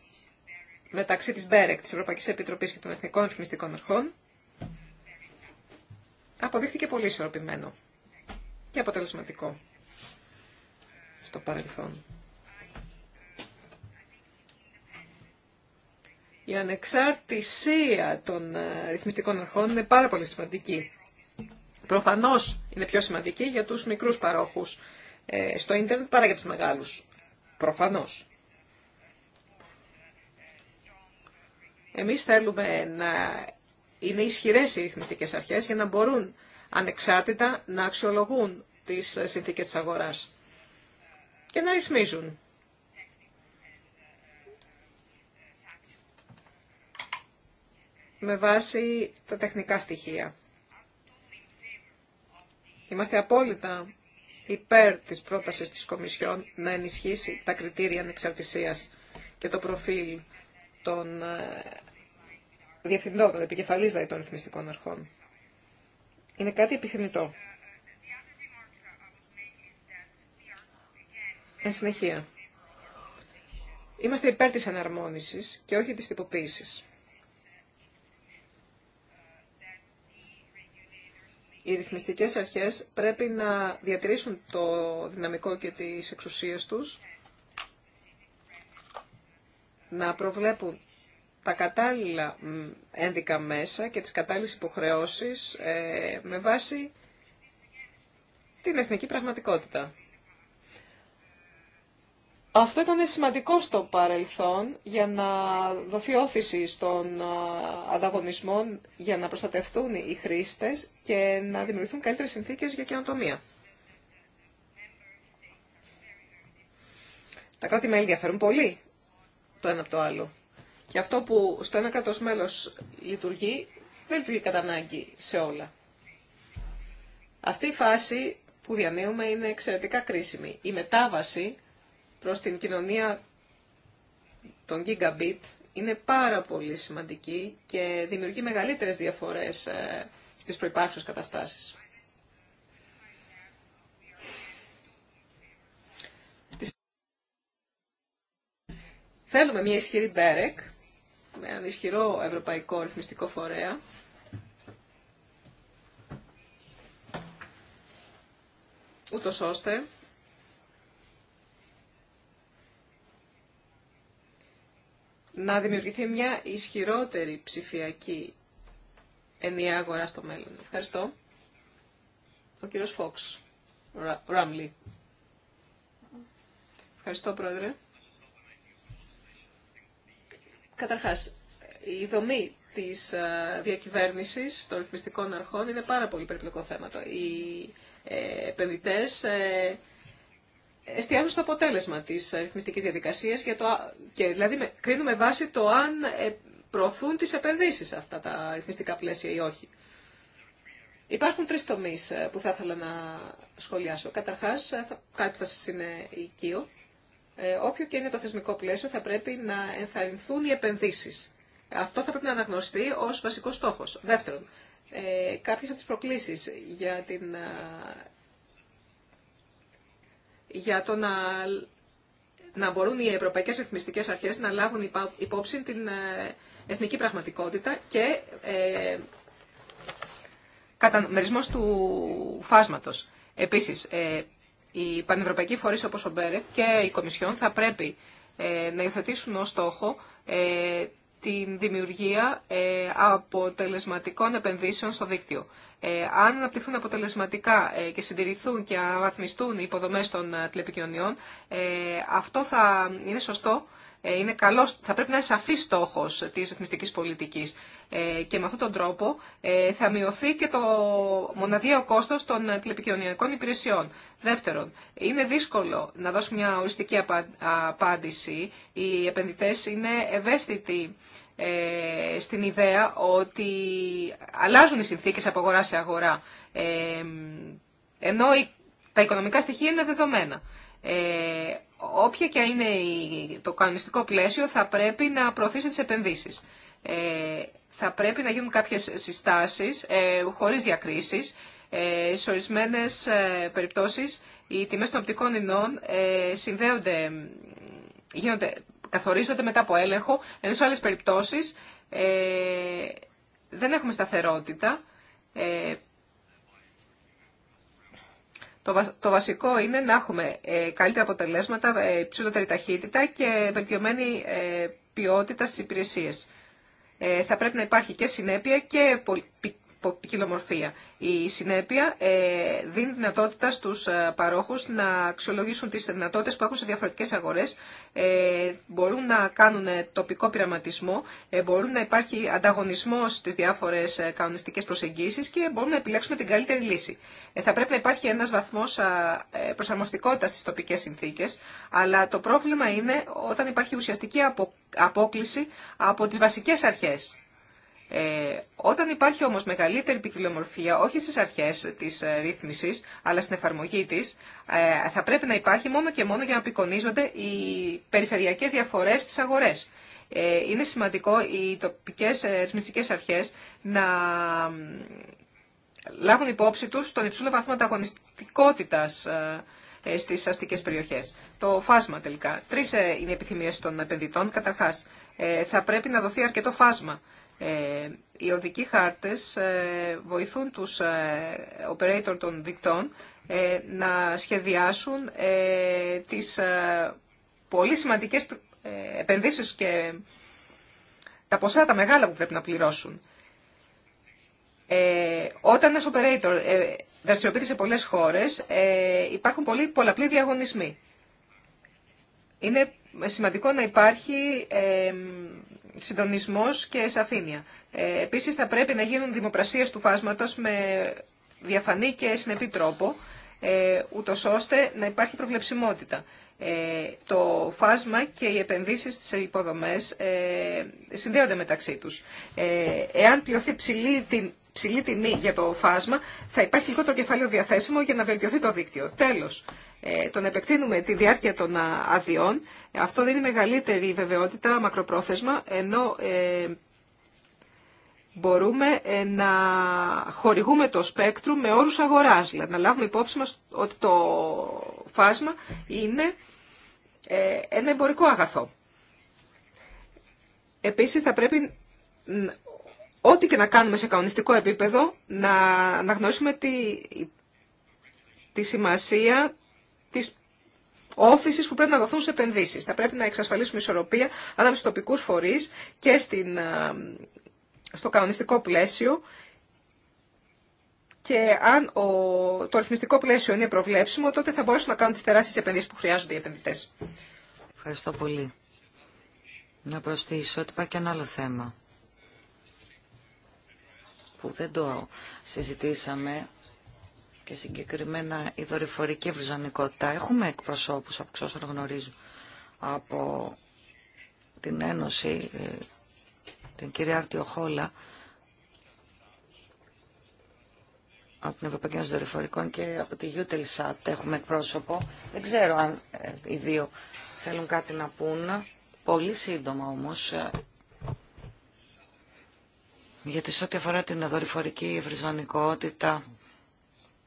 μεταξύ της ΜΠΕΡΕΚ, της Ευρωπαϊκής Επιτροπής και των Εθνικών Ρυθμιστικών Αρχών, αποδείχθηκε πολύ ισορροπημένο και αποτελεσματικό στο παρελθόν. Η ανεξάρτησία των ε, ρυθμιστικών αρχών είναι πάρα πολύ σημαντική. Προφανώς είναι πιο σημαντική για τους μικρούς παρόχους ε, στο ίντερνετ παρά για τους μεγάλους. Προφανώς. Εμείς θέλουμε να είναι ισχυρές οι ρυθμιστικές αρχές για να μπορούν ανεξάρτητα να αξιολογούν τις συνθήκες της αγοράς και να ρυθμίζουν. με βάση τα τεχνικά στοιχεία. Είμαστε απόλυτα υπέρ της πρότασης της Κομισιόν να ενισχύσει τα κριτήρια ανεξαρτησίας και το προφίλ των ε, διευθυντών, των επικεφαλής δηλαδή των ρυθμιστικών αρχών. Είναι κάτι επιθυμητό. Εν συνεχεία, είμαστε υπέρ της εναρμόνισης και όχι της τυποποίησης. οι ρυθμιστικές αρχές πρέπει να διατηρήσουν το δυναμικό και τις εξουσίες τους, να προβλέπουν τα κατάλληλα ένδικα μέσα και τις κατάλληλες υποχρεώσεις ε, με βάση την εθνική πραγματικότητα. Αυτό ήταν σημαντικό στο παρελθόν για να δοθεί όθηση στον ανταγωνισμό, για να προστατευτούν οι χρήστες και να δημιουργηθούν καλύτερες συνθήκες για καινοτομία. Τα κράτη-μέλη διαφέρουν πολύ το ένα από το άλλο. Και αυτό που στο ένα κράτος μέλος λειτουργεί, δεν λειτουργεί κατά ανάγκη σε όλα. Αυτή η φάση που διανύουμε είναι εξαιρετικά κρίσιμη. Η μετάβαση προς την κοινωνία των gigabit είναι πάρα πολύ σημαντική και δημιουργεί μεγαλύτερες διαφορές ε, στις προϋπάρχουσες καταστάσεις. Θέλουμε μια ισχυρή BEREC, με έναν ισχυρό ευρωπαϊκό ρυθμιστικό φορέα, ούτως ώστε να δημιουργηθεί μια ισχυρότερη ψηφιακή ενιαία αγορά στο μέλλον. Ευχαριστώ. Ο κύριος Φόξ, Ράμλι. Ευχαριστώ, Πρόεδρε. Καταρχάς, η δομή της ε, διακυβέρνησης των ρυθμιστικών αρχών είναι πάρα πολύ περιπλοκό θέμα. Οι ε, επενδυτές ε, εστιάζουν στο αποτέλεσμα τη ρυθμιστικής διαδικασία και δηλαδή κρίνουμε βάση το αν ε, προωθούν τι επενδύσει, αυτά τα ρυθμιστικά πλαίσια ή όχι. Υπάρχουν τρει τομεί ε, που θα ήθελα να σχολιάσω. Καταρχάς, ε, κάτι θα σα είναι οικείο. όποιο και είναι το θεσμικό πλαίσιο θα πρέπει να ενθαρρυνθούν οι επενδύσει. Αυτό θα πρέπει να αναγνωστεί ω βασικό στόχο. Δεύτερον, ε, κάποιες από τι προκλήσει για την για το να, να μπορούν οι ευρωπαϊκές ρυθμιστικές αρχές να λάβουν υπόψη την ε, εθνική πραγματικότητα και ε, καταμερισμός του φάσματος. Επίσης, ε, οι πανευρωπαϊκοί φορείς όπως ο Μπέρε και η Κομισιόν θα πρέπει ε, να υιοθετήσουν ως στόχο ε, την δημιουργία ε, αποτελεσματικών επενδύσεων στο δίκτυο. Ε, αν αναπτυχθούν αποτελεσματικά ε, και συντηρηθούν και αναβαθμιστούν οι υποδομές των τηλεπικοινωνιών, αυτό θα είναι σωστό ε, είναι καλός, θα πρέπει να είναι σαφής στόχος της εθνιστικής πολιτικής ε, και με αυτόν τον τρόπο ε, θα μειωθεί και το μοναδιαίο κόστος των τηλεπικοινωνιακών υπηρεσιών. Δεύτερον, είναι δύσκολο να δώσουμε μια οριστική απάντηση. Οι επενδυτές είναι ευαίσθητοι στην ιδέα ότι αλλάζουν οι συνθήκες από αγορά σε αγορά, ενώ τα οικονομικά στοιχεία είναι δεδομένα ε, όποια και είναι το κανονιστικό πλαίσιο θα πρέπει να προωθήσει τις επενδύσεις. Ε, θα πρέπει να γίνουν κάποιες συστάσεις ε, χωρίς διακρίσεις. Ε, σε ορισμένε ε, περιπτώσεις οι τιμές των οπτικών ινών ε, συνδέονται, γίνονται, καθορίζονται μετά από έλεγχο, ενώ σε άλλες περιπτώσεις ε, δεν έχουμε σταθερότητα. Ε, το, βασικό είναι να έχουμε ε, καλύτερα αποτελέσματα, ε, υψηλότερη ταχύτητα και βελτιωμένη ε, ποιότητα στις υπηρεσίες. Ε, θα πρέπει να υπάρχει και συνέπεια και ποικιλομορφία. Η συνέπεια ε, δίνει δυνατότητα στους ε, παρόχους να αξιολογήσουν τις δυνατότητες που έχουν σε διαφορετικές αγορές, ε, μπορούν να κάνουν τοπικό πειραματισμό, μπορούν να υπάρχει ανταγωνισμός στις διάφορες κανονιστικές προσεγγίσεις και μπορούν να επιλέξουν την καλύτερη λύση. θα πρέπει να υπάρχει ένας βαθμός προσαρμοστικότητας στις τοπικές συνθήκες, αλλά το πρόβλημα είναι όταν υπάρχει ουσιαστική απόκληση από τις βασικές αρχές ε, όταν υπάρχει όμως μεγαλύτερη ποικιλομορφία, όχι στις αρχές της ε, ρύθμισης, αλλά στην εφαρμογή της, ε, θα πρέπει να υπάρχει μόνο και μόνο για να απεικονίζονται οι περιφερειακές διαφορές στις αγορές. Ε, είναι σημαντικό οι τοπικές ε, ρυθμιστικές αρχές να λάβουν υπόψη τους τον υψηλό βαθμό ανταγωνιστικότητας στις αστικές περιοχές. Το φάσμα τελικά. Τρεις είναι οι επιθυμίες των επενδυτών. Καταρχάς, θα πρέπει να δοθεί αρκετό φάσμα ε, οι οδικοί χάρτες ε, βοηθούν τους ε, operator των δικτών να σχεδιάσουν τις πολύ σημαντικές επενδύσεις και τα ποσά τα μεγάλα που πρέπει να πληρώσουν. όταν ένας operator δραστηριοποιείται σε πολλές χώρες, ε, υπάρχουν πολλοί πολλαπλοί διαγωνισμοί. Είναι σημαντικό να υπάρχει ε, συντονισμός και σαφήνεια. Ε, επίσης θα πρέπει να γίνουν δημοπρασίες του φάσματος με διαφανή και συνεπή τρόπο, ε, ούτως ώστε να υπάρχει προβλεψιμότητα. Ε, το φάσμα και οι επενδύσεις στις υποδομές ε, συνδέονται μεταξύ τους. Ε, εάν πληρωθεί ψηλή, την, ψηλή τιμή για το φάσμα, θα υπάρχει λιγότερο κεφάλαιο διαθέσιμο για να βελτιωθεί το δίκτυο. Τέλος, ε, το επεκτείνουμε τη διάρκεια των αδειών αυτό δίνει μεγαλύτερη βεβαιότητα μακροπρόθεσμα, ενώ ε, μπορούμε ε, να χορηγούμε το σπέκτρου με όρους αγοράς. Δηλαδή να λάβουμε υπόψη μας ότι το φάσμα είναι ε, ένα εμπορικό αγαθό. Επίσης θα πρέπει ό,τι και να κάνουμε σε κανονιστικό επίπεδο να αναγνώσουμε τη, τη σημασία της όθηση που πρέπει να δοθούν σε επενδύσει. Θα πρέπει να εξασφαλίσουμε ισορροπία ανάμεσα στου τοπικού φορεί και στην, στο κανονιστικό πλαίσιο. Και αν ο, το ρυθμιστικό πλαίσιο είναι προβλέψιμο, τότε θα μπορέσουν να κάνουν τι τεράστιε επενδύσει που χρειάζονται οι επενδυτέ. Ευχαριστώ πολύ. Να προσθέσω ότι υπάρχει και ένα άλλο θέμα που δεν το συζητήσαμε και συγκεκριμένα η δορυφορική ευρυζωνικότητα. Έχουμε εκπροσώπους, από όσων γνωρίζω, από την Ένωση, ε, την κυρία Άρτιο Χόλα, από την Ευρωπαϊκή Ένωση Δορυφορικών και από τη Utelsat έχουμε εκπρόσωπο. Δεν ξέρω αν ε, οι δύο θέλουν κάτι να πούν. Πολύ σύντομα όμως, ε, γιατί σε ό,τι αφορά την δορυφορική ευρυζωνικότητα,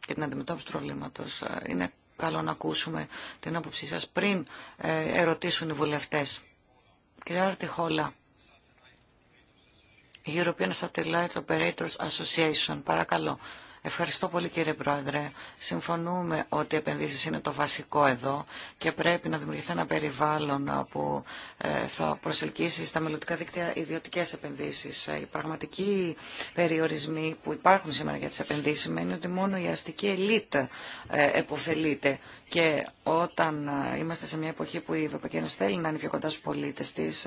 και την αντιμετώπιση του προβλήματος. Ε, είναι καλό να ακούσουμε την άποψή σας πριν ε, ερωτήσουν οι βουλευτές. Κυρία Αρτιχόλα, European Satellite Operators Association, παρακαλώ. Ευχαριστώ πολύ κύριε Πρόεδρε. Συμφωνούμε ότι οι επενδύσεις είναι το βασικό εδώ και πρέπει να δημιουργηθεί ένα περιβάλλον που ε, θα προσελκύσει στα μελλοντικά δίκτυα ιδιωτικέ επενδύσεις. Ε, οι πραγματικοί περιορισμοί που υπάρχουν σήμερα για τις επενδύσεις σημαίνει ότι μόνο η αστική ελίτ ε, επωφελείται και όταν είμαστε σε μια εποχή που η Ευρωπαϊκή Ένωση θέλει να είναι πιο κοντά στους πολίτες της,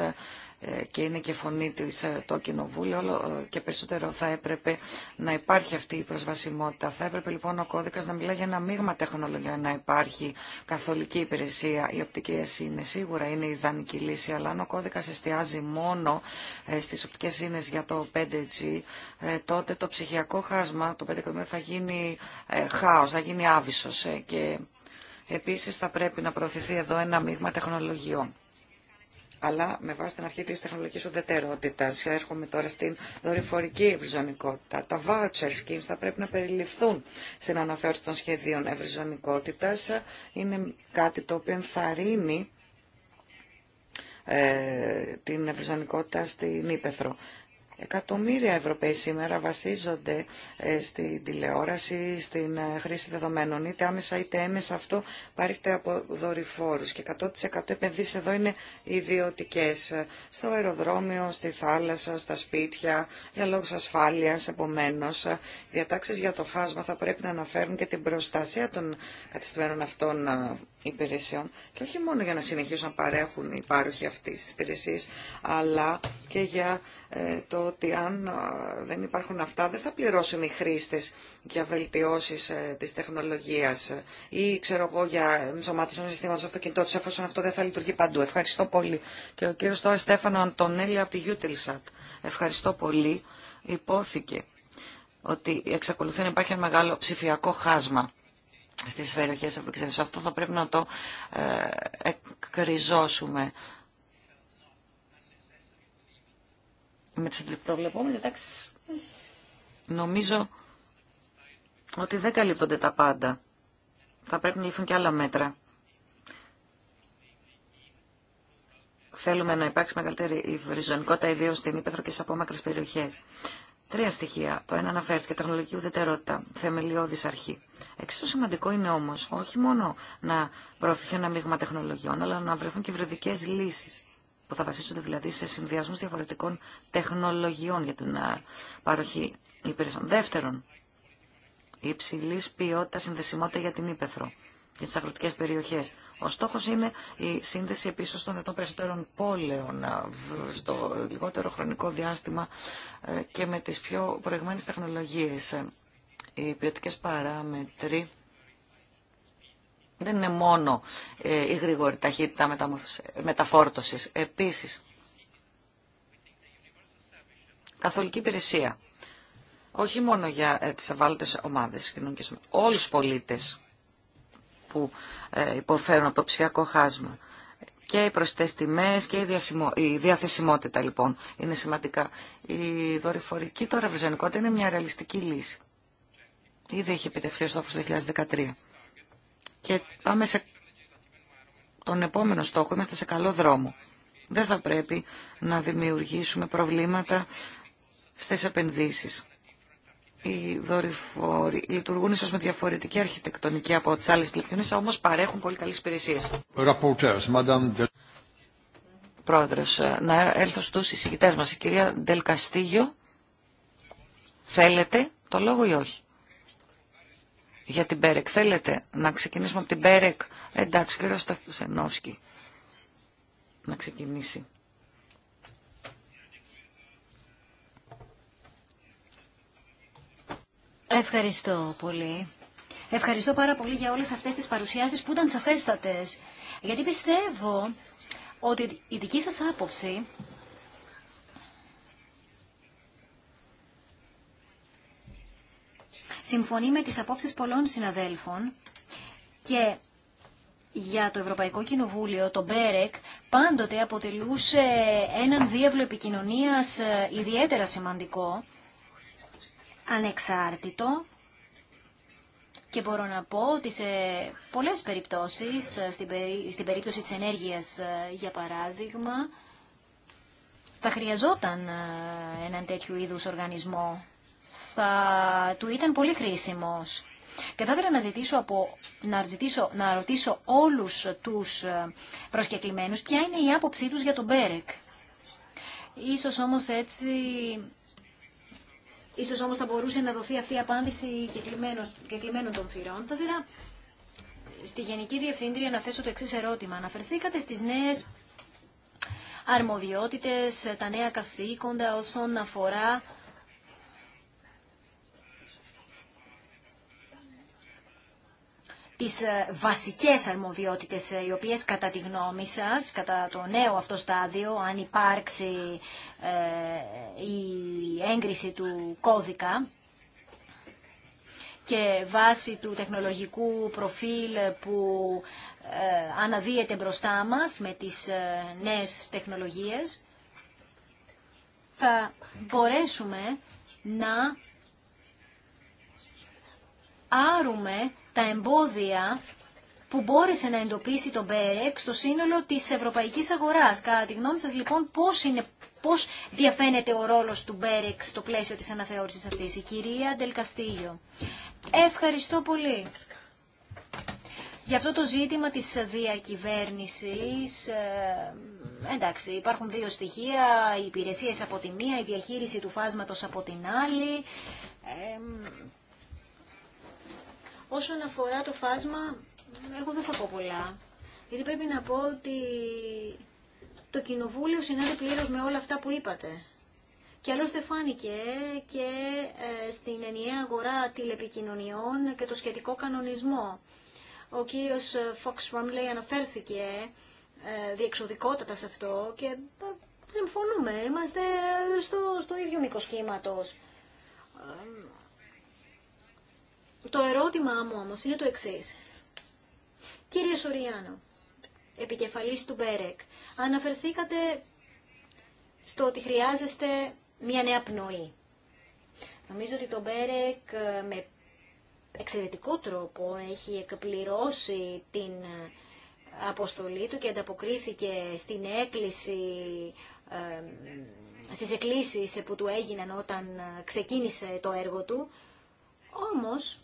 και είναι και φωνή της ε, το Κοινοβούλιο ε, και περισσότερο θα έπρεπε να υπάρχει αυτή η προσβασιμότητα. Θα έπρεπε λοιπόν ο κώδικας να μιλά για ένα μείγμα τεχνολογιών, να υπάρχει καθολική υπηρεσία. Η οπτική είναι σίγουρα είναι η ιδανική λύση, αλλά αν ο κώδικας εστιάζει μόνο ε, στις οπτικές ίνες για το 5G, τότε το ψυχιακό χάσμα, το 5G θα γίνει χάος, θα γίνει άβυσος και Επίσης θα πρέπει να προωθηθεί εδώ ένα μείγμα τεχνολογιών αλλά με βάση την αρχή της τεχνολογικής ουδετερότητας. Έρχομαι τώρα στην δορυφορική ευρυζωνικότητα. Τα voucher schemes θα πρέπει να περιληφθούν στην αναθεώρηση των σχεδίων ευρυζωνικότητας. Είναι κάτι το οποίο ενθαρρύνει ε, την ευρυζωνικότητα στην Ήπεθρο. Εκατομμύρια Ευρωπαίοι σήμερα βασίζονται ε, στην τηλεόραση, στην ε, χρήση δεδομένων, είτε άμεσα είτε έμεσα. Αυτό παρήχεται από δορυφόρου και 100% επενδύσει εδώ είναι ιδιωτικέ. Ε, στο αεροδρόμιο, στη θάλασσα, στα σπίτια, για λόγου ασφάλεια. Επομένω, διατάξει για το φάσμα θα πρέπει να αναφέρουν και την προστασία των κατεστημένων αυτών υπηρεσιών και όχι μόνο για να συνεχίσουν να παρέχουν οι πάροχοι αυτής τη υπηρεσία, αλλά και για ε, το ότι αν ε, δεν υπάρχουν αυτά δεν θα πληρώσουν οι χρήστε για βελτιώσει ε, τεχνολογία τεχνολογίας ή ξέρω εγώ για ενσωμάτωση συστήματο αυτοκινητών του, εφόσον αυτό δεν θα λειτουργεί παντού. Ευχαριστώ πολύ. Και ο κύριο τώρα Στέφανο Αντωνέλη από τη Utilsat. Ευχαριστώ πολύ. Υπόθηκε ότι εξακολουθεί να υπάρχει ένα μεγάλο ψηφιακό χάσμα στις περιοχές επεξεργασίας. Αυτό θα πρέπει να το ε, εκκριζώσουμε. Με τις προβλεπόμενες, εντάξει, νομίζω ότι δεν καλύπτονται τα πάντα. Θα πρέπει να λυθούν και άλλα μέτρα. Θέλουμε να υπάρξει μεγαλύτερη βριζονικότητα, ιδίω στην Ήπεθρο και στι απόμακρε περιοχέ. Τρία στοιχεία. Το ένα αναφέρθηκε, τεχνολογική ουδετερότητα, θεμελιώδη αρχή. Εξίσου σημαντικό είναι όμω όχι μόνο να προωθηθεί ένα μείγμα τεχνολογιών, αλλά να βρεθούν και βρεδικέ λύσει που θα βασίζονται δηλαδή σε συνδυασμού διαφορετικών τεχνολογιών για την παροχή υπηρεσιών. Δεύτερον, υψηλή ποιότητα συνδεσιμότητα για την ύπεθρο για τι αγροτικέ περιοχέ. Ο στόχο είναι η σύνδεση επίση των δυνατών περισσότερων πόλεων στο λιγότερο χρονικό διάστημα ε, και με τις πιο προηγμένε τεχνολογίες. Ε, οι ποιοτικέ παράμετροι δεν είναι μόνο ε, η γρήγορη ταχύτητα μεταφόρτωση. Επίσης, καθολική υπηρεσία. Όχι μόνο για τις ευάλωτε ομάδε όλου όλους πολίτε που ε, υποφέρουν από το ψηφιακό χάσμα. Και οι προσιτές τιμές και η, διαθεσιμότητα λοιπόν είναι σημαντικά. Η δορυφορική τώρα βρυζανικότητα είναι μια ρεαλιστική λύση. Ήδη έχει επιτευχθεί ο στόχος το 2013. Και πάμε σε τον επόμενο στόχο, είμαστε σε καλό δρόμο. Δεν θα πρέπει να δημιουργήσουμε προβλήματα στις επενδύσεις οι δορυφόροι λειτουργούν ίσως με διαφορετική αρχιτεκτονική από τις άλλες τηλεπικοινωνίες, όμως παρέχουν πολύ καλές υπηρεσίες. Πρόεδρος, ε, να έλθω στους εισηγητές μας. Η κυρία Ντελκαστίγιο, θέλετε το λόγο ή όχι. Για την Πέρεκ, θέλετε να ξεκινήσουμε από την Πέρεκ. Εντάξει, κύριο Σταχτουσενόφσκι, να ξεκινήσει. Ευχαριστώ πολύ. Ευχαριστώ πάρα πολύ για όλες αυτές τις παρουσιάσεις που ήταν σαφέστατες. Γιατί πιστεύω ότι η δική σας άποψη συμφωνεί με τις απόψεις πολλών συναδέλφων και για το Ευρωπαϊκό Κοινοβούλιο, το Μπέρεκ, πάντοτε αποτελούσε έναν διεύλο επικοινωνίας ε, ιδιαίτερα σημαντικό ανεξάρτητο και μπορώ να πω ότι σε πολλές περιπτώσεις, στην περίπτωση της ενέργειας για παράδειγμα, θα χρειαζόταν ε, έναν τέτοιου είδους οργανισμό. Θα του ήταν πολύ χρήσιμος. Και θα ήθελα να, ζητήσω από, να, να ρωτήσω όλους τους ε, προσκεκλημένους ποια είναι η άποψή τους για τον Μπέρεκ. Ίσως όμως έτσι Ίσως όμως θα μπορούσε να δοθεί αυτή η απάντηση και των θυρών. Θα ήθελα στη Γενική Διευθύντρια να θέσω το εξή ερώτημα. Αναφερθήκατε στις νέες αρμοδιότητες, τα νέα καθήκοντα όσον αφορά τις ε, βασικές αρμοδιότητες ε, οι οποίες κατά τη γνώμη σας, κατά το νέο αυτό στάδιο, αν υπάρξει ε, η έγκριση του κώδικα, και βάσει του τεχνολογικού προφίλ που αναδύεται μπροστά μας με τις νέες τεχνολογίες, θα μπορέσουμε να άρουμε τα εμπόδια που μπόρεσε να εντοπίσει τον ΠΕΡΕΚ στο σύνολο της ευρωπαϊκής αγοράς. Κατά τη γνώμη σας λοιπόν πώς, είναι, πώς διαφαίνεται ο ρόλος του ΠΕΡΕΚ στο πλαίσιο της αναθεώρησης αυτής. Η κυρία Ντελκαστήλιο. Ευχαριστώ πολύ. Για αυτό το ζήτημα της διακυβέρνησης, ε, εντάξει, υπάρχουν δύο στοιχεία, οι υπηρεσίες από τη μία, η διαχείριση του φάσματος από την άλλη. Ε, Όσον αφορά το φάσμα, εγώ δεν θα πω πολλά. Γιατί πρέπει να πω ότι το Κοινοβούλιο συνάδει πλήρως με όλα αυτά που είπατε. Και άλλωστε φάνηκε και ε, στην ενιαία αγορά τηλεπικοινωνιών και το σχετικό κανονισμό. Ο κύριος Fox Romley αναφέρθηκε ε, διεξοδικότατα σε αυτό και ε, δεν συμφωνούμε, είμαστε στο, στο ίδιο μήκο το ερώτημά μου όμως είναι το εξή. Κύριε Σοριάνο, επικεφαλής του Μπέρεκ, αναφερθήκατε στο ότι χρειάζεστε μια νέα πνοή. Νομίζω ότι το Μπέρεκ ε, με εξαιρετικό τρόπο έχει εκπληρώσει την ε, αποστολή του και ανταποκρίθηκε στην έκκληση ε, στις εκκλήσεις που του έγιναν όταν ξεκίνησε το έργο του. Όμως,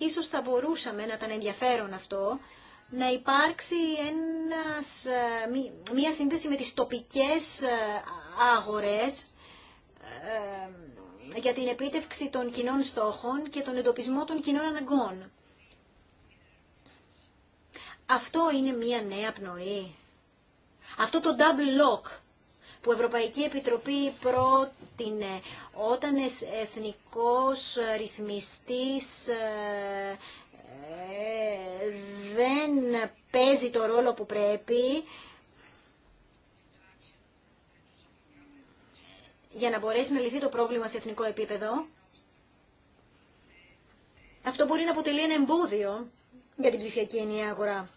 Ίσως θα μπορούσαμε να ήταν ενδιαφέρον αυτό, να υπάρξει ένας, ε, μία σύνδεση με τις τοπικές ε, αγορές ε, για την επίτευξη των κοινών στόχων και τον εντοπισμό των κοινών αναγκών. Αυτό είναι μία νέα πνοή. Αυτό το double lock που η Ευρωπαϊκή Επιτροπή πρότεινε όταν εθνικός ρυθμιστής ε, δεν παίζει το ρόλο που πρέπει για να μπορέσει να λυθεί το πρόβλημα σε εθνικό επίπεδο. Αυτό μπορεί να αποτελεί ένα εμπόδιο για την ψηφιακή ενιαία αγορά.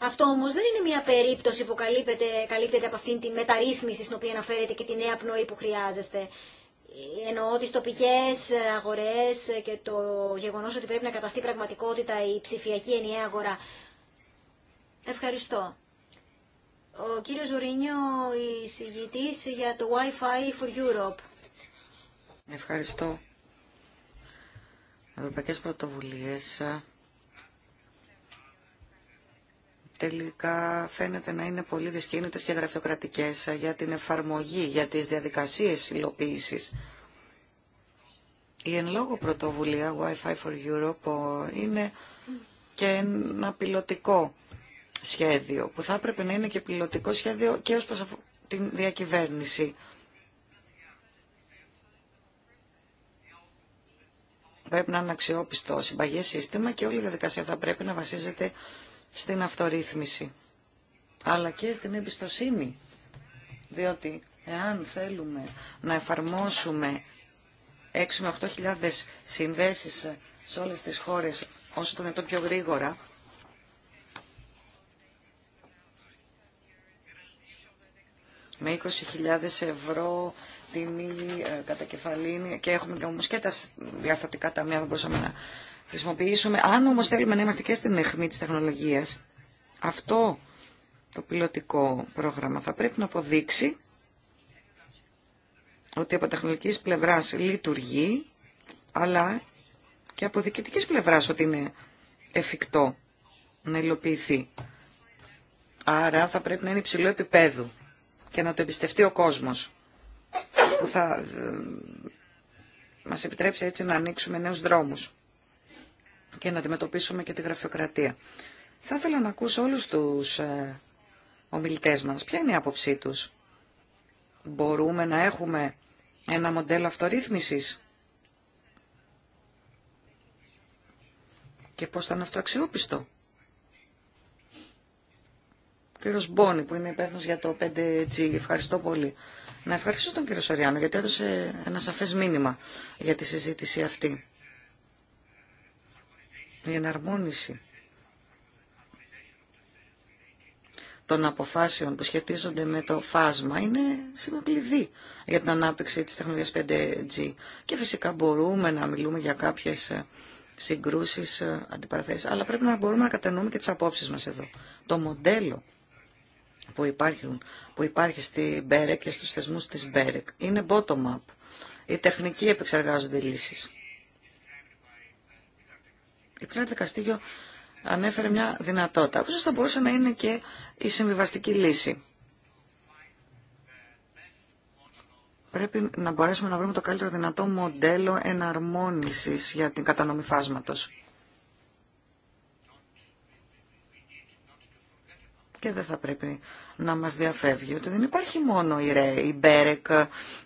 Αυτό όμως δεν είναι μια περίπτωση που καλύπτεται, από αυτήν τη μεταρρύθμιση στην οποία αναφέρεται και τη νέα πνοή που χρειάζεστε. Εννοώ τις τοπικές αγορές και το γεγονός ότι πρέπει να καταστεί πραγματικότητα η ψηφιακή ενιαία αγορά. Ευχαριστώ. Ο κύριος Ζουρίνιο, εισηγητής για το Wi-Fi for Europe. Ευχαριστώ. Ευρωπαϊκές πρωτοβουλίες τελικά φαίνεται να είναι πολύ δυσκίνητες και γραφειοκρατικές ε, για την εφαρμογή, για τις διαδικασίες υλοποίησης. Η εν λόγω πρωτοβουλία Wi-Fi for Europe ε, είναι και ένα πιλωτικό σχέδιο, που θα έπρεπε να είναι και πιλωτικό σχέδιο και ως προς την διακυβέρνηση. Πρέπει να είναι αξιόπιστο συμπαγέ σύστημα και όλη η διαδικασία θα πρέπει να βασίζεται στην αυτορύθμιση, αλλά και στην εμπιστοσύνη. Διότι εάν θέλουμε να εφαρμόσουμε 6 με 8.000 συνδέσεις σε όλες τις χώρες όσο το δυνατόν πιο γρήγορα, με 20.000 ευρώ τιμή ε, κατά κεφαλήν και έχουμε και όμως και τα διαφορετικά ταμεία που μπορούσαμε να χρησιμοποιήσουμε. Αν όμω θέλουμε να είμαστε και στην αιχμή τη τεχνολογίας, αυτό το πιλωτικό πρόγραμμα θα πρέπει να αποδείξει ότι από τεχνολογικής πλευράς λειτουργεί, αλλά και από διοικητική πλευράς ότι είναι εφικτό να υλοποιηθεί. Άρα θα πρέπει να είναι υψηλό επίπεδο και να το εμπιστευτεί ο κόσμος που θα ε, μας επιτρέψει έτσι να ανοίξουμε νέους δρόμους και να αντιμετωπίσουμε και τη γραφειοκρατία. Θα ήθελα να ακούσω όλους τους ε, ομιλητές μας. Ποια είναι η άποψή τους. Μπορούμε να έχουμε ένα μοντέλο αυτορύθμισης και πώς θα είναι αυτό αξιόπιστο. Κύριο κύριος Μπόνι που είναι υπεύθυνο για το 5G. Ευχαριστώ πολύ. Να ευχαριστήσω τον κύριο Σοριάνο γιατί έδωσε ένα σαφές μήνυμα για τη συζήτηση αυτή η εναρμόνιση των αποφάσεων που σχετίζονται με το φάσμα είναι σημαντική για την ανάπτυξη της τεχνολογίας 5G. Και φυσικά μπορούμε να μιλούμε για κάποιες ε, συγκρούσεις, ε, αντιπαραθέσεις, αλλά πρέπει να μπορούμε να κατανοούμε και τις απόψεις μας εδώ. Το μοντέλο που, υπάρχουν, που υπάρχει στη BEREC και στους θεσμούς της BEREC είναι bottom-up. Οι τεχνικοί επεξεργάζονται λύσεις. Η πλέον καστίγιο ανέφερε μια δυνατότητα, που θα μπορούσε να είναι και η συμβιβαστική λύση. Πρέπει να μπορέσουμε να βρούμε το καλύτερο δυνατό μοντέλο εναρμόνισης για την κατανομή φάσματος. και δεν θα πρέπει να μας διαφεύγει ότι δεν υπάρχει μόνο η ΡΕΕ, η Μπέρεκ,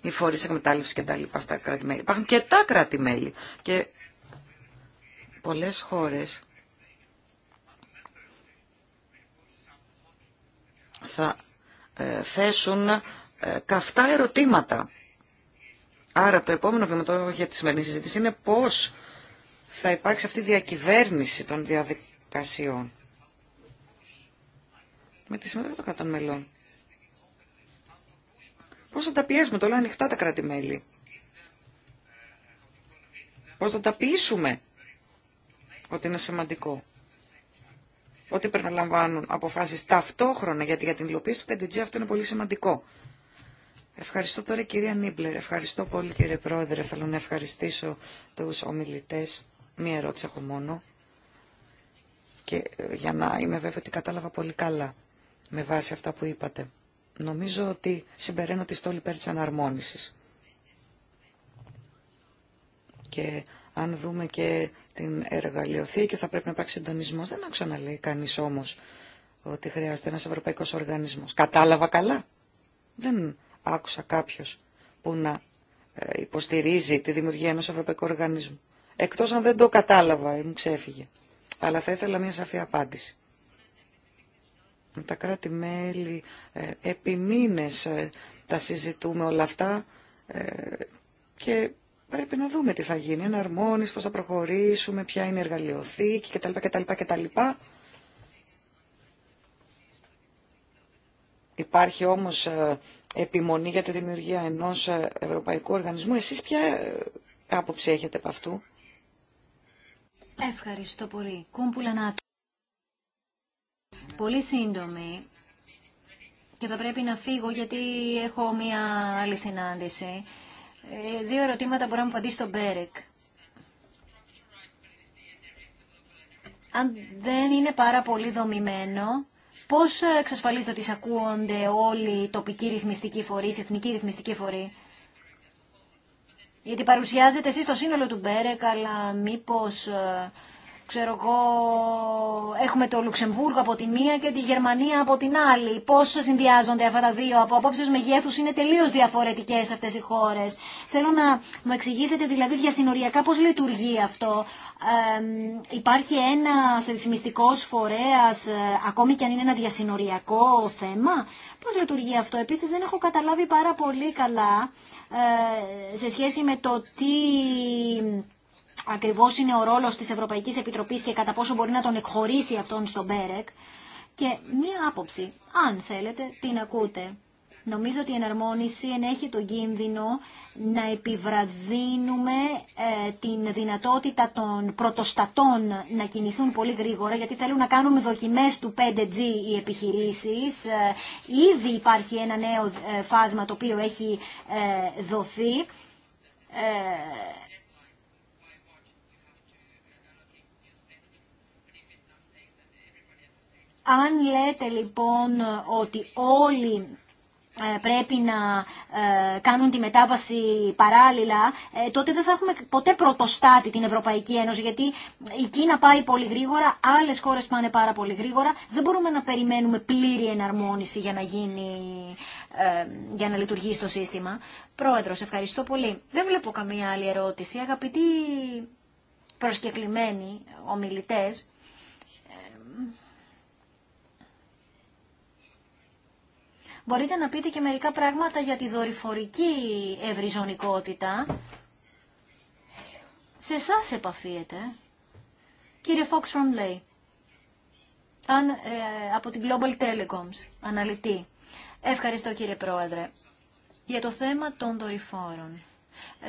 οι φορείς εκμετάλλευσης και τα λοιπά στα κράτη-μέλη. Υπάρχουν και τα κράτη-μέλη και Πολλές χώρες θα ε, θέσουν ε, καυτά ερωτήματα. Άρα το επόμενο βήμα για τη σημερινή συζήτηση είναι πώς θα υπάρξει αυτή η διακυβέρνηση των διαδικασιών με τη συμμετοχή των κρατών μελών. Πώς θα τα πιέσουμε, το λέω ανοιχτά τα κράτη-μέλη. Πώς θα τα πείσουμε ότι είναι σημαντικό. Ότι πρέπει να λαμβάνουν αποφάσεις ταυτόχρονα, γιατί για την υλοποίηση του 5G αυτό είναι πολύ σημαντικό. Ευχαριστώ τώρα κυρία Νίμπλερ. Ευχαριστώ πολύ κύριε Πρόεδρε. Θέλω να ευχαριστήσω τους ομιλητές. Μία ερώτηση έχω μόνο. Και ε, για να είμαι βέβαια ότι κατάλαβα πολύ καλά με βάση αυτά που είπατε. Νομίζω ότι συμπεραίνω τη στόλη υπέρ της αναρμόνησης. Και αν δούμε και την εργαλειοθήκη, θα πρέπει να υπάρξει συντονισμό. Δεν άκουσα να λέει κανεί όμω ότι χρειάζεται ένα ευρωπαϊκό οργανισμό. Κατάλαβα καλά. Δεν άκουσα κάποιο που να ε, υποστηρίζει τη δημιουργία ενό ευρωπαϊκού οργανισμού. Εκτό αν δεν το κατάλαβα ή μου ξέφυγε. Αλλά θα ήθελα μια σαφή απάντηση. Με Τα κράτη-μέλη ε, επί ε, τα συζητούμε όλα αυτά και πρέπει να δούμε τι θα γίνει, να εναρμόνιση, πώ θα προχωρήσουμε, ποια είναι η εργαλειοθήκη κτλ. κτλ, κτλ. Υπάρχει όμως ε, επιμονή για τη δημιουργία ενός ε, ευρωπαϊκού οργανισμού. Εσείς ποια ε, άποψη έχετε από αυτού. Ευχαριστώ πολύ. Κούμπουλα να... Πολύ σύντομη. Και θα πρέπει να φύγω γιατί έχω μία άλλη συνάντηση. Ε, δύο ερωτήματα μπορώ να μου απαντήσει στον Μπέρεκ. Αν δεν είναι πάρα πολύ δομημένο, πώς εξασφαλίζεται ότι εισακούονται όλοι οι τοπικοί ρυθμιστικοί φορείς, οι εθνικοί ρυθμιστικοί φορείς. Γιατί παρουσιάζεται εσεί το σύνολο του Μπέρεκ, αλλά μήπως ε, ξέρω εγώ, έχουμε το Λουξεμβούργο από τη μία και τη Γερμανία από την άλλη. Πώς συνδυάζονται αυτά τα δύο, από με μεγέθους είναι τελείως διαφορετικές αυτές οι χώρες. Θέλω να μου εξηγήσετε δηλαδή διασυνοριακά πώς λειτουργεί αυτό. υπάρχει ένα ρυθμιστικό φορέας, ε, ακόμη και αν είναι ένα διασυνοριακό θέμα. Πώς λειτουργεί αυτό. Επίσης δεν έχω καταλάβει πάρα πολύ καλά ε, σε σχέση με το τι Ακριβώ είναι ο ρόλος τη Ευρωπαϊκή Επιτροπή και κατά πόσο μπορεί να τον εκχωρήσει αυτόν στον Μπέρεκ. Και μία άποψη, αν θέλετε, την ακούτε. Νομίζω ότι η εναρμόνιση ενέχει τον κίνδυνο να επιβραδύνουμε ε, την δυνατότητα των πρωτοστατών να κινηθούν πολύ γρήγορα γιατί θέλουν να κάνουν δοκιμές του 5G οι επιχειρήσεις. Ε, ήδη υπάρχει ένα νέο ε, φάσμα το οποίο έχει δοθεί Αν λέτε λοιπόν ότι όλοι ε, πρέπει να ε, κάνουν τη μετάβαση παράλληλα, ε, τότε δεν θα έχουμε ποτέ πρωτοστάτη την Ευρωπαϊκή Ένωση, γιατί η Κίνα πάει πολύ γρήγορα, άλλες χώρες πάνε πάρα πολύ γρήγορα, δεν μπορούμε να περιμένουμε πλήρη εναρμόνιση για να γίνει για να λειτουργήσει το σύστημα. Πρόεδρος, ευχαριστώ πολύ. Δεν βλέπω καμία άλλη ερώτηση. Αγαπητοί προσκεκλημένοι ομιλητές, μπορείτε να πείτε και μερικά πράγματα για τη δορυφορική ευρυζωνικότητα. Σε εσά επαφίεται. Κύριε Fox λέει, ε, από την Global Telecoms, αναλυτή. Ευχαριστώ κύριε Πρόεδρε. Για το θέμα των δορυφόρων.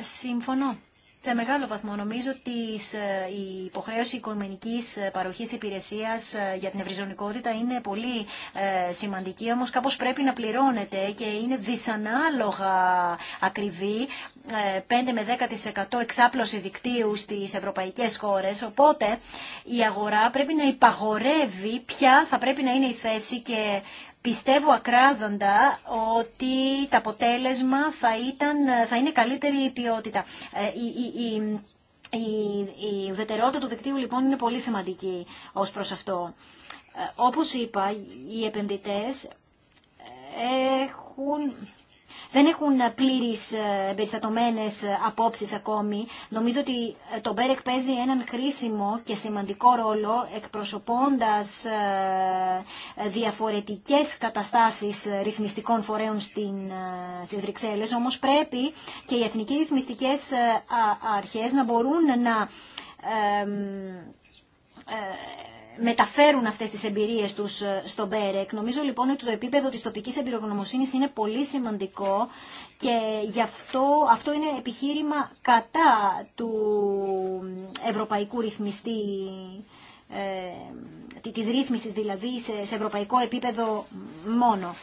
Συμφωνώ σε μεγάλο βαθμό νομίζω ότι ε, η υποχρέωση οικομενικής ε, παροχής υπηρεσίας ε, για την ευρυζωνικότητα είναι πολύ σημαντική, όμως κάπως πρέπει να πληρώνεται και είναι δυσανάλογα ακριβή 5 με 10% εξάπλωση δικτύου στις ευρωπαϊκές χώρες, οπότε η αγορά πρέπει να υπαγορεύει ποια θα πρέπει να είναι η θέση και Πιστεύω ακράδαντα ότι το αποτέλεσμα θα, ήταν, θα είναι καλύτερη η ποιότητα. Ε, η, η, η, του δικτύου λοιπόν είναι πολύ σημαντική ως προς αυτό. Ε, όπως είπα, οι επενδυτές έχουν δεν έχουν πλήρεις ε, εμπεριστατωμένε ε, απόψεις ακόμη. Νομίζω ότι ε, το Μπέρεκ παίζει έναν χρήσιμο και σημαντικό ρόλο εκπροσωπώντας διαφορετικές καταστάσεις ρυθμιστικών φορέων στις Βρυξέλλες. Όμως πρέπει και οι εθνικοί ρυθμιστικές αρχές να μπορούν να μεταφέρουν αυτές τις εμπειρίες τους ε, στον ΠΕΡΕΚ. Νομίζω λοιπόν ότι το επίπεδο της τοπικής εμπειρογνωμοσύνης είναι πολύ σημαντικό και γι' αυτό, αυτό είναι επιχείρημα κατά του ευρωπαϊκού ρυθμιστή ε, της ρύθμισης δηλαδή σε ευρωπαϊκό επίπεδο μόνο.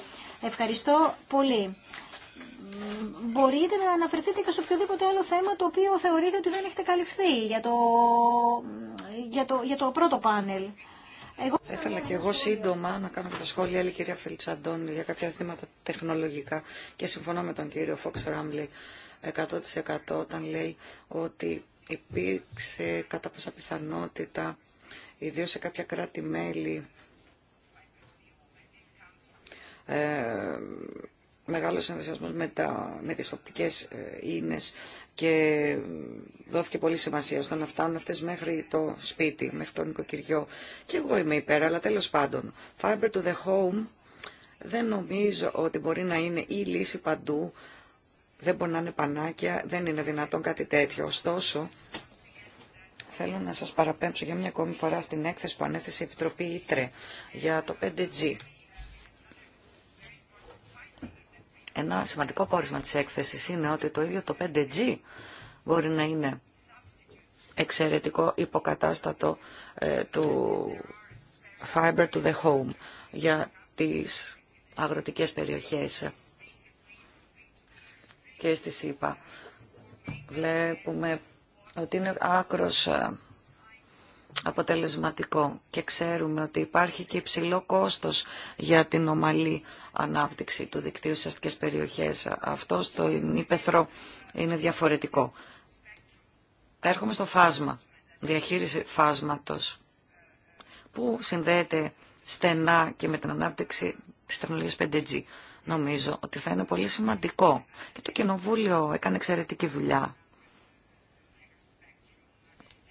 Ευχαριστώ πολύ μπορείτε να αναφερθείτε και σε οποιοδήποτε άλλο θέμα το οποίο θεωρείτε ότι δεν έχετε καλυφθεί για το, για το, για το πρώτο πάνελ. Εγώ... Θα ήθελα και εγώ σύντομα να κάνω και τα σχόλια, η κυρία Φελτσαντών, για κάποια ζητήματα τεχνολογικά και συμφωνώ με τον κύριο Φόξ Ράμλι 100% όταν λέει ότι υπήρξε κατά πάσα πιθανότητα, ιδίω σε κάποια κράτη-μέλη, ε, μεγάλο συνδεσιασμός με, τα, με τις οπτικές ε, ίνες και δόθηκε πολύ σημασία στο να φτάνουν αυτές μέχρι το σπίτι, μέχρι το νοικοκυριό. Και εγώ είμαι υπέρα, αλλά τέλος πάντων, fiber to the home δεν νομίζω ότι μπορεί να είναι η λύση παντού, δεν μπορεί να είναι πανάκια, δεν είναι δυνατόν κάτι τέτοιο. Ωστόσο, θέλω να σας παραπέμψω για μια ακόμη φορά στην έκθεση που ανέθεσε η Επιτροπή Ήτρε για το 5G. Ένα σημαντικό πόρισμα της έκθεσης είναι ότι το ίδιο το 5G μπορεί να είναι εξαιρετικό υποκατάστατο ε, του fiber to the home για τις αγροτικές περιοχές και στη ΣΥΠΑ. Βλέπουμε ότι είναι άκρος ε, αποτελεσματικό και ξέρουμε ότι υπάρχει και υψηλό κόστος για την ομαλή ανάπτυξη του δικτύου στις αστικές περιοχές. Αυτό στο υπεθρό είναι διαφορετικό. Έρχομαι στο φάσμα, διαχείριση φάσματος, που συνδέεται στενά και με την ανάπτυξη της τεχνολογίας 5G. Νομίζω ότι θα είναι πολύ σημαντικό και το Κοινοβούλιο έκανε εξαιρετική δουλειά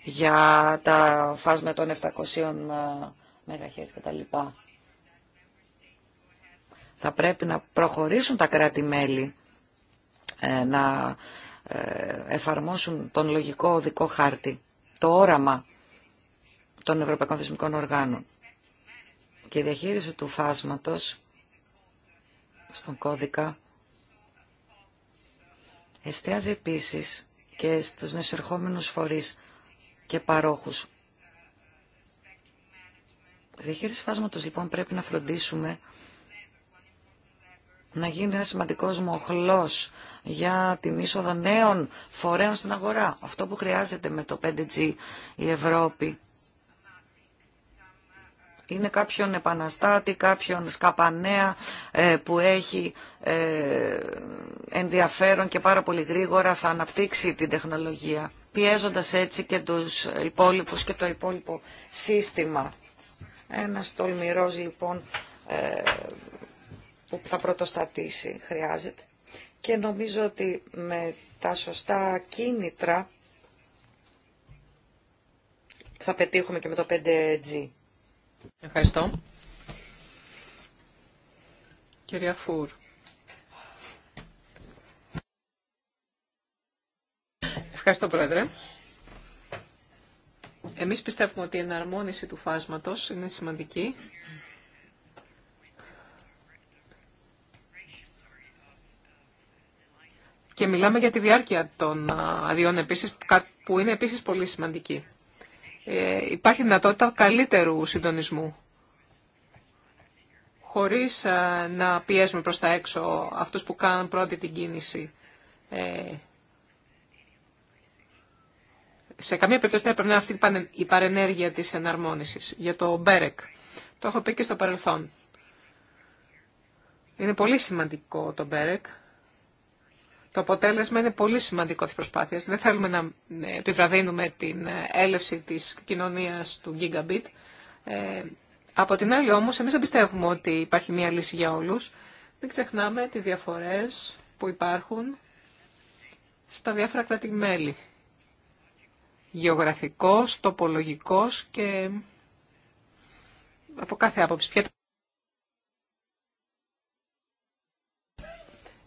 για τα φάσματα των 700 ε, τα κτλ. Θα πρέπει να προχωρήσουν τα κράτη-μέλη ε, να ε, εφαρμόσουν τον λογικό οδικό χάρτη, το όραμα των Ευρωπαϊκών Θεσμικών Οργάνων και η διαχείριση του φάσματος στον κώδικα εστιάζει επίσης και στους νεσερχόμενους φορείς και παρόχους. Διαχείριση φάσματος λοιπόν πρέπει να φροντίσουμε να γίνει ένα σημαντικό μοχλός για την είσοδο νέων φορέων στην αγορά. Αυτό που χρειάζεται με το 5G η Ευρώπη είναι κάποιον επαναστάτη, κάποιον σκαπανέα ε, που έχει ε, ενδιαφέρον και πάρα πολύ γρήγορα θα αναπτύξει την τεχνολογία πιέζοντας έτσι και τους υπόλοιπους και το υπόλοιπο σύστημα. Ένας τολμηρός λοιπόν ε, που θα πρωτοστατήσει χρειάζεται. Και νομίζω ότι με τα σωστά κίνητρα θα πετύχουμε και με το 5G. Ευχαριστώ. Κυρία Φούρ. Ευχαριστώ, Πρόεδρε. Εμείς πιστεύουμε ότι η εναρμόνιση του φάσματος είναι σημαντική. Και μιλάμε για τη διάρκεια των αδειών επίσης, που είναι επίσης πολύ σημαντική. Ε, υπάρχει δυνατότητα καλύτερου συντονισμού, χωρίς να πιέζουμε προς τα έξω αυτούς που κάνουν πρώτη την κίνηση ε, σε καμία περίπτωση δεν έπρεπε να είναι αυτή η παρενέργεια της εναρμόνισης για το Μπέρεκ. Το έχω πει και στο παρελθόν. Είναι πολύ σημαντικό το Μπέρεκ. Το αποτέλεσμα είναι πολύ σημαντικό της προσπάθειας. Δεν θέλουμε να ε, επιβραδύνουμε την ε, έλευση της κοινωνίας του Gigabit. Ε, από την άλλη όμως, εμείς δεν πιστεύουμε ότι υπάρχει μία λύση για όλους. Δεν ξεχνάμε τις διαφορές που υπάρχουν στα διάφορα κράτη-μέλη γεωγραφικός, τοπολογικός και από κάθε άποψη.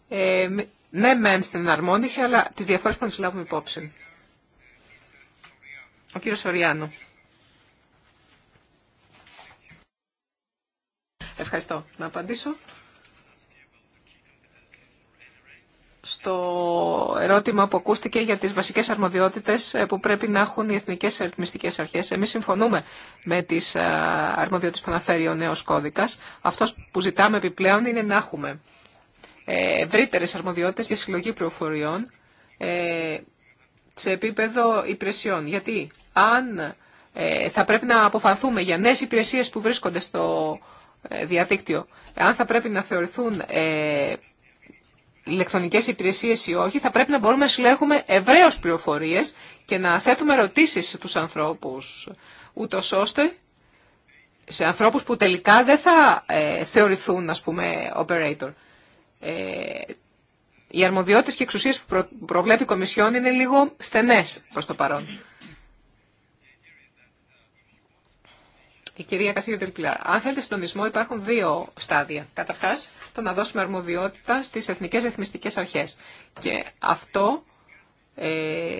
Ε, ναι, μεν στην εναρμόνιση, αλλά τις διαφορές που να συλλάβουμε υπόψη. Ο κύριος Σοριάνο. Ευχαριστώ. Να απαντήσω στο ερώτημα που ακούστηκε για τις βασικές αρμοδιότητες ε, που πρέπει να έχουν οι εθνικές αριθμιστικές αρχές. Εμείς συμφωνούμε με τις ε, αρμοδιότητες που αναφέρει ο νέος κώδικας. Αυτός που ζητάμε επιπλέον είναι να έχουμε ε, ευρύτερε αρμοδιότητες για συλλογή πληροφοριών σε επίπεδο υπηρεσιών. Γιατί αν θα πρέπει να αποφανθούμε για νέες υπηρεσίες που βρίσκονται στο διαδίκτυο, αν θα πρέπει να θεωρηθούν ηλεκτρονικές υπηρεσίες ή όχι, θα πρέπει να μπορούμε να συλλέγουμε ευρέω πληροφορίες και να θέτουμε ερωτήσεις στους ανθρώπους, ούτω ώστε σε ανθρώπους που τελικά δεν θα ε, θεωρηθούν, ας πούμε, operator. Ε, οι αρμοδιότητες και εξουσίες που προβλέπει η Κομισιόν είναι λίγο στενές προς το παρόν. η κυρία Καστίγιο Τελπιλά. Αν θέλετε συντονισμό υπάρχουν δύο στάδια. Καταρχά, το να δώσουμε αρμοδιότητα στι εθνικέ ρυθμιστικέ αρχέ. Και αυτό ε,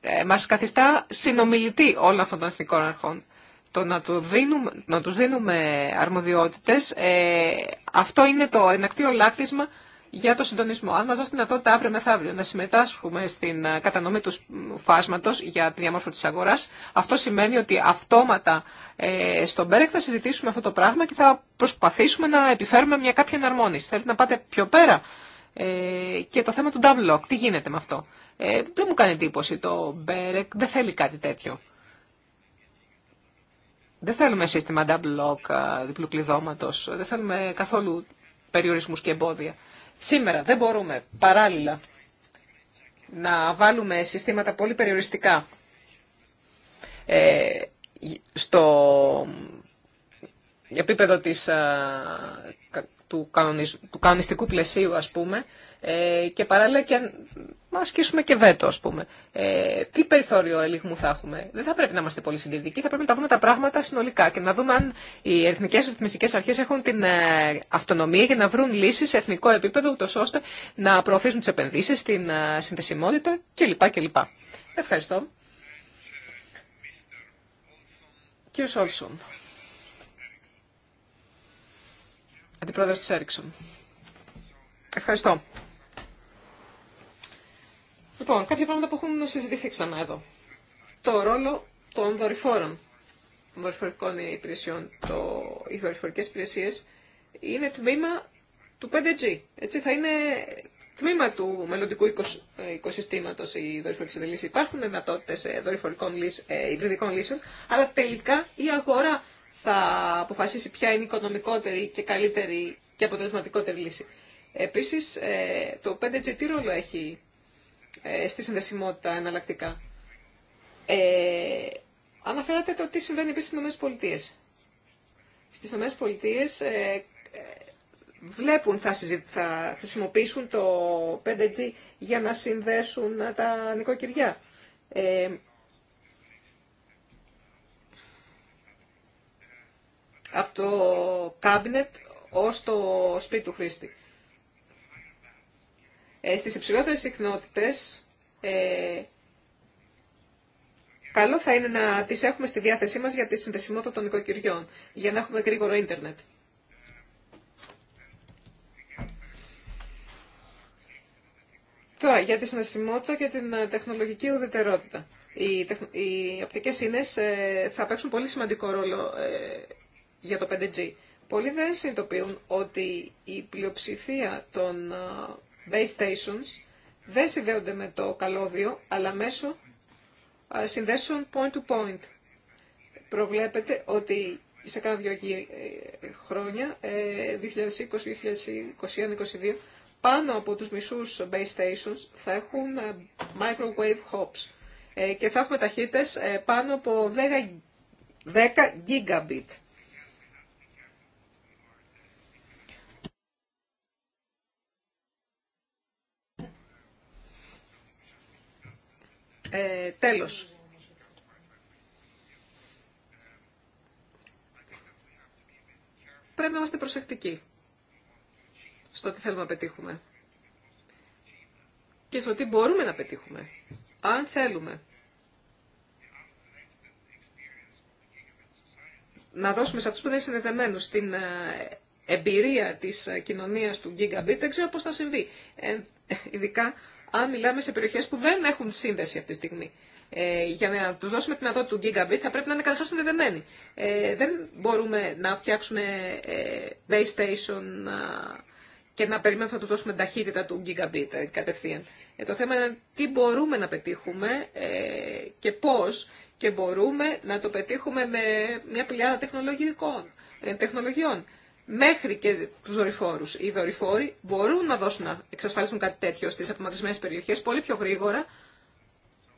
ε, μας καθιστά συνομιλητή όλων αυτών των εθνικών αρχών. Το να, του δίνουμε, να τους δίνουμε αρμοδιότητες, ε, αυτό είναι το ενακτήριο λάκτισμα για το συντονισμό. Αν μα δώσει δυνατότητα αύριο μεθαύριο να συμμετάσχουμε στην ε, κατανομή του φάσματο για τη διαμόρφωση τη αγορά, αυτό σημαίνει ότι αυτόματα ε, στον Μπερεκ θα συζητήσουμε αυτό το πράγμα και θα προσπαθήσουμε να επιφέρουμε μια κάποια εναρμόνιση. Θέλετε να πάτε πιο πέρα. Ε, και το θέμα του double lock, τι γίνεται με αυτό. Ε, δεν μου κάνει εντύπωση το ΜΠΕΡΕΚ, δεν θέλει κάτι τέτοιο. Δεν θέλουμε σύστημα double lock, ε, διπλού ε, δεν θέλουμε καθόλου περιορισμούς και εμπόδια. Σήμερα δεν μπορούμε παράλληλα να βάλουμε συστήματα πολύ περιοριστικά ε, στο επίπεδο της, του, κανονιστικού πλαισίου, ας πούμε, ε, και παράλληλα και να ασκήσουμε και βέτο, ας πούμε. Ε, τι περιθώριο ελιγμού θα έχουμε. Δεν θα πρέπει να είμαστε πολύ συντηρητικοί, θα πρέπει να τα δούμε τα πράγματα συνολικά και να δούμε αν οι εθνικέ ρυθμιστικέ αρχέ έχουν την ε, αυτονομία για να βρουν λύσει σε εθνικό επίπεδο, ούτω ώστε να προωθήσουν τι επενδύσει, την ε, συνδεσιμότητα κλπ. Ευχαριστώ. Κύριε Όλσον. Αντιπρόεδρος της Έριξον. Ευχαριστώ. Λοιπόν, κάποια πράγματα που έχουν συζητηθεί ξανά εδώ. Το ρόλο των δορυφόρων, των δορυφορικών υπηρεσιών, το, οι δορυφορικέ υπηρεσίε είναι τμήμα του 5G. Έτσι θα είναι τμήμα του μελλοντικού ε, οικοσυστήματο οι δορυφορικέ εταιρείε. Υπάρχουν δυνατότητε ε, δορυφορικών ε, υβριδικών λύσεων, αλλά τελικά η αγορά θα αποφασίσει ποια είναι η οικονομικότερη και καλύτερη και αποτελεσματικότερη λύση. Επίση, το 5G τι ρόλο έχει ε, στη συνδεσιμότητα εναλλακτικά. Ε, αναφέρατε το τι συμβαίνει επίσης στις πολιτείες. Στις νομές ε, ε, βλέπουν, θα, συζη... χρησιμοποιήσουν το 5G για να συνδέσουν τα νοικοκυριά. Ε, από το κάμπινετ ως το σπίτι του χρήστη. Ε, στις υψηλότερες συχνότητες ε, καλό θα είναι να τις έχουμε στη διάθεσή μας για τη συνδεσιμότητα των οικοκυριών, για να έχουμε γρήγορο ίντερνετ. Τώρα, για τη συνδεσιμότητα και την ε, τεχνολογική ουδετερότητα. Οι, οι οπτικές ίνες ε, θα παίξουν πολύ σημαντικό ρόλο για το 5G. Πολλοί δεν συνειδητοποιούν ότι η πλειοψηφία των base stations δεν συνδέονται με το καλώδιο, αλλά μέσω συνδέσεων point-to-point. -point. to point ότι σε κάνα ε, ε, δύο χρόνια, 2020, 2021, 2022, πάνω από τους μισούς base stations θα έχουν ε, microwave hops και θα έχουμε ταχύτητες πάνω από 10 gigabit. Ε, τέλος. Πρέπει να είμαστε προσεκτικοί στο τι θέλουμε να πετύχουμε και στο τι μπορούμε να πετύχουμε, αν θέλουμε να δώσουμε σε αυτούς που δεν είναι συνδεδεμένους την ε, εμπειρία της ε, κοινωνίας του Gigabit, δεν ξέρω θα συμβεί. Ε, ειδικά αν μιλάμε σε περιοχές που δεν έχουν σύνδεση αυτή τη στιγμή. Ε, για να του δώσουμε την δυνατότητα του Gigabit θα πρέπει να είναι καταρχά συνδεδεμένοι. Ε, δεν μπορούμε να φτιάξουμε ε, base station και να περιμένουμε να του δώσουμε ταχύτητα του Gigabit ε, κατευθείαν. Ε, το θέμα είναι τι μπορούμε να πετύχουμε ε, και πώς και μπορούμε να το πετύχουμε με μια πλειάδα τεχνολογικών, τεχνολογιών μέχρι και του δορυφόρου. Οι δορυφόροι μπορούν να, δώσουν, να εξασφαλίσουν κάτι τέτοιο στι απομακρυσμένε περιοχέ πολύ πιο γρήγορα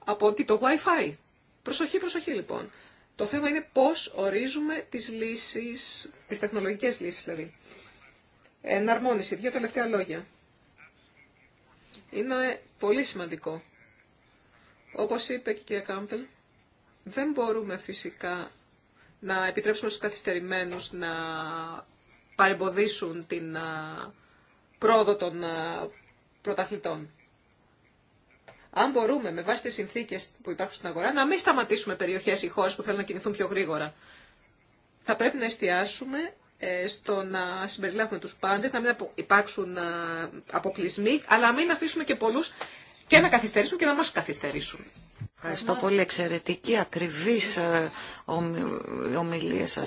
από ότι το Wi-Fi. Προσοχή, προσοχή λοιπόν. Το θέμα είναι πώς ορίζουμε τις λύσεις, τις τεχνολογικές λύσεις δηλαδή. Εναρμόνιση, δύο τελευταία λόγια. Είναι πολύ σημαντικό. Όπω είπε και η κυρία Κάμπελ, δεν μπορούμε φυσικά να επιτρέψουμε στους καθυστερημένους να παρεμποδίσουν την πρόοδο των πρωταθλητών. Αν μπορούμε με βάση τις συνθήκες που υπάρχουν στην αγορά να μην σταματήσουμε περιοχές ή χώρες που θέλουν να κινηθούν πιο γρήγορα. Θα πρέπει να εστιάσουμε ε, στο να συμπεριλάβουμε τους πάντες, να μην υπάρξουν αποκλεισμοί, αλλά μην αφήσουμε και πολλούς και να καθυστερήσουν και να μας καθυστερήσουν. Ευχαριστώ πολύ. Εξαιρετική, ακριβή ε, ομιλία σα,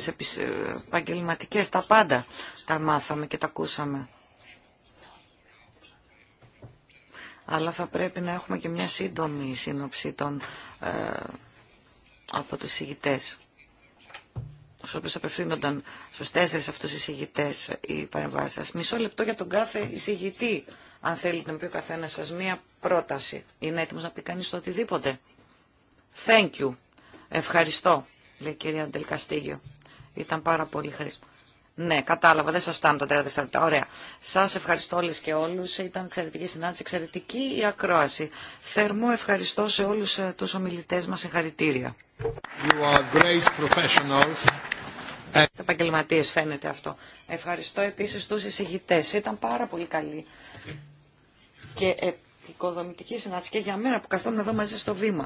επαγγελματικέ τα πάντα τα μάθαμε και τα ακούσαμε. Αλλά θα πρέπει να έχουμε και μια σύντομη σύνοψη των, ε, από τους ηγητές. Στους οποίους απευθύνονταν στους τέσσερις αυτούς εισηγητές ε, οι παρεμβάσεις σας. Μισό λεπτό για τον κάθε εισηγητή, αν θέλετε να πει ο καθένας σας μία πρόταση. Είναι έτοιμος να πει κανείς το οτιδήποτε. Thank you. Ευχαριστώ, λέει η κυρία Ντελκαστήγιο. Ήταν πάρα πολύ χρήσιμο. Ναι, κατάλαβα, δεν σα φτάνω τα 30 δευτερόλεπτα. Ωραία. Σα ευχαριστώ όλε και όλου. Ήταν εξαιρετική συνάντηση, εξαιρετική η ακρόαση. Θερμό ευχαριστώ σε όλου ε, του ομιλητέ μα. Συγχαρητήρια. Είστε επαγγελματίε, φαίνεται αυτό. Ευχαριστώ επίση του εισηγητέ. Ήταν πάρα πολύ καλή και οικοδομητική συνάντηση και για μένα που καθόμουν εδώ μαζί στο βήμα.